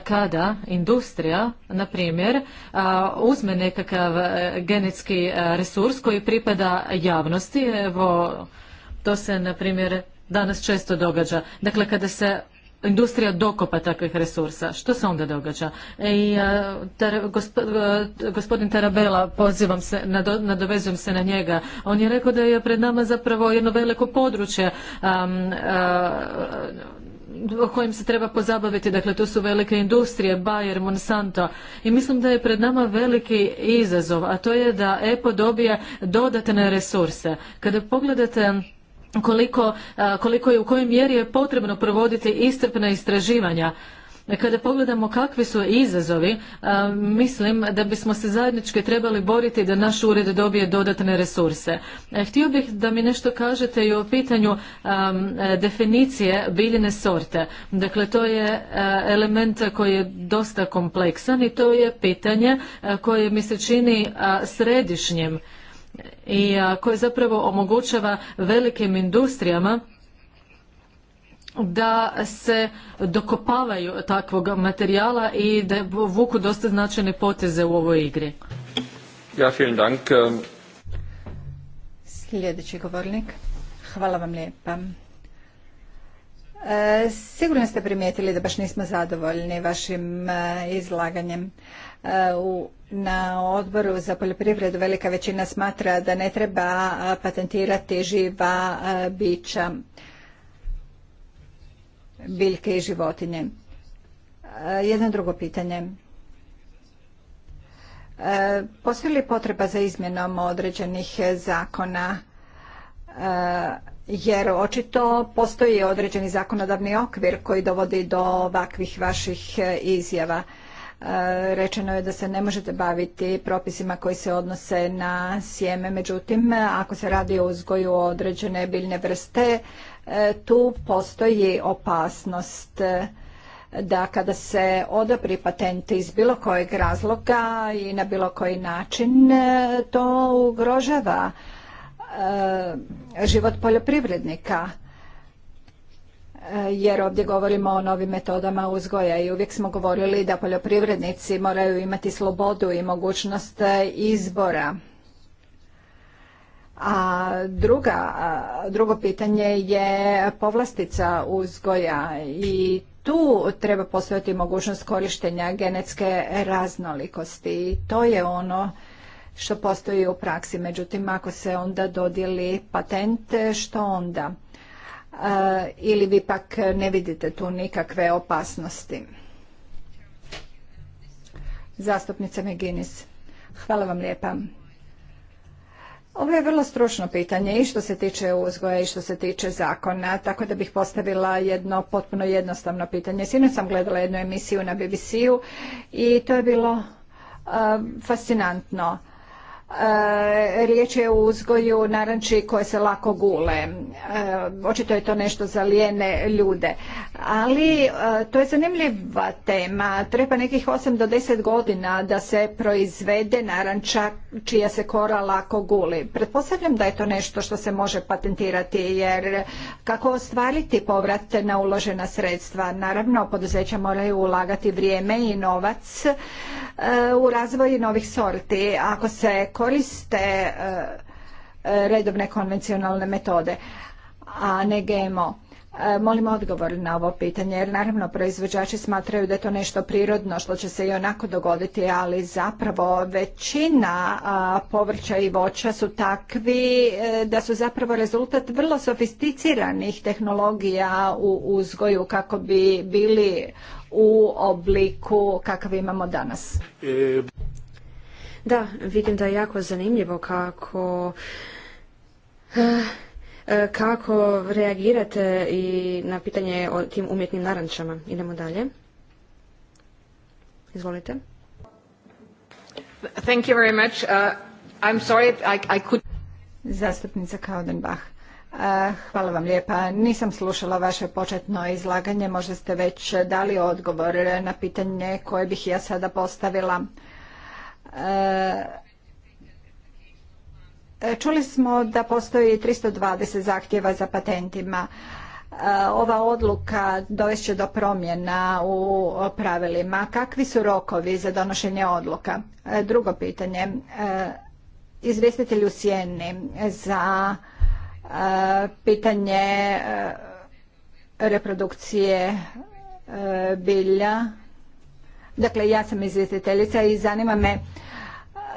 kada industrija, na primjer, uzme nekakav e, genetski e, resurs koji pripada javnosti, evo to se na primjer danas često događa. Dakle, kada se industrija dokopa takvih resursa. Što se onda događa? E, I, gospodin Tarabela, pozivam se, nadovezujem se na njega. On je rekao da je pred nama zapravo jedno veliko područje o kojim se treba pozabaviti, dakle to su velike industrije, Bayer, Monsanto i mislim da je pred nama veliki izazov, a to je da EPO dobije dodatne resurse. Kada pogledate koliko, koliko je u kojoj mjeri je potrebno provoditi istrpne istraživanja, E, kada pogledamo kakvi su izazovi, e, mislim da bismo se zajednički trebali boriti da naš ured dobije dodatne resurse. E, htio bih da mi nešto kažete i o pitanju definicije biljine sorte. Dakle, to je element koji je dosta kompleksan i to je pitanje koje mi se čini središnjim i koje zapravo omogućava velikim industrijama da se dokopavaju takvog materijala i da vuku dosta značajne poteze u ovoj igri. Ja, vielen dank. Ähm. Sljedeći govornik. Hvala vam lijepa. E, sigurno ste primijetili da baš nismo zadovoljni vašim e, izlaganjem. E, na odboru za poljoprivredu velika većina smatra da ne treba patentirati živa bića biljke i životinje. E, jedno drugo pitanje. E, postoji li potreba za izmjenom određenih zakona e, jer očito postoji određeni zakonodavni okvir koji dovodi do ovakvih vaših izjava. Rečeno je da se ne možete baviti propisima koji se odnose na sjeme, međutim ako se radi o uzgoju određene biljne vrste, E, tu postoji opasnost e, da kada se odobri patent iz bilo kojeg razloga i na bilo koji način e, to ugrožava život poljoprivrednika jer ovdje govorimo o novim metodama uzgoja i uvijek smo govorili da poljoprivrednici moraju imati slobodu i mogućnost izbora a druga, drugo pitanje je povlastica uzgoja i tu treba postojati mogućnost korištenja genetske raznolikosti. I To je ono što postoji u praksi. Međutim, ako se onda dodijeli patent, što onda? E, ili vi pak ne vidite tu nikakve opasnosti? Zastupnica Meginis, hvala vam lijepa. Ovo je vrlo stručno pitanje i što se tiče uzgoja i što se tiče zakona, tako da bih postavila jedno potpuno jednostavno pitanje. Sinoć sam gledala jednu emisiju na BBC-u i to je bilo fascinantno. E, riječ je o uzgoju naranči koje se lako gule. E, očito je to nešto za lijene ljude. Ali e, to je zanimljiva tema. Treba nekih 8 do 10 godina da se proizvede naranča čija se kora lako guli. Pretpostavljam da je to nešto što se može patentirati jer kako ostvariti povrat na uložena sredstva? Naravno, poduzeća moraju ulagati vrijeme i novac u razvoj novih sorti. Ako se koriste e, e, redovne konvencionalne metode, a ne GMO. E, molim odgovor na ovo pitanje, jer naravno proizvođači smatraju da je to nešto prirodno što će se i onako dogoditi, ali zapravo većina povrća i voća su takvi da su zapravo rezultat vrlo sofisticiranih tehnologija u uzgoju kako bi bili u obliku kakav imamo danas. Da, vidim da je jako zanimljivo kako eh, eh, kako reagirate i na pitanje o tim umjetnim narančama. Idemo dalje. Izvolite. Thank you very much. Eh, I'm sorry I could... Zastupnica Kaudenbach. Hvala vam lijepa. Nisam slušala vaše početno izlaganje. Možda ste već dali odgovor na pitanje koje bih ja sada postavila. E, e, čuli smo da postoji 320 zahtjeva za patentima. E, ova odluka dovešće do promjena u pravilima. Kakvi su rokovi za donošenje odluka? Drugo pitanje. Izvjestitelj u sjeni za pitanje reprodukcije bilja. Dakle, ja sam izvjestiteljica i zanima me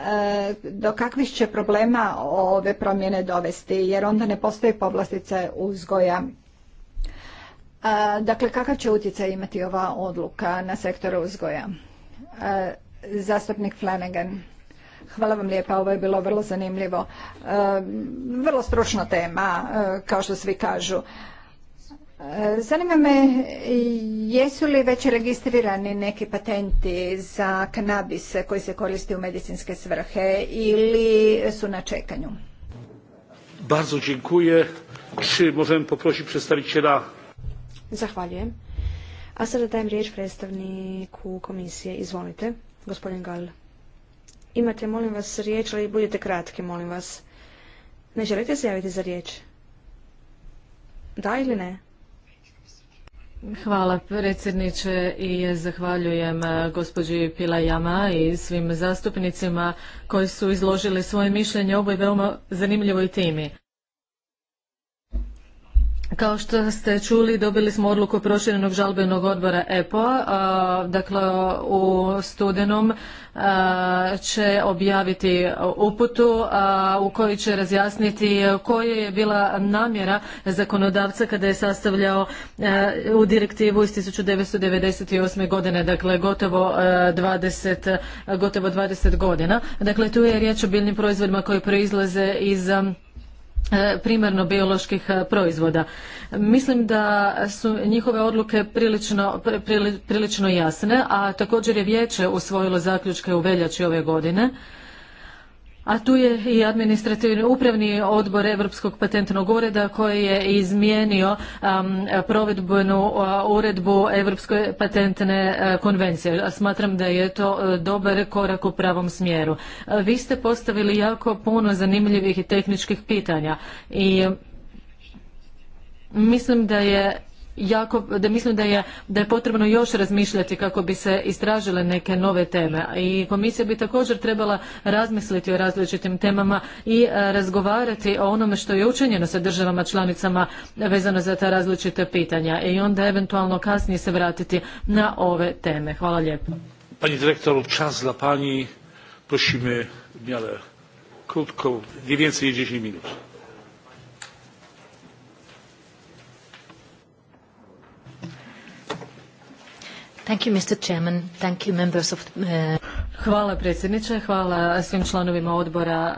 E, do kakvih će problema ove promjene dovesti, jer onda ne postoji povlastice uzgoja. E, dakle, kakav će utjecaj imati ova odluka na sektor uzgoja? E, zastupnik Flanagan. Hvala vam lijepa, ovo je bilo vrlo zanimljivo. Vrlo stručna tema, kao što svi kažu. Zanima me, jesu li već registrirani neki patenti za kanabis koji se koristi u medicinske svrhe ili su na čekanju? Bardzo dziękuję. Czy możemy poprosić przedstawiciela? Zahvaljujem. A sada dajem riječ predstavniku komisije. Izvolite, gospodin Gal. Imate, molim vas, riječ, ali budete kratki, molim vas. Ne želite se javiti za riječ? Da ili ne? Hvala predsjedniče i zahvaljujem eh, gospođi Pila Jama i svim zastupnicima koji su izložili svoje mišljenje o ovoj veoma zanimljivoj temi. Kao što ste čuli, dobili smo odluku proširenog žalbenog odbora EPO. Dakle, u studenom će objaviti uputu u kojoj će razjasniti koja je bila namjera zakonodavca kada je sastavljao e, u direktivu iz 1998. godine, dakle gotovo 20, e, gotovo 20 godina. Dakle, tu je riječ o biljnim proizvodima koji proizlaze iz E, primarno bioloških e, proizvoda. Mislim da su njihove odluke prilično, prilično jasne, a također je vijeće usvojilo zaključke u veljači ove godine a tu je i administrativni upravni odbor Europskog patentnog ureda koji je izmijenio um, provedbenu uh, uredbu Europske patentne uh, konvencije, konvencije. Smatram da je to uh, dobar korak u pravom smjeru. Vi ste postavili jako puno zanimljivih i tehničkih pitanja i um, mislim da je jako, da mislim da je, da je potrebno još razmišljati kako bi se istražile neke nove teme. I komisija bi također trebala razmisliti o različitim temama i e, razgovarati o onome što je učinjeno sa državama članicama vezano za ta različita pitanja i onda eventualno kasnije se vratiti na ove teme. Hvala lijepo. Thank you, uh, Hvala predsjedniče, hvala svim članovima odbora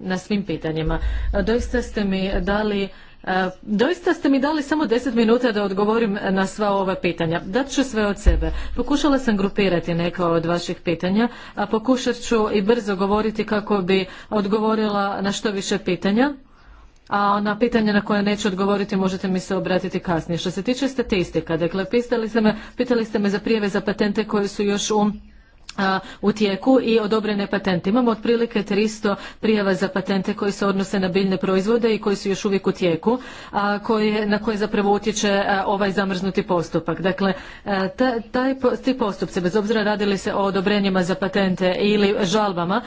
na svim pitanjima. Doista ste mi dali uh, Doista ste mi dali samo deset minuta da odgovorim na sva ova pitanja. Dat ću sve od sebe. Pokušala sam grupirati neka od vaših pitanja, a pokušat ću i brzo govoriti kako bi odgovorila na što više pitanja a na pitanje na koje neću odgovoriti možete mi se obratiti kasnije. Što se tiče statistika, dakle, pitali ste me, za prijeve za patente koje su još u u tijeku i odobrene patente. Imamo otprilike 300 prijava za patente koji se odnose na biljne proizvode i koji su još uvijek u tijeku, a na koje zapravo utječe ovaj zamrznuti postupak. Dakle, taj, ti postupci, bez obzira radili se o odobrenjima za patente ili žalbama,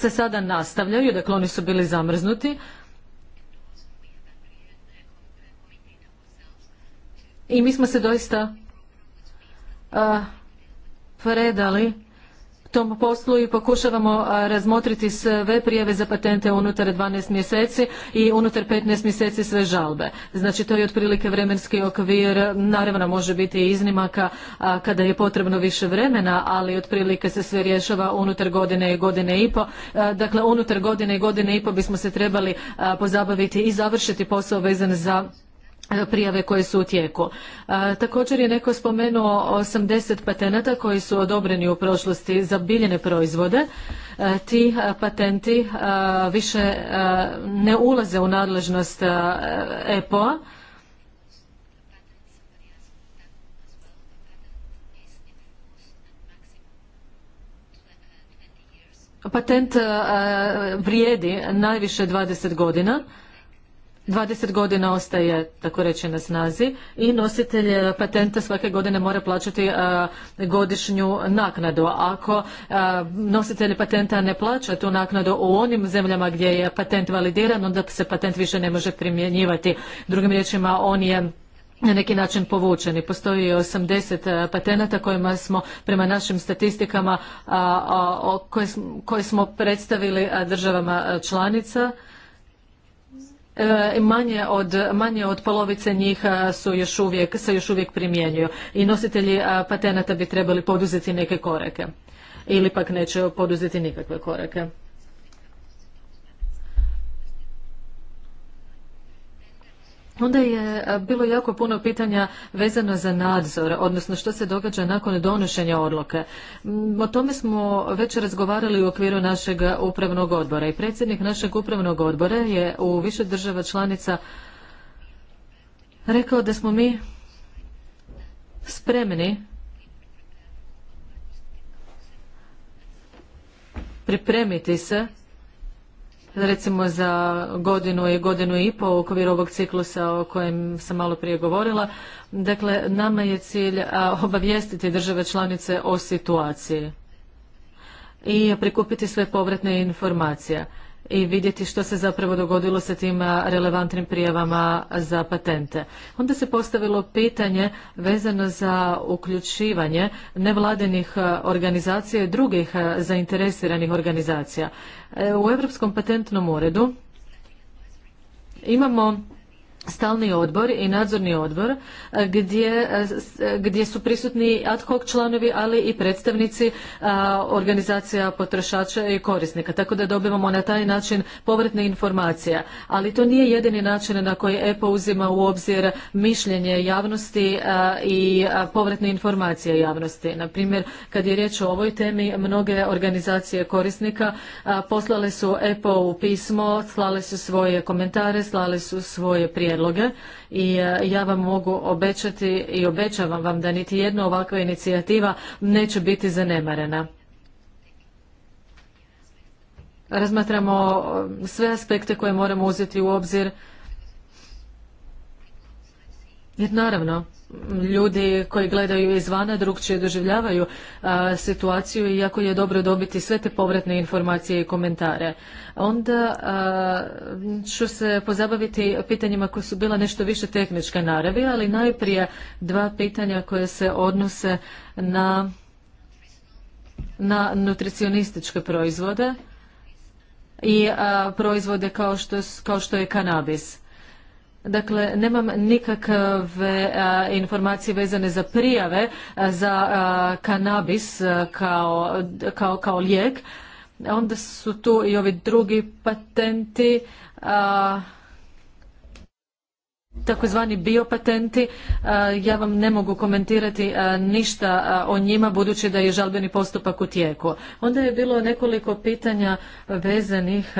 se sada nastavljaju, dakle oni su bili zamrznuti, i mi smo se doista a, predali tom poslu i pokušavamo razmotriti sve prijave za patente unutar 12 mjeseci i unutar 15 mjeseci sve žalbe. Znači to je otprilike vremenski okvir, naravno može biti iznimaka kada je potrebno više vremena, ali otprilike se sve rješava unutar godine i godine i po. dakle, unutar godine i godine i po bismo se trebali pozabaviti i završiti posao vezan za prijave koje su u tijeku. E, također je neko spomenuo 80 patenata koji su odobreni u prošlosti za biljene proizvode. E, ti e, patenti više ne ulaze u nadležnost EPO-a. Patent vrijedi najviše 20 godina. 20 godina ostaje, tako reći, na snazi i nositelj eh, patenta svake godine mora plaćati eh, godišnju naknadu. Ako eh, nositelj patenta ne plaća tu naknadu u onim zemljama gdje je patent validiran, onda se patent više ne može primjenjivati. Drugim riječima, on je na neki način povučeni. Postoji 80 patenata kojima smo prema našim statistikama koje smo predstavili državama članica E, manje od, manje od polovice njih e, su još uvijek, se još uvijek primjenjuju i nositelji e, patenata bi trebali poduzeti neke korake ili pak neće poduzeti nikakve korake. Onda je e, bilo jako puno pitanja vezano za nadzor, odnosno što se događa nakon donošenja odluke. O tome smo već razgovarali u okviru našeg upravnog odbora i predsjednik našeg upravnog odbora je u više država članica rekao da smo mi spremni pripremiti se recimo za godinu i godinu i pol u okviru ovog ciklusa o kojem sam malo prije govorila. Dakle, nama je cilj obavijestiti države članice o situaciji i prikupiti sve povratne informacije i vidjeti što se zapravo dogodilo sa tim relevantnim prijavama za patente. Onda se postavilo pitanje vezano za uključivanje nevladinih organizacija i drugih zainteresiranih organizacija. E, u Europskom patentnom uredu imamo stalni odbor i nadzorni odbor e, e, e, gdje, su prisutni ad hoc članovi ali i predstavnici organizacija potrošača i korisnika tako da dobivamo na taj način povratne informacije ali to nije jedini način na koji EPO uzima u obzir mišljenje javnosti i povratne informacije javnosti na primjer kad je riječ o ovoj temi mnoge organizacije korisnika poslale su EPO u pismo slale su svoje komentare slale su svoje prijedloge prijedloge i e, ja vam mogu obećati i obećavam vam da niti jedna ovakva inicijativa neće biti zanemarena. Razmatramo e, sve aspekte koje moramo uzeti u obzir. Jer naravno, ljudi koji gledaju izvana drugčije doživljavaju situaciju i jako je dobro dobiti sve te povratne informacije i komentare. Onda ću se pozabaviti pitanjima koja su bila nešto više tehničke naravi, ali najprije dva pitanja koje se odnose na, na nutricionističke proizvode i proizvode kao kao što je kanabis. Dakle, nemam nikakve informacije vezane za prijave za kanabis kao, kao, kao lijek. Onda su tu i ovi drugi patenti takozvani biopatenti, e, ja vam ne mogu komentirati e, ništa e, o njima budući da je žalbeni postupak u tijeku. Onda je bilo nekoliko pitanja vezanih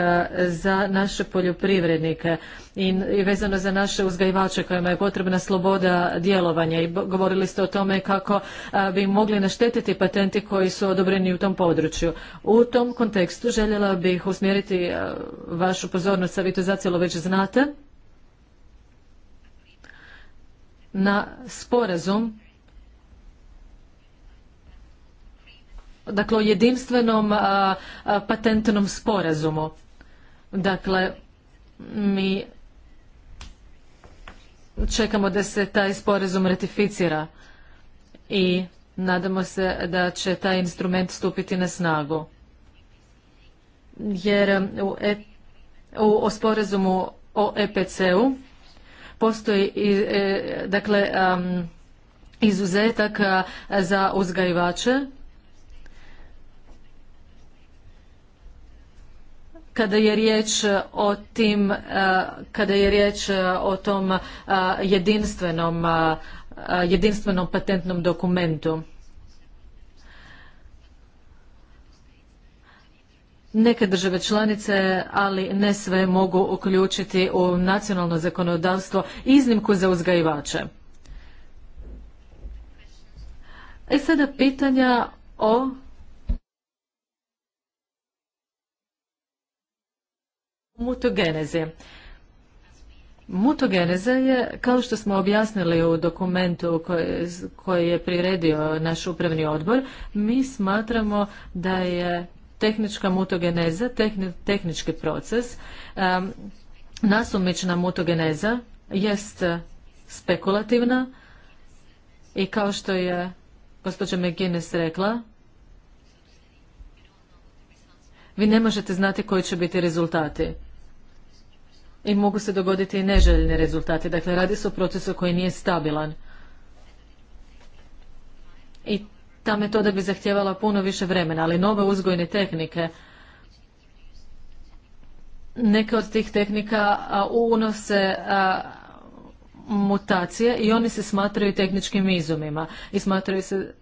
za naše poljoprivrednike i vezano za naše uzgajivače kojima je potrebna sloboda djelovanja i govorili ste o tome kako bi mogli naštetiti patenti koji su odobreni u tom području. U tom kontekstu željela bih usmjeriti vašu pozornost, a vi to zacijelo već znate, na sporazum dakle o jedinstvenom patentnom sporazumu. Dakle, mi čekamo da se taj sporazum ratificira i nadamo se da će taj instrument stupiti na snagu. Jer u, e, o sporazumu o EPC-u Postoji e, dakle izuzetak za uzgajivače kada je riječ o tim kada je riječ o tom jedinstvenom jedinstvenom patentnom dokumentu Neke države članice, ali ne sve, mogu uključiti u nacionalno zakonodavstvo iznimku za uzgajivače. E sada pitanja o mutogenezi. Mutogeneza je, kao što smo objasnili u dokumentu koji je priredio naš upravni odbor, mi smatramo da je tehnička mutogeneza, tehnički proces. nasumična mutogeneza jest spekulativna i kao što je gospođa McGuinness rekla, vi ne možete znati koji će biti rezultati. I mogu se dogoditi i neželjeni rezultati. Dakle, radi se o procesu koji nije stabilan. I ta metoda bi zahtijevala puno više vremena, ali nove uzgojne tehnike, neke od tih tehnika unose mutacije i oni se smatraju tehničkim izumima i smatraju se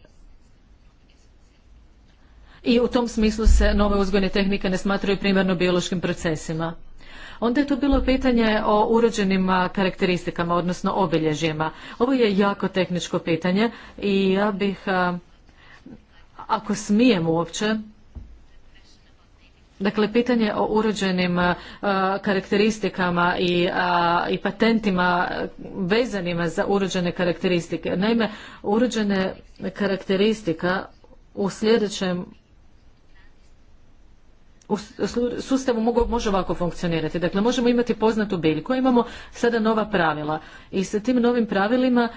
i u tom smislu se nove uzgojne tehnike ne smatraju primarno biološkim procesima. Onda je tu bilo pitanje o urođenim karakteristikama, odnosno obilježjima. Ovo je jako tehničko pitanje i ja bih ako smijem uopće, Dakle, pitanje o urođenim e, karakteristikama i, patentima vezanima za urođene karakteristike. Naime, urođene karakteristika u sljedećem sustavu može ovako funkcionirati. Dakle, možemo imati poznatu biljku, imamo sada nova pravila i sa tim novim pravilima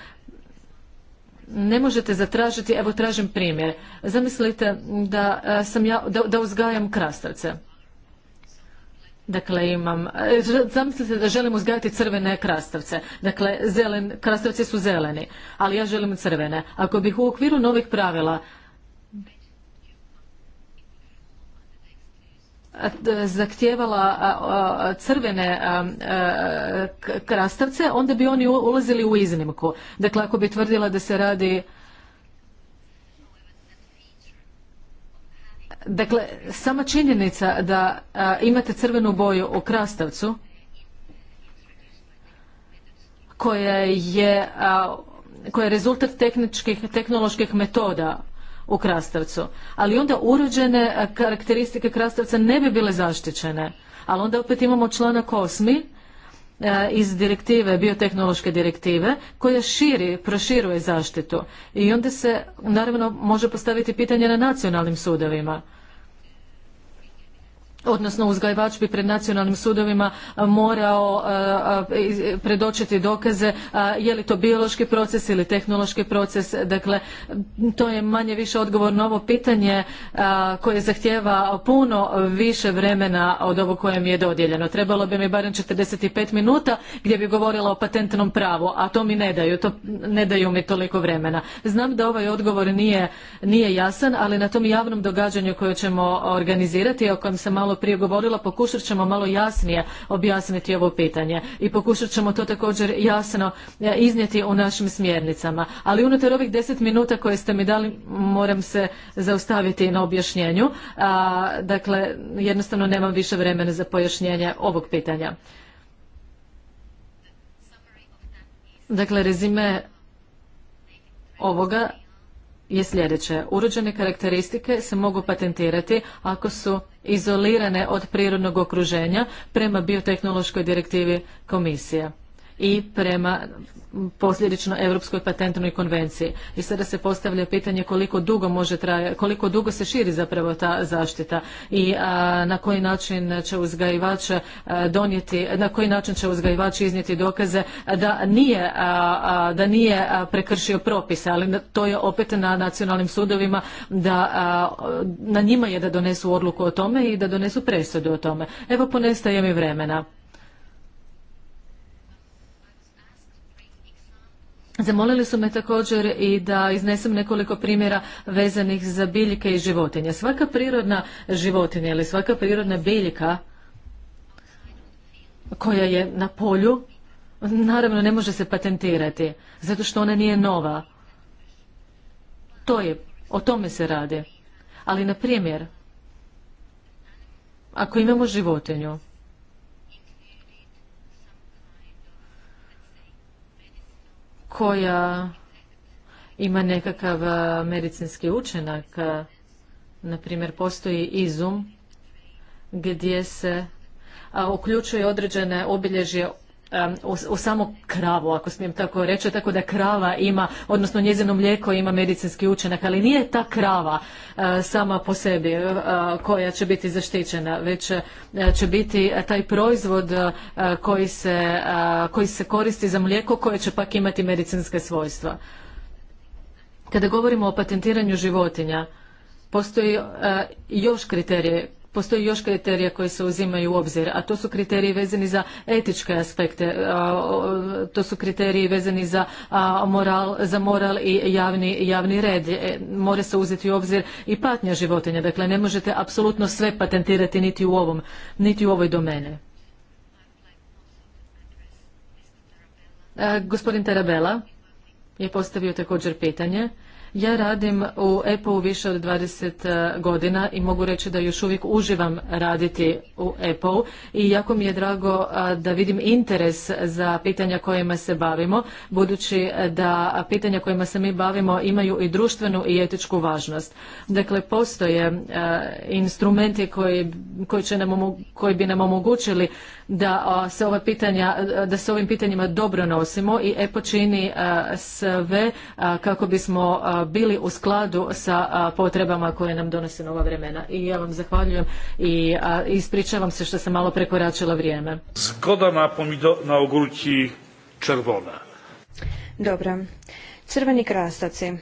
ne možete zatražiti, evo tražim primjer. Zamislite da, e, sam ja, da, uzgajam krastavce. Dakle, imam, e, zamislite da želim uzgajati crvene krastavce. Dakle, zelen, krastavci su zeleni, ali ja želim crvene. Ako bih u okviru novih pravila zahtijevala crvene krastavce, onda bi oni ulazili u iznimku. Dakle, ako bi tvrdila da se radi Dakle, sama činjenica da imate crvenu boju u krastavcu, koja je, je rezultat tehničkih, tehnoloških metoda, u krastavcu. Ali onda urođene eh, karakteristike krastavca ne bi bile zaštićene. Ali onda opet imamo članak osmi eh, iz direktive, biotehnološke direktive, koja širi, proširuje zaštitu. I onda se, naravno, može postaviti pitanje na nacionalnim sudovima odnosno uzgajivač bi pred nacionalnim sudovima e, morao e, e, predočiti dokaze je li to biološki proces ili tehnološki proces. Dakle, to je manje više odgovor na ovo pitanje koje zahtjeva puno više vremena od ovog kojem je dodijeljeno. Trebalo bi mi barem 45 minuta gdje bi govorila o patentnom pravu, a to mi ne daju, to ne daju mi toliko vremena. Znam da ovaj odgovor nije, nije jasan, ali na tom javnom događanju koje ćemo organizirati, o kojem se malo prije govorila, pokušat ćemo malo jasnije objasniti ovo pitanje i pokušat ćemo to također jasno e, iznijeti u našim smjernicama. Ali unutar ovih deset minuta koje ste mi dali moram se zaustaviti na objašnjenju. dakle, jednostavno nemam više vremena za pojašnjenje ovog pitanja. Dakle, rezime ovoga je sljedeće. Urođene karakteristike se mogu patentirati ako su izolirane od prirodnog okruženja prema biotehnološkoj direktivi komisije i prema posljedično Europskoj patentnoj konvenciji. I sada se postavlja pitanje koliko dugo može koliko dugo se širi zapravo ta zaštita i na koji način će uzgajivač donijeti, na koji način će uzgajivač iznijeti dokaze da nije, da nije prekršio propise, ali to je opet na nacionalnim sudovima da na njima je da donesu odluku o tome i da donesu presudu o tome. Evo ponestaje mi vremena. Zamolili su me također i da iznesem nekoliko primjera vezanih za biljke i životinje. Svaka prirodna životinja ili svaka prirodna biljka koja je na polju, naravno ne može se patentirati, zato što ona nije nova. To je, o tome se radi. Ali, na primjer, ako imamo životinju koja ima nekakav e, medicinski učinak. E, Naprimjer, postoji izum gdje se uključuje određene obilježje u, samu samo kravu, ako smijem tako reći, tako da krava ima, odnosno njezino mlijeko ima medicinski učinak, ali nije ta krava e, sama po sebi e, koja će biti zaštićena, već e, će biti taj proizvod koji se, koji se koristi za mlijeko koje će pak imati medicinske svojstva. Kada govorimo o patentiranju životinja, postoji još kriterije postoji još kriterija koji se uzimaju u obzir, a to su kriteriji vezani za etičke aspekte, to su kriteriji vezani za moral, za moral i javni, javni red. E, mora se uzeti u obzir i patnja životinja, dakle ne možete apsolutno sve patentirati niti u ovom, niti u ovoj domene. Gospodin Terabela je postavio također pitanje. Ja radim u epo više od 20 e, godina i mogu reći da još uvijek uživam raditi u epo i jako mi je drago e, da vidim interes za pitanja kojima se bavimo, budući da pitanja kojima se mi bavimo imaju i društvenu i etičku važnost. Dakle, postoje e, instrumenti koji, koji, koji bi nam omogućili da se ova pitanja, da se ovim pitanjima dobro nosimo i EPO čini sve kako bismo bili u skladu sa potrebama koje nam donose nova vremena. I ja vam zahvaljujem i ispričavam se što sam malo prekoračila vrijeme. Zgoda na, pomido, na červona. Dobro. Crveni krastavci.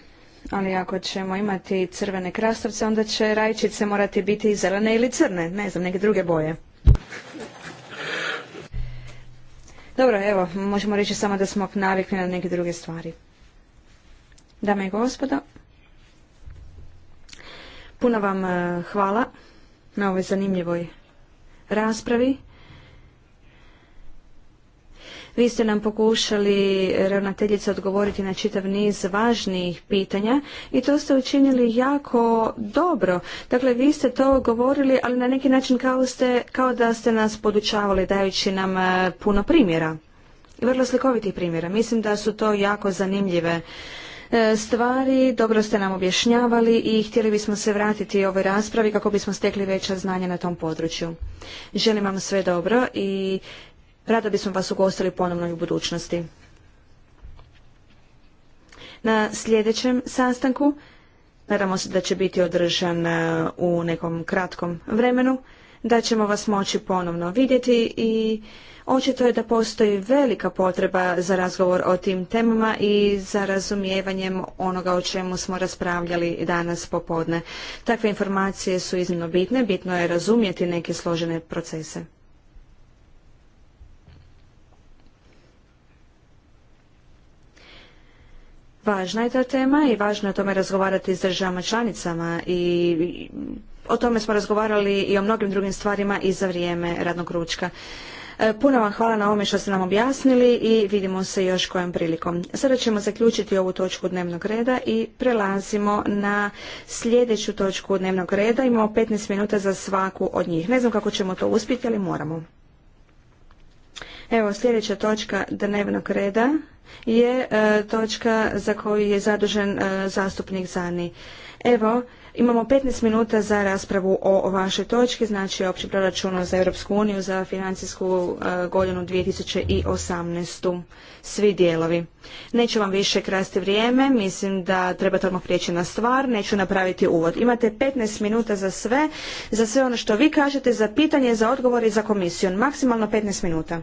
Ali ako ćemo imati crvene krastavce, onda će rajčice morati biti zelene ili crne, ne znam, neke druge boje. Dobro, evo, možemo reći samo da smo navikli na neke druge stvari. Dame i gospodo, puno vam eh, hvala na ovoj zanimljivoj raspravi. Vi ste nam pokušali, e, ravnateljica, odgovoriti na čitav niz važnijih pitanja i to ste učinili jako dobro. Dakle, vi ste to govorili, ali na neki način kao, ste, kao da ste nas podučavali dajući nam e, puno primjera. Vrlo slikovitih primjera. Mislim da su to jako zanimljive e, stvari, dobro ste nam objašnjavali i htjeli bismo se vratiti ovoj raspravi kako bismo stekli veća znanja na tom području. Želim vam sve dobro i Rado bismo vas ugostili ponovno i u budućnosti. Na sljedećem sastanku, nadamo se da će biti održan e, u nekom kratkom vremenu, da ćemo vas moći ponovno vidjeti i očito je da postoji velika potreba za razgovor o tim temama i za razumijevanjem onoga o čemu smo raspravljali danas popodne. Takve informacije su iznimno bitne, bitno je razumjeti neke složene procese. Važna je ta tema i važno je o tome razgovarati s državama članicama i o tome smo razgovarali i o mnogim drugim stvarima i za vrijeme radnog ručka. E, puno vam hvala na ovome što ste nam objasnili i vidimo se još kojom prilikom. Sada ćemo zaključiti ovu točku dnevnog reda i prelazimo na sljedeću točku dnevnog reda. Imamo 15 minuta za svaku od njih. Ne znam kako ćemo to uspjeti, ali moramo. Evo, sljedeća točka dnevnog reda je e, točka za koju je zadužen e, zastupnik Zani. Evo, Imamo 15 minuta za raspravu o vašoj točki, znači opći proračun za Europsku uniju za financijsku e, godinu 2018. Svi dijelovi. Neću vam više krasti vrijeme, mislim da trebate odmah prijeći na stvar, neću napraviti uvod. Imate 15 minuta za sve, za sve ono što vi kažete, za pitanje, za odgovor i za komisiju. Maksimalno 15 minuta. je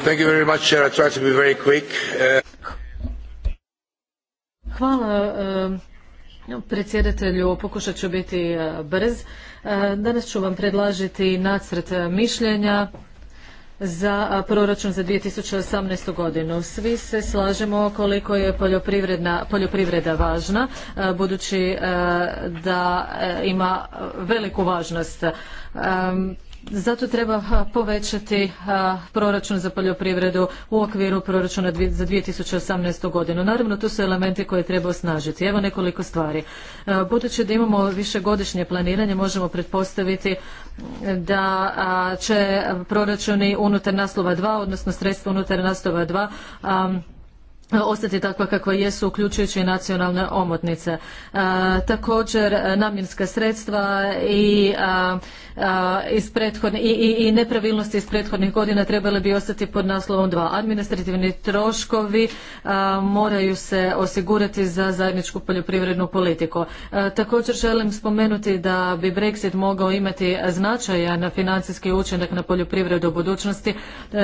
Thank you very much, I try to be very quick. Uh, Hvala eh, predsjedatelju, pokušat ću biti eh, brz. Eh, danas ću vam predlažiti nacrt mišljenja za proračun za 2018. godinu. Svi se slažemo koliko je poljoprivreda važna, budući da ima veliku važnost. Zato treba povećati proračun za poljoprivredu u okviru proračuna za 2018. godinu. Naravno, tu su elementi koje treba osnažiti. Evo nekoliko stvari. E, budući da imamo višegodišnje planiranje, možemo pretpostaviti da će proračuni unutar naslova 2, odnosno sredstva unutar naslova 2, ostati takva kakva jesu, uključujući i nacionalne omotnice. E, također, e, namjenska sredstva i, e, iz i, nepravilnosti iz prethodnih godina trebale bi ostati pod naslovom dva. Administrativni troškovi moraju se osigurati za zajedničku poljoprivrednu politiku. Također, želim spomenuti da bi Brexit mogao imati značajan financijski učinak na poljoprivredu u budućnosti.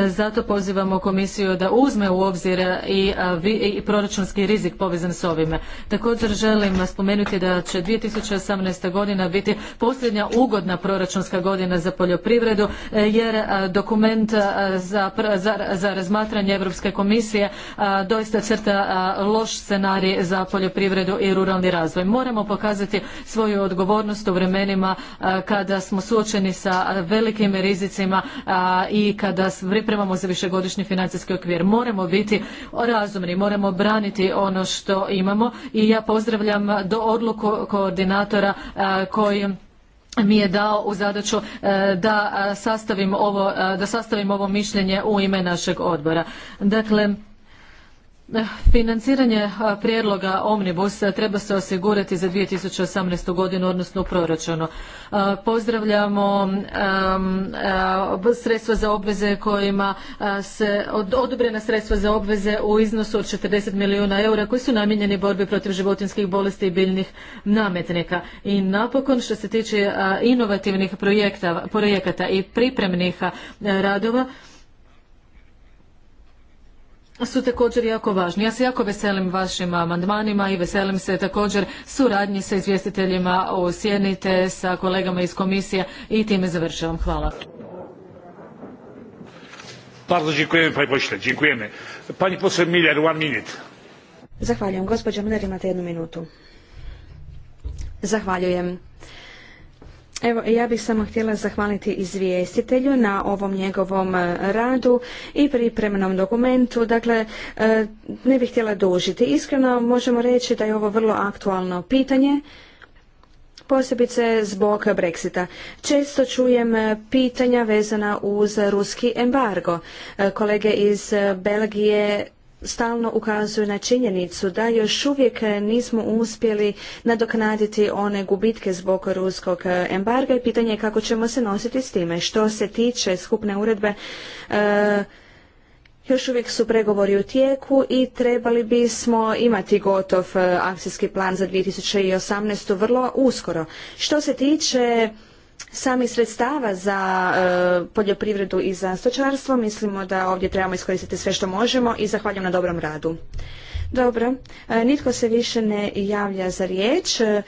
Zato pozivamo komisiju da uzme u obzir i i proračunski rizik povezan s ovime. Također želim spomenuti da će 2018. godina biti posljednja ugodna proračunska godina za poljoprivredu e, jer e, dokument e, za, razmatranje Europske komisije doista crta loš scenarij za poljoprivredu i ruralni razvoj. Moramo pokazati svoju odgovornost u vremenima kada smo suočeni sa velikim rizicima i kada pripremamo za višegodišnji financijski okvir. Moramo biti razumni razumni, moramo braniti ono što imamo i ja pozdravljam do odluku koordinatora koji mi je dao u zadaću da sastavim ovo, da sastavim ovo mišljenje u ime našeg odbora. Dakle, Financiranje prijedloga Omnibus treba se osigurati za 2018. godinu, odnosno u proračunu. Pozdravljamo sredstva za obveze kojima se, odobrena sredstva za obveze u iznosu od 40 milijuna eura koji su namijenjeni borbi protiv životinskih bolesti i biljnih nametnika. I napokon što se tiče inovativnih projekata i pripremnih radova, su također jako važni. Ja se jako veselim vašim amandmanima i veselim se također suradnji sa izvjestiteljima o Sjednite, sa kolegama iz komisije i time završavam. Hvala. Bardzo dziękujemy, panie pośle. Dziękujemy. Pani poseł Miller, one minute. Zahvaljujem. Gospođa Miller, imate jednu minutu. Zahvaljujem. Evo, ja bih samo htjela zahvaliti izvjestitelju na ovom njegovom e, radu i pripremnom dokumentu. Dakle, e, ne bih htjela dužiti. Iskreno možemo reći da je ovo vrlo aktualno pitanje posebice zbog Brexita. Često čujem e, pitanja vezana uz ruski embargo. Kolege iz Belgije stalno ukazuju na činjenicu da još uvijek nismo uspjeli nadoknaditi one gubitke zbog ruskog embarga i pitanje je kako ćemo se nositi s time. Što se tiče skupne uredbe, eh, još uvijek su pregovori u tijeku i trebali bismo imati gotov eh, akcijski plan za 2018. vrlo uskoro. Što se tiče Sami sredstava za e, poljoprivredu i za stočarstvo. Mislimo da ovdje trebamo iskoristiti sve što možemo i zahvaljujem na dobrom radu. Dobro, e, nitko se više ne javlja za riječ. E,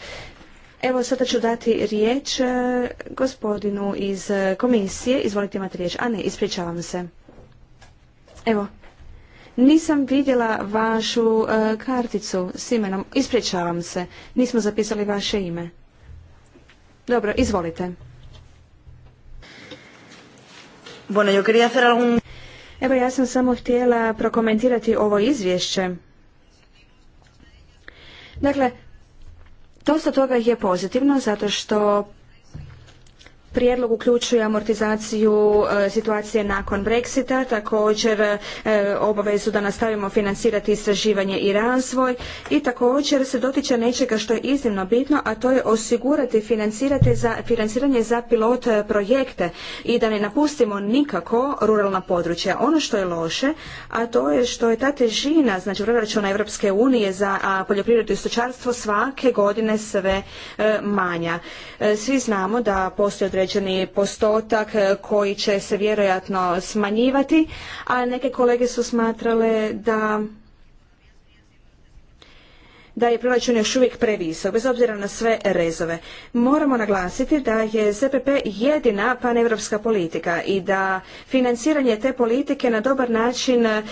evo sada ću dati riječ gospodinu iz komisije. Izvolite imati riječ. A ne, ispričavam se. Evo, nisam vidjela vašu karticu s imenom. Ispričavam se. Nismo zapisali vaše ime. Dobro, izvolite. Bueno, yo quería Evo, ja sam samo htjela prokomentirati ovo izvješće. Dakle, dosta toga je pozitivno zato što Prijedlog uključuje amortizaciju e, situacije nakon Brexita, također e, obavezu da nastavimo financirati istraživanje i razvoj i također se dotiče nečega što je iznimno bitno, a to je osigurati za, financiranje za pilot e, projekte i da ne napustimo nikako ruralna područja. Ono što je loše, a to je što je ta težina, znači proračuna Europske unije za poljoprivredu i stočarstvo svake godine sve manja. Svi znamo da postoje određeni postotak e, koji će se vjerojatno smanjivati, a neke kolege su smatrale da da je proračun još uvijek previsok, bez obzira na sve rezove. Moramo naglasiti da je ZPP jedina panevropska politika i da financiranje te politike na dobar način e,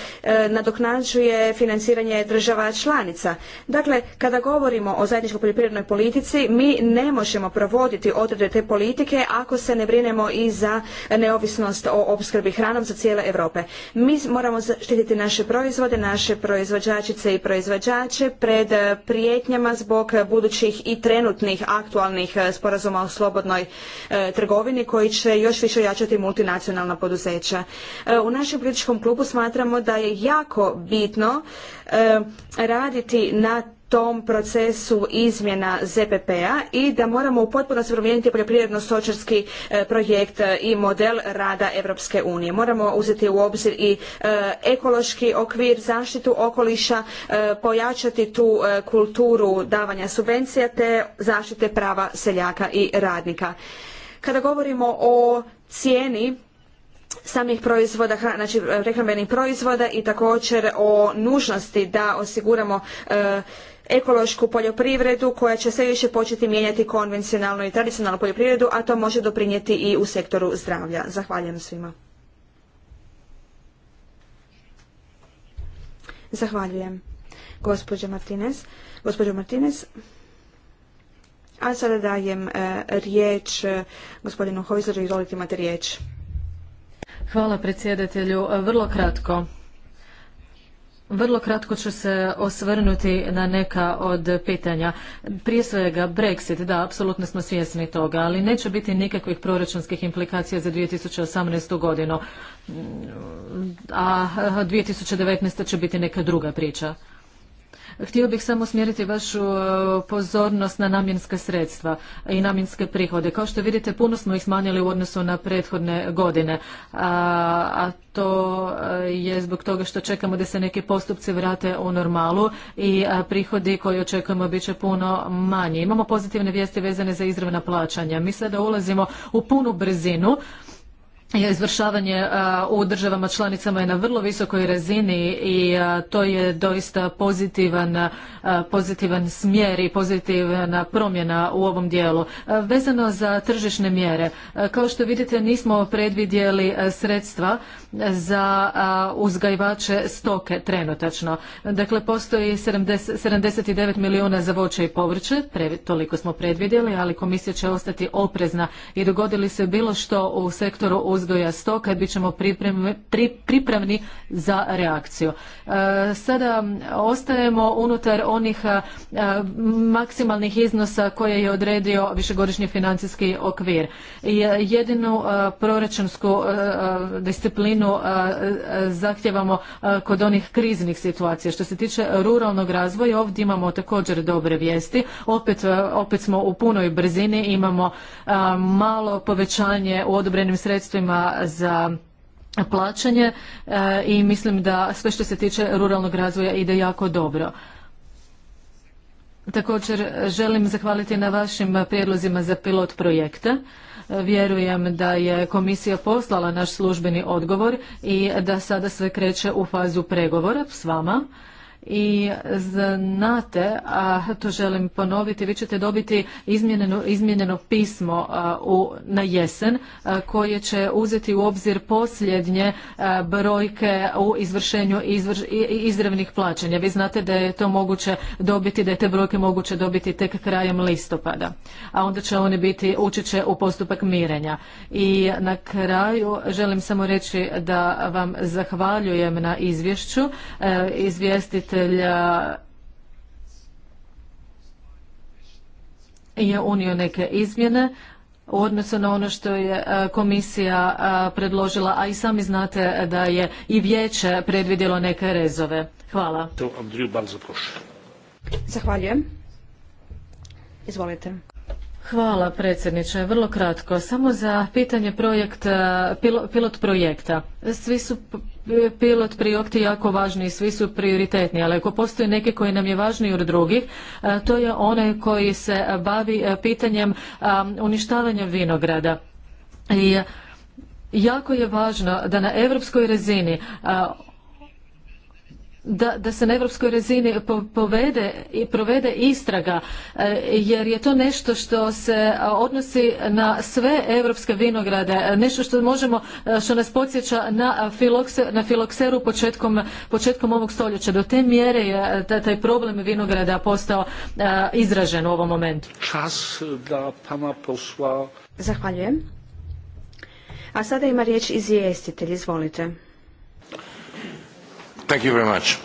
nadoknađuje financiranje država članica. Dakle, kada govorimo o zajedničkoj poljoprivrednoj politici, mi ne možemo provoditi odrede te politike ako se ne brinemo i za neovisnost o opskrbi hranom za cijele Europe. Mi moramo zaštititi naše proizvode, naše proizvođačice i proizvođače pred prijetnjama zbog budućih i trenutnih aktualnih e, sporazuma o slobodnoj e, trgovini koji će još više jačati multinacionalna poduzeća. E, u našem političkom klubu smatramo da je jako bitno raditi na tom procesu izmjena ZPP-a i da moramo u potpunosti promijeniti poljoprivredno-stočarski e, projekt e, i model rada Europske unije. Moramo uzeti u obzir i e, ekološki okvir, zaštitu okoliša, pojačati tu kulturu davanja subvencija te zaštite prava seljaka i radnika. Kada govorimo o cijeni samih proizvoda, znači prehrambenih proizvoda i također o nužnosti da osiguramo ekološku poljoprivredu koja će sve više početi mijenjati konvencionalnu i tradicionalnu poljoprivredu, a to može doprinijeti i u sektoru zdravlja. Zahvaljujem svima. Zahvaljujem. Gospođa Martinez. Martinez. A sada dajem e, riječ e, gospodinu Hojzeru. Izvolite Hvala predsjedatelju. Vrlo kratko. Vrlo kratko ću se osvrnuti na neka od pitanja. Prije svega Brexit, da, apsolutno smo svjesni toga, ali neće biti nikakvih proračunskih implikacija za 2018. godinu, a 2019. će biti neka druga priča. Htio bih samo smjeriti vašu e, pozornost na namjenska sredstva i namjenske prihode. Kao što vidite, puno smo ih smanjili u odnosu na prethodne godine, a, to e, je zbog toga što čekamo da se neki postupci vrate u normalu i e, prihodi koji očekujemo bit će puno manji. Imamo pozitivne vijesti vezane za izravna plaćanja. Mi sada ulazimo u punu brzinu izvršavanje u državama članicama je na vrlo visokoj razini i to je doista pozitivan, pozitivan smjer i pozitivna promjena u ovom dijelu. Vezano za tržišne mjere, kao što vidite nismo predvidjeli sredstva za uzgajivače stoke trenutačno. Dakle, postoji 79 milijuna za voće i povrće, toliko smo predvidjeli, ali komisija će ostati oprezna i dogodili se bilo što u sektoru uzgoja stoka, bit ćemo pripravni za reakciju. E, sada ostajemo unutar onih maksimalnih iznosa koje je odredio višegodišnji financijski okvir. Jedinu proračunsku disciplinu većinu zahtjevamo kod onih kriznih situacija. Što se tiče ruralnog razvoja, ovdje imamo također dobre vijesti. Opet, opet smo u punoj brzini, imamo malo povećanje u odobrenim sredstvima za plaćanje i mislim da sve što se tiče ruralnog razvoja ide jako dobro. Također želim zahvaliti na vašim prijedlozima za pilot projekte. Vjerujem da je komisija poslala naš službeni odgovor i da sada sve kreće u fazu pregovora s vama i znate, a to želim ponoviti, vi ćete dobiti izmjeneno, izmjeneno pismo na jesen koje će uzeti u obzir posljednje brojke u izvršenju izravnih plaćanja. Vi znate da je to moguće dobiti, da je te brojke moguće dobiti tek krajem listopada, a onda će oni biti, ući će u postupak mirenja. I na kraju želim samo reći da vam zahvaljujem na izvješću. E, izvijestiti je unio neke izmjene u odnosu na ono što je e, komisija e, predložila, a i sami znate da je i vijeće predvidjelo neke rezove. Hvala. Zahvaljujem. Izvolite. Hvala predsjedniče. Vrlo kratko. Samo za pitanje projekta, e, pilot projekta. Svi su e, pilot projekti jako važni i svi su prioritetni, ali ako postoje neki koji nam je važniji od drugih, e, to je onaj koji se bavi pitanjem uništavanja vinograda. I Jako je važno da na europskoj razini da, da se na europskoj razini povede i provede istraga e, jer je to nešto što se odnosi na sve europske vinograde, e, nešto što možemo, e, što nas podsjeća na, filokse, na filokseru početkom, početkom ovog stoljeća. Do te mjere je taj problem vinograda postao izražen u ovom momentu. da pana posla... Zahvaljujem. A sada ima riječ izvjestitelj, izvolite. Thank you very much.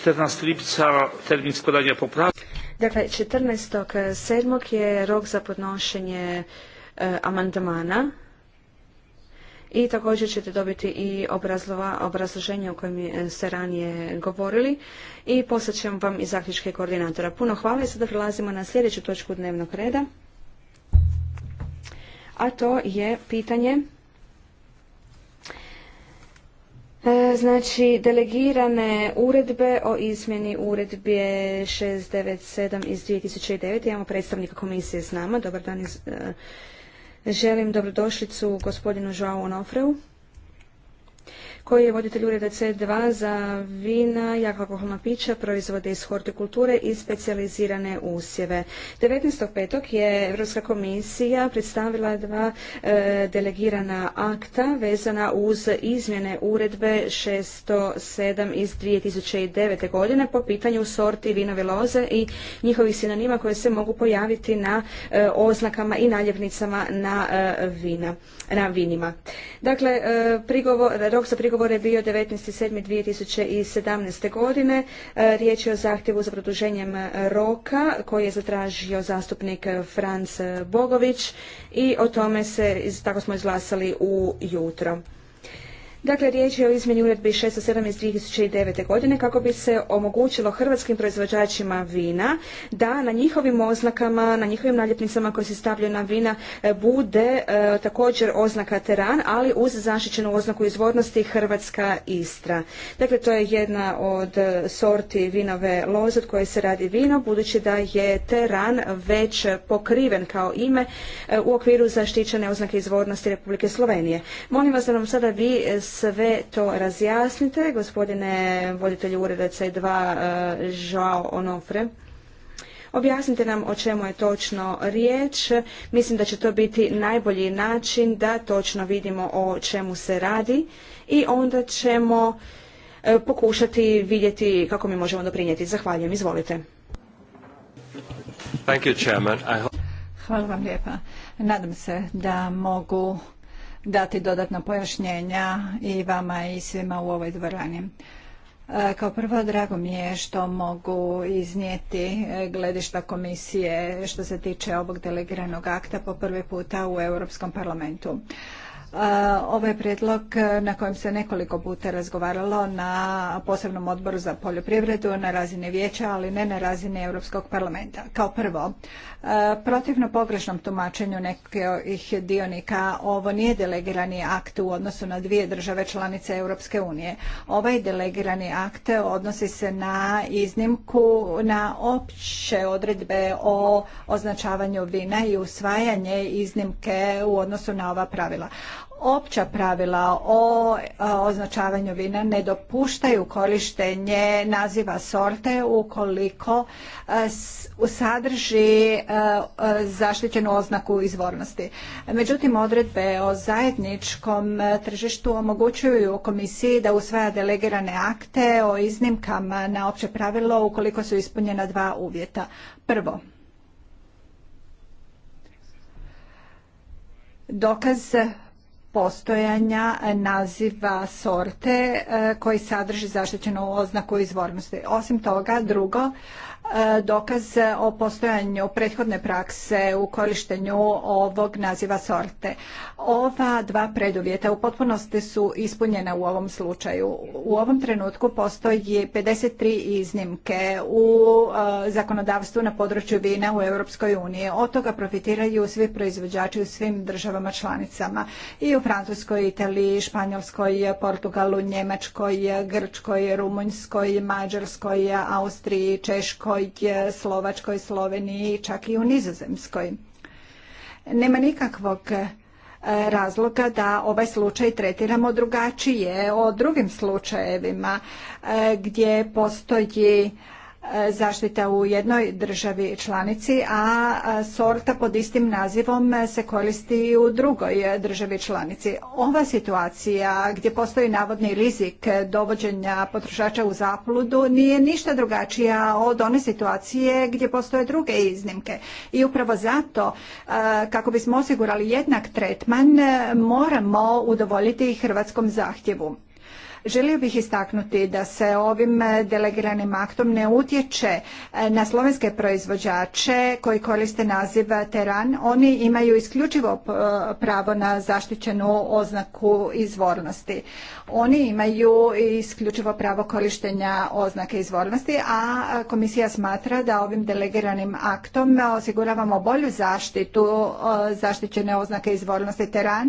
14 e, Dakle, 14.7. je rok za podnošenje e, amandmana i također ćete dobiti i obrazloženje o kojem ste e, ranije govorili i poslat ćemo vam i zaključke koordinatora. Puno hvala i sada prelazimo na sljedeću točku dnevnog reda, a to je pitanje e, Znači, delegirane uredbe o izmjeni uredbe 697 iz 2009. Imamo predstavnika komisije s nama. Dobar dan e, Želim dobrodošlicu gospodinu Joao Onofreu koji je voditelj ureda C2 za vina, jaka alkoholna pića, proizvode iz hortikulture i specijalizirane usjeve. 19.5. je Europska komisija predstavila dva e, delegirana akta vezana uz izmjene uredbe 607 iz 2009. godine po pitanju sorti vinove loze i njihovih sinonima koje se mogu pojaviti na e, oznakama i naljepnicama na e, na vinima. Dakle, prigovo, rok za Prigovor je bio 19.7.2017. godine. E, riječ je o zahtjevu za produženjem roka koji je zatražio zastupnik Franc Bogović i o tome se, tako smo izglasali u jutro. Dakle, riječ je o izmjeni uredbi 607 iz 2009. godine kako bi se omogućilo hrvatskim proizvođačima vina da na njihovim oznakama, na njihovim naljepnicama koje se stavljaju na vina e, bude e, također oznaka teran, ali uz zaštićenu oznaku izvornosti Hrvatska Istra. Dakle, to je jedna od e, sorti vinove loze od koje se radi vino, budući da je teran već pokriven kao ime u okviru zaštićene oznake izvornosti Republike Slovenije. Molim vas da nam sada vi sve to razjasnite. Gospodine voditelju ureda C2 Joao e, Onofre, objasnite nam o čemu je točno riječ. Mislim da će to biti najbolji način da točno vidimo o čemu se radi i onda ćemo e, pokušati vidjeti kako mi možemo doprinijeti. Zahvaljujem, izvolite. Hvala vam lijepa. Nadam se da mogu dati dodatna pojašnjenja i vama i svima u ovoj dvorani. E, kao prvo, drago mi je što mogu iznijeti e, gledišta komisije što se tiče ovog delegiranog akta po prvi puta u Europskom parlamentu. Ovo je prijedlog na kojem se nekoliko puta razgovaralo na posebnom odboru za poljoprivredu na razini vijeća, ali ne na razini Europskog parlamenta. Kao prvo, protivno pogrešnom tumačenju nekih dionika, ovo nije delegirani akt u odnosu na dvije države članice Europske unije. Ovaj delegirani akt odnosi se na iznimku na opće odredbe o označavanju vina i usvajanje iznimke u odnosu na ova pravila opća pravila o označavanju vina ne dopuštaju korištenje naziva sorte ukoliko sadrži zaštićenu oznaku izvornosti. Međutim, odredbe o zajedničkom tržištu omogućuju komisiji da usvaja delegirane akte o iznimkama na opće pravilo ukoliko su ispunjena dva uvjeta. Prvo, dokaz postojanja naziva sorte eh, koji sadrži zaštićenu oznaku izvornosti. Osim toga, drugo, E, dokaz o postojanju prethodne prakse u korištenju ovog naziva sorte. Ova dva preduvjeta u potpunosti su ispunjena u ovom slučaju. U ovom trenutku postoji 53 iznimke u e, zakonodavstvu na području vina u Europskoj uniji. Od toga profitiraju svi proizvođači u svim državama članicama i u Francuskoj, Italiji, Španjolskoj, Portugalu, Njemačkoj, Grčkoj, Rumunjskoj, Mađarskoj, Austriji, Češkoj, Češkoj, Slovačkoj, Sloveniji, čak i u Nizozemskoj. Nema nikakvog e, razloga da ovaj slučaj tretiramo drugačije o drugim slučajevima e, gdje postoji E, zaštite u jednoj državi članici, a sorta pod istim nazivom se koristi i u drugoj državi članici. Ova situacija gdje postoji navodni rizik dovođenja potrošača u zapludu nije ništa drugačija od one situacije gdje postoje druge iznimke. I upravo zato, e, kako bismo osigurali jednak tretman, moramo udovoljiti hrvatskom zahtjevu. Želio bih istaknuti da se ovim e, delegiranim aktom ne utječe e, na slovenske proizvođače koji koriste naziv teran. Oni imaju isključivo e, pravo na zaštićenu oznaku izvornosti. Oni imaju isključivo pravo korištenja oznake izvornosti, a komisija smatra da ovim delegiranim aktom osiguravamo bolju zaštitu zaštićene oznake izvornosti teran,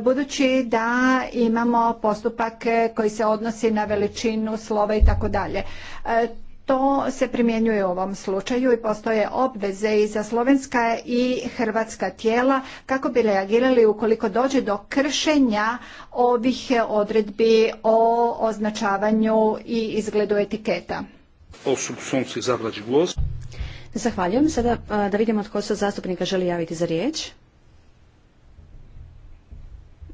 budući da imamo postupak koji se odnosi na veličinu slova i tako dalje. E, to se primjenjuje u ovom slučaju i postoje obveze i za slovenska i hrvatska tijela kako bi reagirali ukoliko dođe do kršenja ovih odredbi o označavanju i izgledu etiketa. Zahvaljujem. Sada e, da vidimo tko se zastupnika želi javiti za riječ.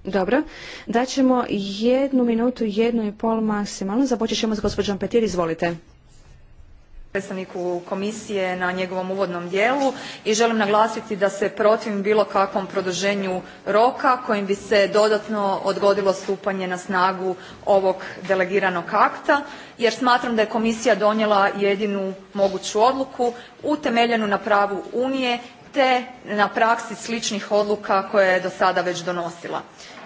Dobro, daćemo jednu minutu, jednu i pol maksimalno. Započet ćemo s gospođom Petir, izvolite predstavniku komisije na njegovom uvodnom dijelu i želim naglasiti da se protiv bilo kakvom produženju roka kojim bi se dodatno odgodilo stupanje na snagu ovog delegiranog akta jer smatram da je komisija donijela jedinu moguću odluku utemeljenu na pravu unije te na praksi sličnih odluka koje je do sada već donosila.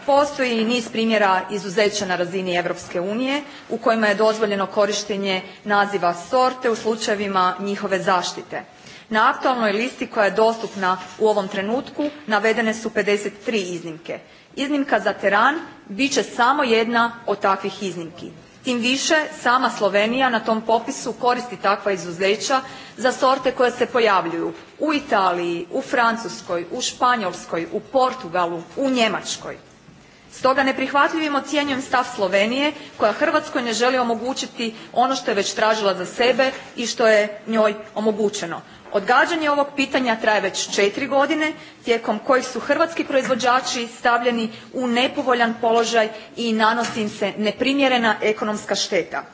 Postoji i niz primjera izuzeća na razini Europske unije u kojima je dozvoljeno korištenje naziva sorte u slučajevima njihove zaštite. Na aktualnoj listi koja je dostupna u ovom trenutku navedene su 53 iznimke. Iznimka za teran bit će samo jedna od takvih iznimki. Tim više sama Slovenija na tom popisu koristi takva izuzeća za sorte koje se pojavljuju u Italiji, u Francuskoj, u Španjolskoj, u Portugalu, u Njemačkoj. Stoga neprihvatljivim ocjenjujem stav Slovenije koja Hrvatskoj ne želi omogućiti ono što je već tražila za sebe i što je njoj omogućeno. Odgađanje ovog pitanja traje već četiri godine tijekom kojih su hrvatski proizvođači stavljeni u nepovoljan položaj i nanosi im se neprimjerena ekonomska šteta.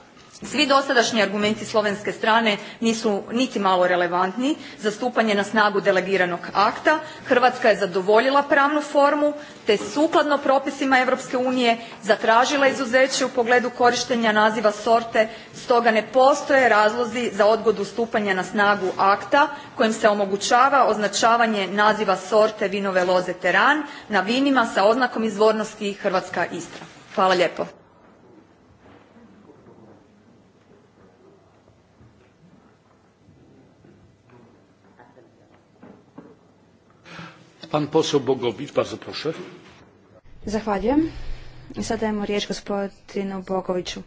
Svi dosadašnji argumenti slovenske strane nisu niti malo relevantni za stupanje na snagu delegiranog akta. Hrvatska je zadovoljila pravnu formu te sukladno propisima Europske unije zatražila izuzeće u pogledu korištenja naziva sorte stoga ne postoje razlozi za odgodu stupanja na snagu akta kojim se omogućava označavanje naziva sorte vinove loze teran na vinima sa oznakom izvornosti Hrvatska Istra. Hvala lijepo. Pan Zahvaljujem. I sad riječ gospodinu Bogoviću.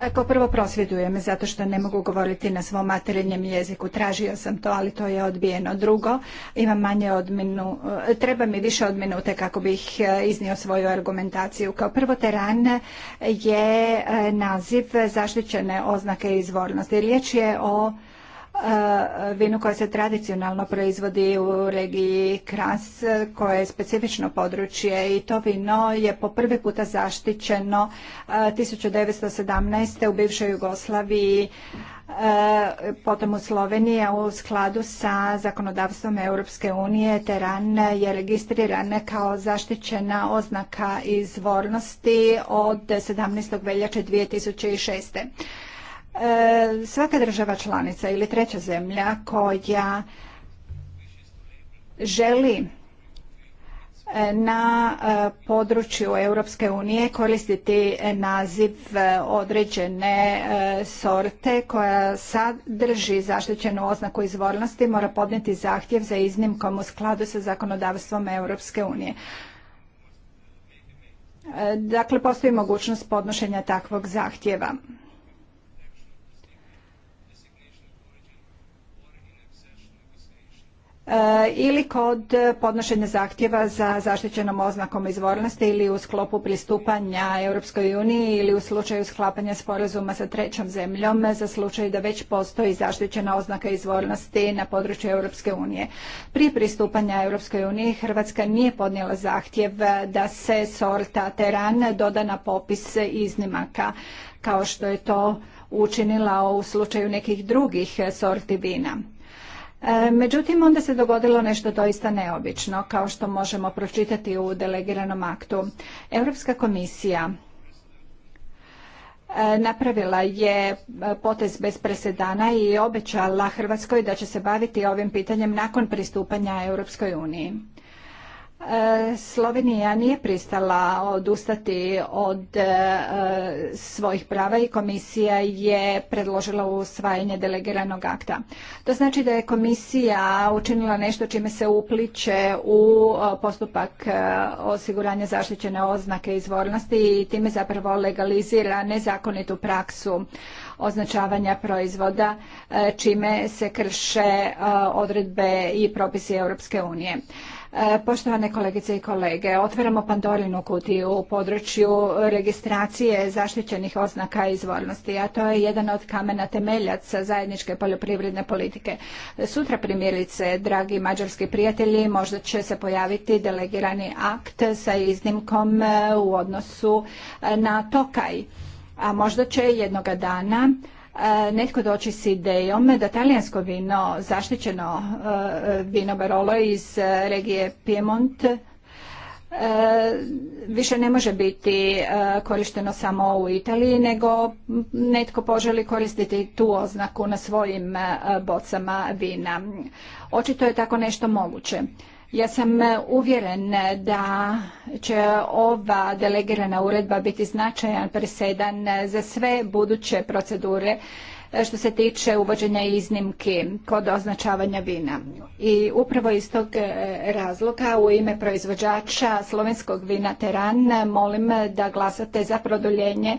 E, Kao prvo prosvjedujem zato što ne mogu govoriti na svom materinjem jeziku. Tražio sam to, ali to je odbijeno. Drugo, imam manje od e, treba mi više od minute kako bih e, iznio svoju argumentaciju. Kao prvo, teran je naziv zaštićene oznake izvornosti. Riječ je o Eh, vinu koje se tradicionalno proizvodi u regiji Kras, koje je specifično područje i to vino je po prvi puta zaštićeno 1917. Eh, u bivšoj Jugoslaviji, eh, potom u Sloveniji, a u skladu sa zakonodavstvom Europske unije teran je registriran kao zaštićena oznaka izvornosti od 17. veljače 2006. E, svaka država članica ili treća zemlja koja želi e, na e, području Europske unije koristiti naziv određene sorte koja sadrži zaštićenu oznaku izvornosti mora podnijeti zahtjev za iznimkom u skladu sa zakonodavstvom Europske unije. Dakle, postoji mogućnost podnošenja takvog zahtjeva. E, ili kod podnošenja zahtjeva za zaštićenom oznakom izvornosti ili u sklopu pristupanja Europskoj uniji ili u slučaju sklapanja sporazuma sa trećom zemljom za slučaj da već postoji zaštićena oznaka izvornosti na području Europske unije. Prije pristupanja Europskoj uniji Hrvatska nije podnijela zahtjev da se sorta teran doda na popis iznimaka kao što je to učinila u slučaju nekih drugih sorti vina. E, međutim, onda se dogodilo nešto doista neobično, kao što možemo pročitati u delegiranom aktu. Europska komisija e, napravila je e, potez bez presedana i obećala Hrvatskoj da će se baviti ovim pitanjem nakon pristupanja Europskoj uniji. E, Slovenija nije pristala odustati od e, svojih prava i komisija je predložila usvajanje delegiranog akta. To znači da je komisija učinila nešto čime se upliče u e, postupak osiguranja zaštićene oznake izvornosti i time zapravo legalizira nezakonitu praksu označavanja proizvoda čime se krše odredbe i propisi Europske unije. E, poštovane kolegice i kolege, otvaramo Pandorinu kutiju u području registracije zaštićenih oznaka izvornosti, a to je jedan od kamena temeljaca zajedničke poljoprivredne politike. Sutra primjerice, dragi mađarski prijatelji, možda će se pojaviti delegirani akt sa iznimkom e, u odnosu e, na Tokaj. A možda će jednoga dana E, netko doći s idejom da talijansko vino, zaštićeno e, vino Barolo iz e, regije Piemont, više ne može biti korišteno samo u Italiji, nego netko poželi koristiti tu oznaku na svojim bocama vina. Očito je tako nešto moguće. Ja sam e, uvjeren e, da će ova delegirana uredba biti značajan presedan e, za sve buduće procedure što se tiče uvođenja iznimki kod označavanja vina. I upravo iz tog razloga u ime proizvođača slovenskog vina Teran molim da glasate za produljenje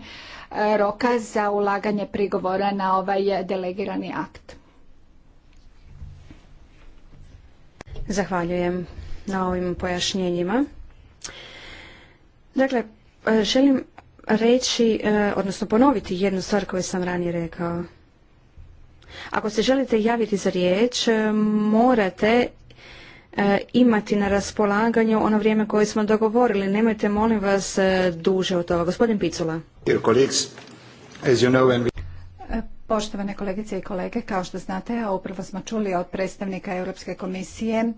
roka za ulaganje prigovora na ovaj delegirani akt. Zahvaljujem na ovim pojašnjenjima. Dakle, e, želim reći, e, odnosno ponoviti jednu stvar koju sam ranije rekao. Ako se želite javiti za riječ, e, morate imati na raspolaganju ono vrijeme koje smo dogovorili. Nemojte, molim vas, duže od toga. Gospodin Picula. Poštovane kolegice i kolege, kao što znate, upravo smo čuli od predstavnika Europske komisije, e,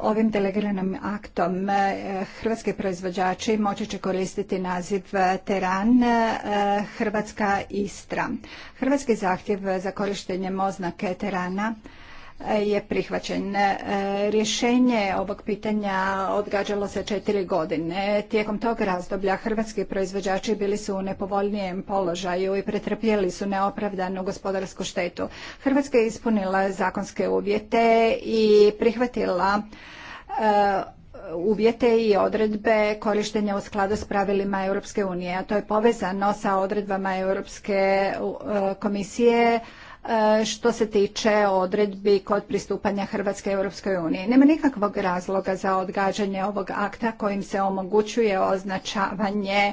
ovim delegiranim aktom e, hrvatski proizvođači moći će koristiti naziv Teran e, Hrvatska Istra. Hrvatski zahtjev za korištenjem oznake Terana je prihvaćen. E, rješenje ovog pitanja odgađalo se četiri godine. Tijekom tog razdoblja hrvatski proizvođači bili su u nepovoljnijem položaju i pretrpjeli su neopravdanu gospodarsku štetu. Hrvatska je ispunila zakonske uvjete i prihvatila e, uvjete i odredbe korištenja u skladu s pravilima Europske unije, a to je povezano sa odredbama Europske e, komisije E, što se tiče odredbi kod pristupanja Hrvatske Europskoj uniji. Nema nikakvog razloga za odgađanje ovog akta kojim se omogućuje označavanje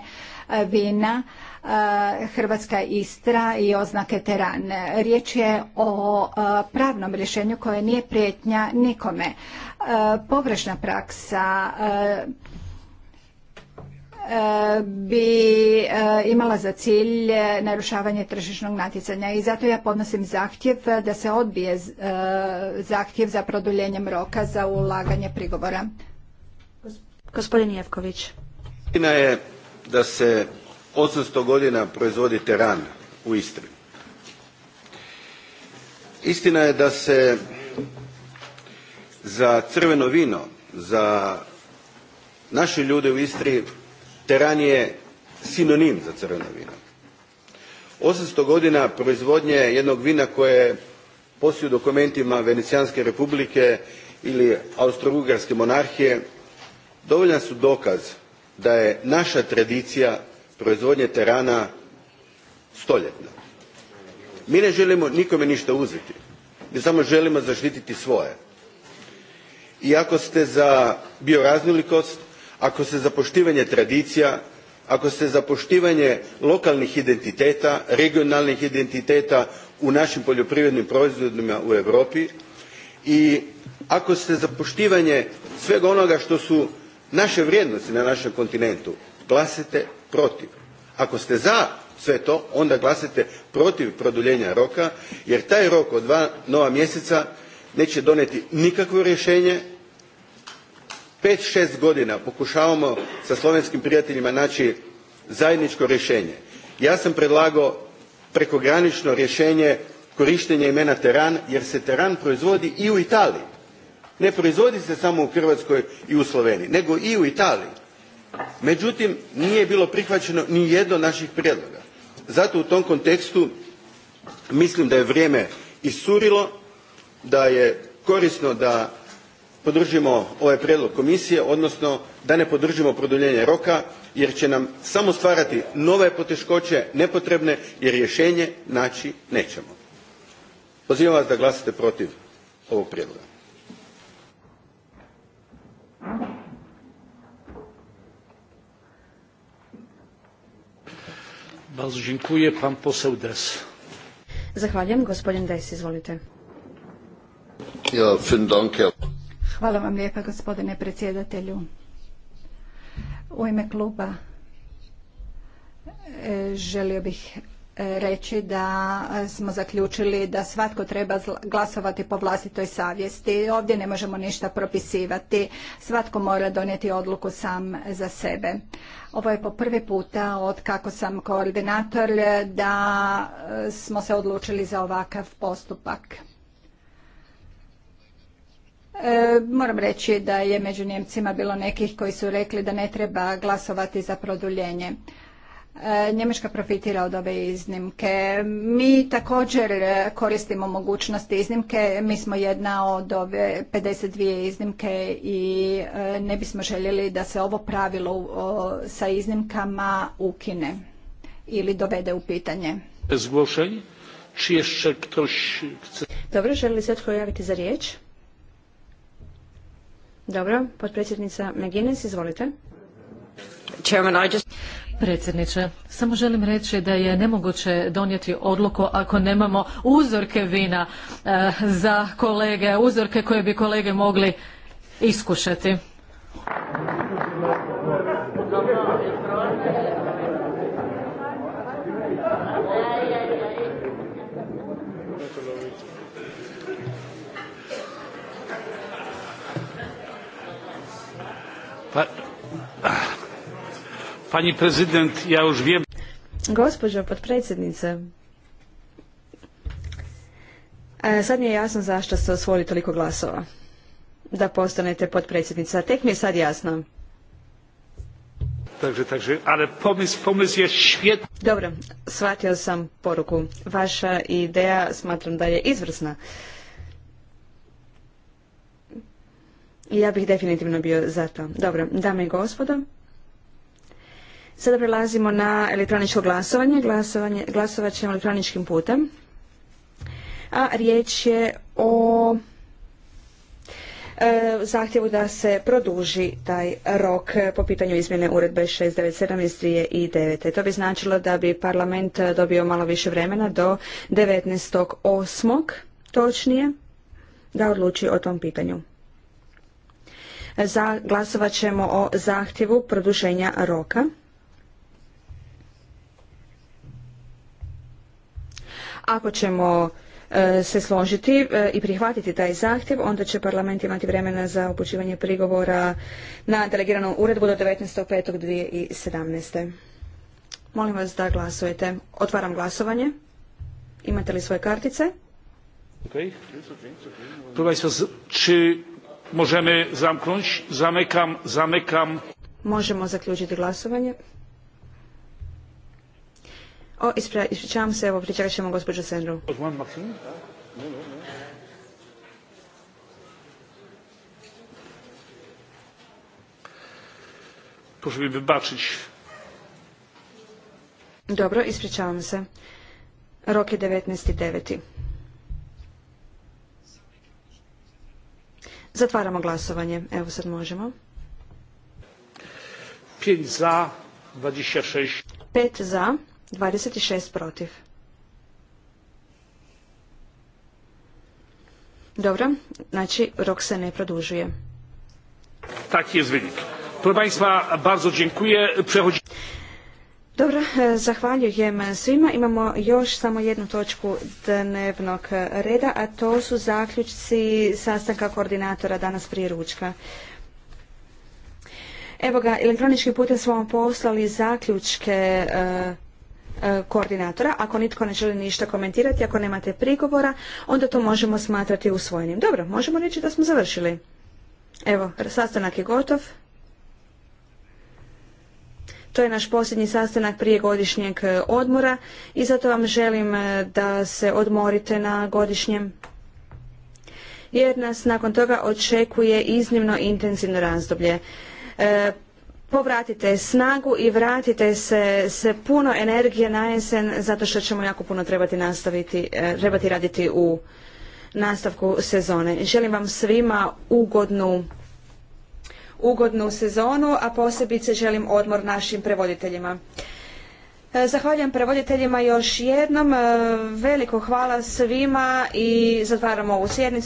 e, vina e, Hrvatska Istra i oznake Teran. Riječ je o pravnom rješenju koje nije prijetnja nikome. Pogrešna praksa bi e, imala za cilj narušavanje tržišnog natjecanja i zato ja podnosim zahtjev da se odbije e, zahtjev za produljenjem roka za ulaganje prigovora. Gospodin Jevković. Istina je da se 800 godina proizvodi teran u Istri. Istina je da se za crveno vino, za naše ljude u Istri teran je sinonim za crveno vino. 800 godina proizvodnje jednog vina koje poslije u dokumentima Venecijanske republike ili austro monarhije dovoljan su dokaz da je naša tradicija proizvodnje terana stoljetna. Mi ne želimo nikome ništa uzeti. Mi samo želimo zaštititi svoje. I ako ste za bioraznolikost, ako se za poštivanje tradicija ako ste za poštivanje lokalnih identiteta regionalnih identiteta u našim poljoprivrednim proizvodima u europi i ako ste za poštivanje svega onoga što su naše vrijednosti na našem kontinentu glasate protiv ako ste za sve to onda glasajte protiv produljenja roka jer taj rok od dva nova mjeseca neće donijeti nikakvo rješenje pet šest godina pokušavamo sa slovenskim prijateljima naći zajedničko rješenje. ja sam predlagao prekogranično rješenje korištenja imena teran jer se teran proizvodi i u italiji ne proizvodi se samo u hrvatskoj i u sloveniji nego i u italiji. međutim nije bilo prihvaćeno nijedno od naših prijedloga. zato u tom kontekstu mislim da je vrijeme iscurilo da je korisno da podržimo ovaj prijedlog komisije odnosno da ne podržimo produljenje roka jer će nam samo stvarati nove poteškoće nepotrebne jer rješenje naći nećemo. pozivam vas da glasate protiv ovog prijedloga. izvolite. Hvala vam lijepa gospodine predsjedatelju. U ime kluba e, želio bih e, reći da smo zaključili da svatko treba glasovati po vlastitoj savjesti. Ovdje ne možemo ništa propisivati. Svatko mora donijeti odluku sam za sebe. Ovo je po prvi puta od kako sam koordinator da e, smo se odlučili za ovakav postupak. E, moram reći da je među Njemcima bilo nekih koji su rekli da ne treba glasovati za produljenje. E, Njemačka profitira od ove iznimke. Mi također e, koristimo mogućnost iznimke. Mi smo jedna od ove 52 iznimke i ne bismo željeli da se ovo pravilo sa iznimkama ukine ili dovede u pitanje. Dobro, želi li se tko javiti za riječ? Dobro, potpredsjednica McGuinness, izvolite. Predsjedniče, samo želim reći da je nemoguće donijeti odluku ako nemamo uzorke vina eh, za kolege, uzorke koje bi kolege mogli iskušati. Pani prezident, ja už vijem... Gospođo potpredsjednice, e, sad mi je jasno zašto ste osvojili toliko glasova da postanete podpredsjednica. Tek mi je sad jasno. Takže, takže, ale pomis, pomis je świetny. Dobro, shvatio sam poruku. Vaša ideja smatram da je izvrsna. Ja bih definitivno bio za to. Dobro, dame i gospodo, Sada prelazimo na elektroničko glasovanje. glasovat ćemo elektroničkim putem. A riječ je o e, zahtjevu da se produži taj rok po pitanju izmjene uredbe 697 iz 9. To bi značilo da bi parlament dobio malo više vremena do 19.8. točnije da odluči o tom pitanju. glasovat ćemo o zahtjevu produženja roka. Ako ćemo e, se složiti e, i prihvatiti taj zahtjev, onda će parlament imati vremena za upućivanje prigovora na delegiranu uredbu do 19.5.2017. Molim vas da glasujete. Otvaram glasovanje. Imate li svoje kartice? Možemo zamekam Možemo zaključiti glasovanje. O, ispričavam se, evo, pričekat ćemo gospođu Sendru. Proszę mi wybaczyć. Dobro, ispričavam se. Rok je 19.9. Zatvaramo glasovanje. Evo sad možemo. 5 za, 26. 5 za, 26 protiv. Dobro, znači rok se ne produžuje. Tak jest wynik. Proszę Państwa, bardzo dziękuję. Dobro, e, zahvaljujem svima. Imamo još samo jednu točku dnevnog reda, a to su zaključci sastanka koordinatora danas prije ručka. Evo ga, elektronički putem smo vam poslali zaključke e, E, koordinatora. Ako nitko ne želi ništa komentirati, ako nemate prigovora, onda to možemo smatrati usvojenim. Dobro, možemo reći da smo završili. Evo, sastanak je gotov. To je naš posljednji sastanak prije godišnjeg e, odmora i zato vam želim e, da se odmorite na godišnjem jer nas nakon toga očekuje iznimno intenzivno razdoblje povratite snagu i vratite se, se puno energije na jesen zato što ćemo jako puno trebati nastaviti, e, trebati raditi u nastavku sezone. Želim vam svima ugodnu ugodnu sezonu, a posebice želim odmor našim prevoditeljima. E, zahvaljujem prevoditeljima još jednom. E, veliko hvala svima i zatvaramo ovu sjednicu.